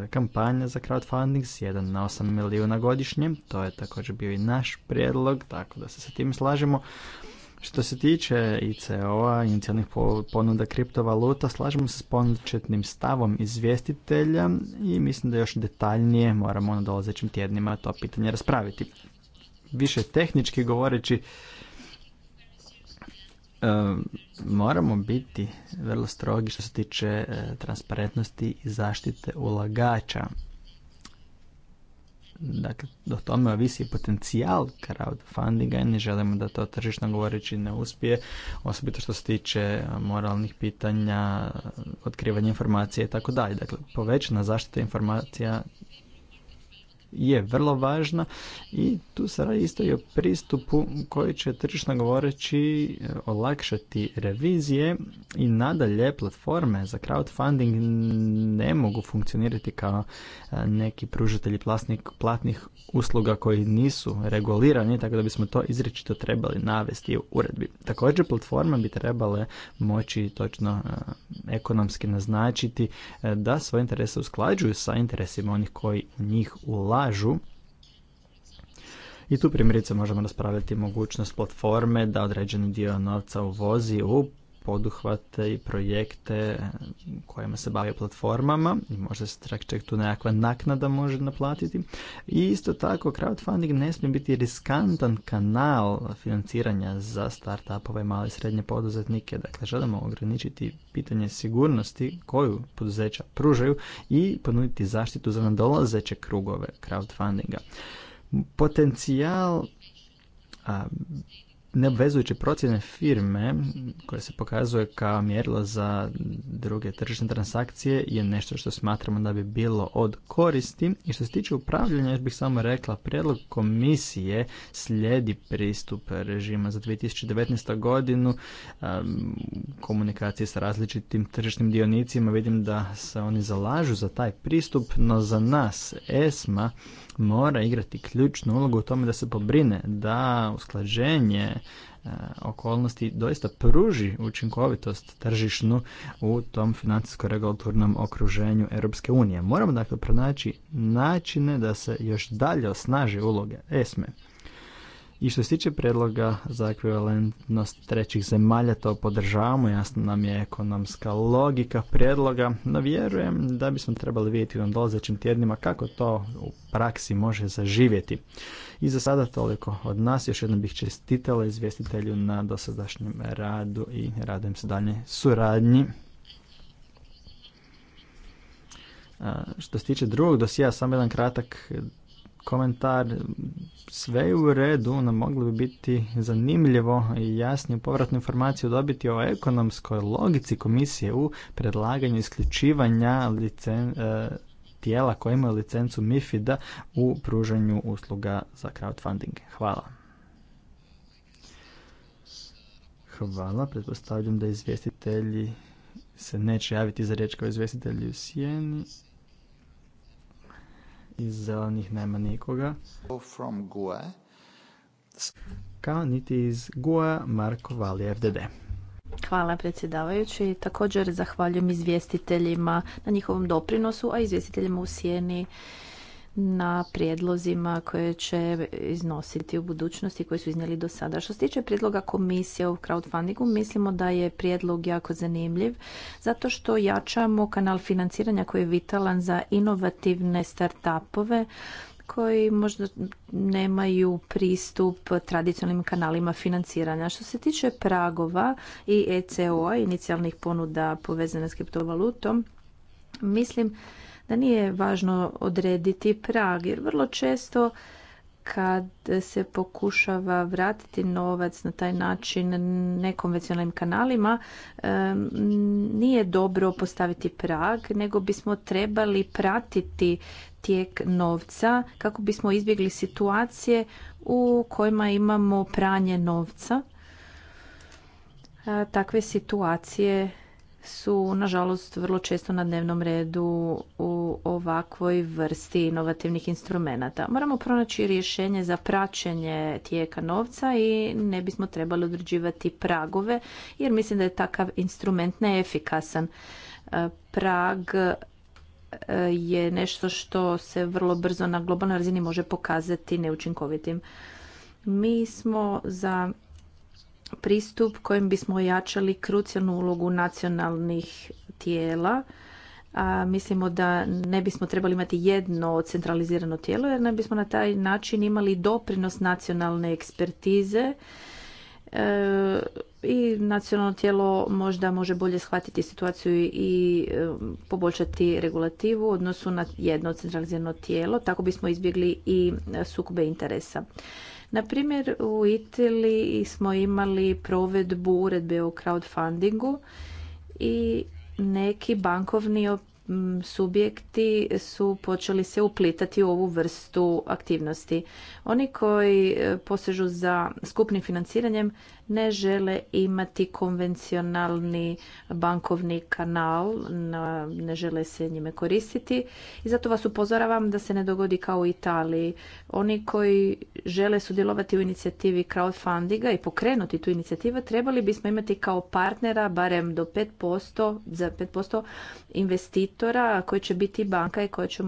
kampanja za crowdfunding s 1 na 8 milijuna godišnje. To je također bio i naš prijedlog, tako da se sa tim slažemo. Što se tiče ICO-a, inicijalnih ponuda kriptovaluta, slažemo se s početnim stavom izvjestitelja i mislim da još detaljnije moramo na dolazećim tjednima to pitanje raspraviti. Više tehnički govoreći, E, moramo biti vrlo strogi što se tiče e, transparentnosti i zaštite ulagača. Dakle, do tome ovisi potencijal crowdfundinga i ne želimo da to tržišno govoreći ne uspije, osobito što se tiče moralnih pitanja, otkrivanja informacija i tako dalje. Dakle, povećana zaštita informacija je vrlo važna i tu se radi isto i o pristupu koji će tržišno govoreći e, olakšati revizije i nadalje platforme za crowdfunding ne mogu funkcionirati kao e, neki pružatelji plasnik, platnih usluga koji nisu regulirani, tako da bismo to izričito trebali navesti u uredbi. Također platforme bi trebale moći točno e, ekonomski naznačiti da svoje interese usklađuju sa interesima onih koji u njih ulažu i tu primjerice možemo raspravljati mogućnost platforme da određeni dio novca uvozi u poduhvate i projekte kojima se bave platformama i možda se čak, tu nekakva naknada može naplatiti. I isto tako crowdfunding ne smije biti riskantan kanal financiranja za startupove male i srednje poduzetnike. Dakle, želimo ograničiti pitanje sigurnosti koju poduzeća pružaju i ponuditi zaštitu za nadolazeće krugove crowdfundinga. Potencijal a, neobvezujuće procjene firme koje se pokazuje kao mjerilo za druge tržišne transakcije je nešto što smatramo da bi bilo od koristi. I što se tiče upravljanja, još bih samo rekla, prijedlog komisije slijedi pristup režima za 2019. godinu, komunikacije sa različitim tržišnim dionicima, vidim da se oni zalažu za taj pristup, no za nas ESMA mora igrati ključnu ulogu u tome da se pobrine da usklađenje e, okolnosti doista pruži učinkovitost tržišnu u tom financijsko-regulatornom okruženju Europske unije. Moramo dakle pronaći načine da se još dalje osnaži uloge ESME. I što se tiče predloga za ekvivalentnost trećih zemalja, to podržavamo, jasno nam je ekonomska logika predloga, no vjerujem da bismo trebali vidjeti u nadolazećim tjednima kako to u praksi može zaživjeti. I za sada toliko od nas, još jednom bih čestitala izvjestitelju na dosadašnjem radu i radujem se dalje suradnji. Što se tiče drugog dosija, samo jedan kratak komentar sve u redu, nam moglo bi biti zanimljivo i jasniju povratnu informaciju dobiti o ekonomskoj logici komisije u predlaganju isključivanja licen, e, tijela koja imaju licencu MIFID-a u pružanju usluga za crowdfunding. Hvala. Hvala, pretpostavljam da izvjestitelji se neće javiti za riječ kao izvjestitelji u sjeni iz zelenih nema nikoga. Kao niti iz Marko Vali Hvala predsjedavajući. Također zahvaljujem izvjestiteljima na njihovom doprinosu, a izvjestiteljima u sjeni na prijedlozima koje će iznositi u budućnosti koji su iznijeli do sada. Što se tiče prijedloga komisije o crowdfundingu, mislimo da je prijedlog jako zanimljiv zato što jačamo kanal financiranja koji je vitalan za inovativne startupove koji možda nemaju pristup tradicionalnim kanalima financiranja. Što se tiče pragova i ECO-a, inicijalnih ponuda povezane s kriptovalutom, mislim da nije važno odrediti prag jer vrlo često kad se pokušava vratiti novac na taj način nekonvencionalnim kanalima nije dobro postaviti prag nego bismo trebali pratiti tijek novca kako bismo izbjegli situacije u kojima imamo pranje novca takve situacije su nažalost vrlo često na dnevnom redu u ovakvoj vrsti inovativnih instrumenata. Moramo pronaći rješenje za praćenje tijeka novca i ne bismo trebali određivati pragove jer mislim da je takav instrument neefikasan. E, prag e, je nešto što se vrlo brzo na globalnoj razini može pokazati neučinkovitim. Mi smo za pristup kojim bismo ojačali krucijalnu ulogu nacionalnih tijela. A mislimo da ne bismo trebali imati jedno centralizirano tijelo jer ne bismo na taj način imali doprinos nacionalne ekspertize e, i nacionalno tijelo možda može bolje shvatiti situaciju i e, poboljšati regulativu u odnosu na jedno centralizirano tijelo. Tako bismo izbjegli i e, sukobe interesa. Na primjer, u Italiji smo imali provedbu uredbe o crowdfundingu i neki bankovni mm, subjekti su počeli se uplitati u ovu vrstu aktivnosti. Oni koji e, posežu za skupnim financiranjem ne žele imati konvencionalni bankovni kanal, ne žele se njime koristiti i zato vas upozoravam da se ne dogodi kao u Italiji. Oni koji žele sudjelovati u inicijativi crowdfundinga i pokrenuti tu inicijativu trebali bismo imati kao partnera barem do 5% za 5% investitora koji će biti banka i koja će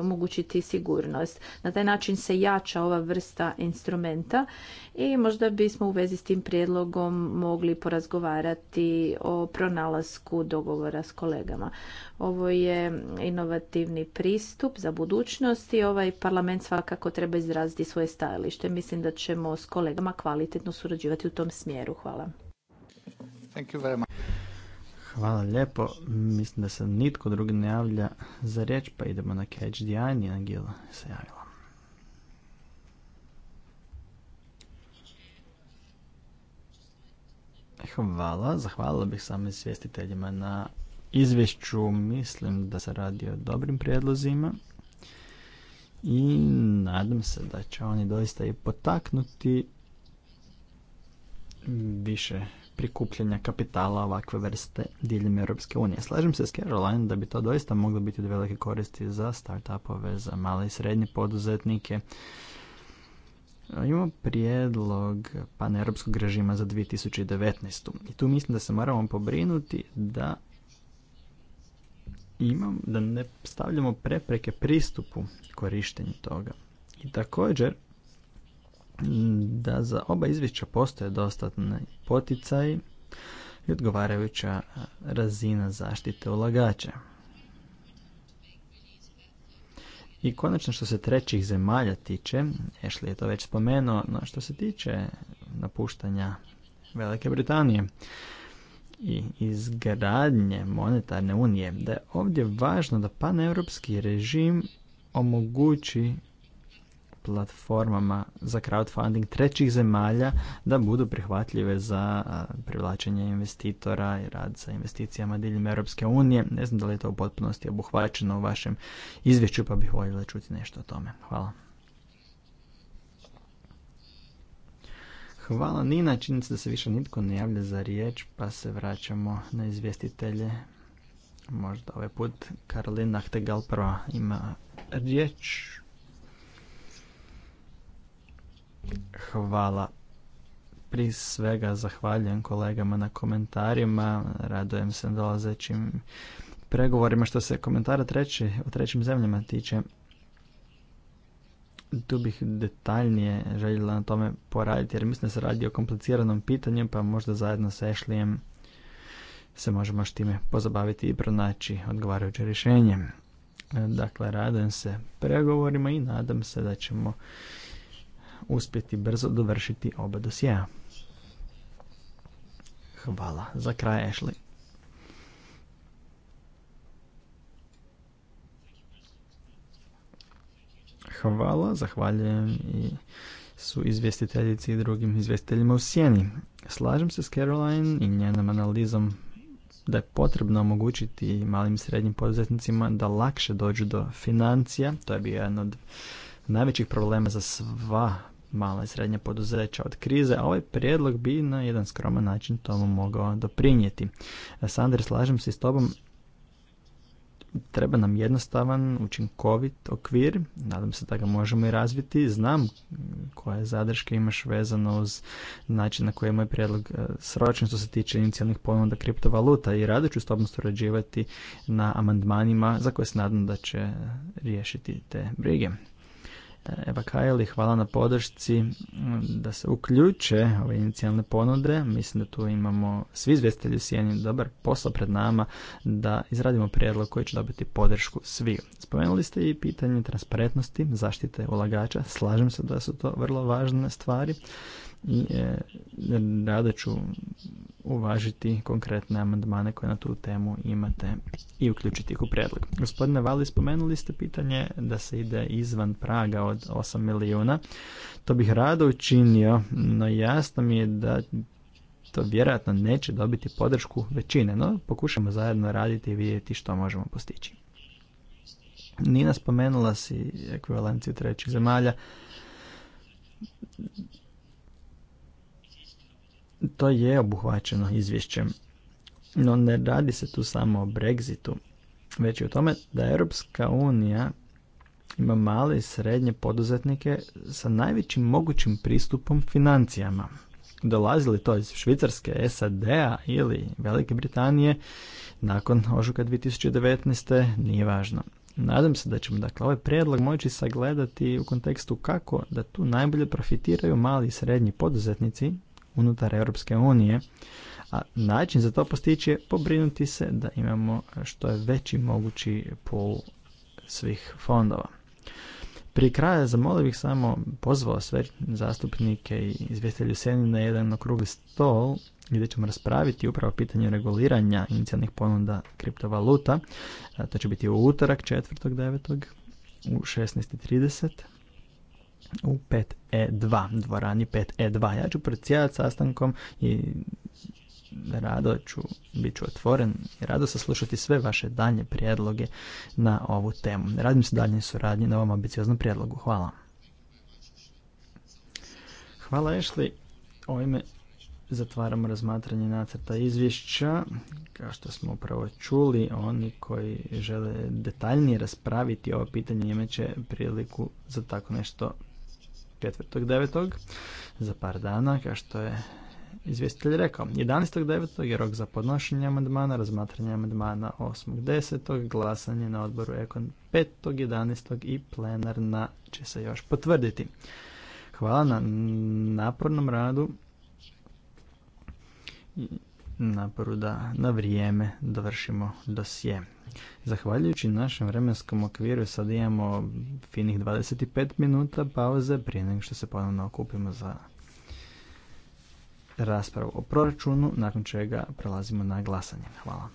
omogućiti sigurnost. Na taj način se ja ova vrsta instrumenta i možda bismo u vezi s tim prijedlogom mogli porazgovarati o pronalasku dogovora s kolegama. Ovo je inovativni pristup za budućnost i ovaj parlament svakako treba izraziti svoje stajalište. Mislim da ćemo s kolegama kvalitetno surađivati u tom smjeru. Hvala. Thank you very much. Hvala lijepo. Mislim da se nitko drugi ne javlja za riječ, pa idemo na Catch eye. se javila. Hvala. Zahvalila bih samim svjestiteljima na izvješću. Mislim da se radi o dobrim prijedlozima i nadam se da će oni doista i potaknuti više prikupljanja kapitala ovakve vrste diljem Europske unije. Slažem se s Caroline da bi to doista moglo biti od velike koristi za startupove, za male i srednje poduzetnike, Imamo prijedlog paneuropskog režima za 2019. I tu mislim da se moramo pobrinuti da imam, da ne stavljamo prepreke pristupu korištenju toga. I također da za oba izvješća postoje dostatni poticaj i odgovarajuća razina zaštite ulagača. I konačno što se trećih zemalja tiče, Ešli je to već spomenuo, no što se tiče napuštanja Velike Britanije i izgradnje monetarne unije, da je ovdje važno da paneuropski režim omogući platformama za crowdfunding trećih zemalja da budu prihvatljive za privlačenje investitora i rad sa investicijama diljem Europske unije. Ne znam da li je to u potpunosti obuhvaćeno u vašem izvješću, pa bih voljela čuti nešto o tome. Hvala. Hvala Nina, čini se da se više nitko ne javlja za riječ, pa se vraćamo na izvjestitelje. Možda ovaj put Karolina Htegal prva ima riječ. Hvala. Prije svega zahvaljujem kolegama na komentarima, radojem se na dolazećim pregovorima što se komentara treći, o trećim zemljama tiče. Tu bih detaljnije željela na tome poraditi jer mislim da se radi o kompliciranom pitanju pa možda zajedno sa Ešlijem se možemo s time pozabaviti i pronaći odgovarajuće rješenje. Dakle, radujem se pregovorima i nadam se da ćemo uspjeti brzo dovršiti oba dosjeja. Hvala. Za kraj, Hvala, zahvaljujem i su izvjestiteljici i drugim izvjestiteljima u sjeni. Slažem se s Caroline i njenom analizom da je potrebno omogućiti malim i srednjim poduzetnicima da lakše dođu do financija. To je bio jedan od najvećih problema za sva mala i srednja poduzeća od krize, a ovaj prijedlog bi na jedan skroman način tomu mogao doprinijeti. E, Sandra, slažem se s tobom, treba nam jednostavan, učinkovit okvir, nadam se da ga možemo i razviti, znam koje zadrške imaš vezano uz način na koji je moj prijedlog e, sročen što se tiče inicijalnih ponuda kriptovaluta i rado ću s tobom surađivati na amandmanima za koje se nadam da će riješiti te brige. Eva Kajli, hvala na podršci da se uključe ove inicijalne ponude. Mislim da tu imamo svi izvjestitelji u dobar posao pred nama da izradimo prijedlog koji će dobiti podršku svi. Spomenuli ste i pitanje transparentnosti, zaštite ulagača. Slažem se da su to vrlo važne stvari i e, rado ću uvažiti konkretne amandmane koje na tu temu imate i uključiti ih u predlog. Gospodine Vali, spomenuli ste pitanje da se ide izvan praga od 8 milijuna. To bih rado učinio, no jasno mi je da to vjerojatno neće dobiti podršku većine, no pokušamo zajedno raditi i vidjeti što možemo postići. Nina spomenula si ekvivalenciju trećih zemalja to je obuhvaćeno izvješćem. No ne radi se tu samo o Brexitu, već i o tome da Europska unija ima male i srednje poduzetnike sa najvećim mogućim pristupom financijama. Dolazi li to iz Švicarske, SAD-a ili Velike Britanije nakon ožuka 2019. nije važno. Nadam se da ćemo dakle ovaj prijedlog moći sagledati u kontekstu kako da tu najbolje profitiraju mali i srednji poduzetnici unutar Europske unije, a način za to postići je pobrinuti se da imamo što je veći mogući pol svih fondova. Pri kraja zamolio bih samo pozvao sve zastupnike i izvjestelju Seni na jedan okrugli stol gdje ćemo raspraviti upravo pitanje reguliranja inicijalnih ponuda kriptovaluta. To će biti u utorak 4.9. u 16.30 u 5E2, e dvorani 5E2. E ja ću predsjedati sastankom i rado ću, bit ću otvoren i rado saslušati sve vaše dalje prijedloge na ovu temu. Radim se daljnjoj suradnje na ovom ambicioznom prijedlogu. Hvala. Hvala Ešli. Ovime zatvaramo razmatranje nacrta izvješća. Kao što smo upravo čuli, oni koji žele detaljnije raspraviti ovo pitanje imat će priliku za tako nešto 4.9. za par dana, kao što je izvjestitelj rekao. 11.9. je rok za podnošenje amandmana, razmatranje amandmana 8.10. glasanje na odboru Ekon 5.11. i plenarna će se još potvrditi. Hvala na napornom radu naporu da na vrijeme dovršimo dosje. Zahvaljujući našem vremenskom okviru sad imamo finih 25 minuta pauze prije nego što se ponovno okupimo za raspravu o proračunu, nakon čega prelazimo na glasanje. Hvala.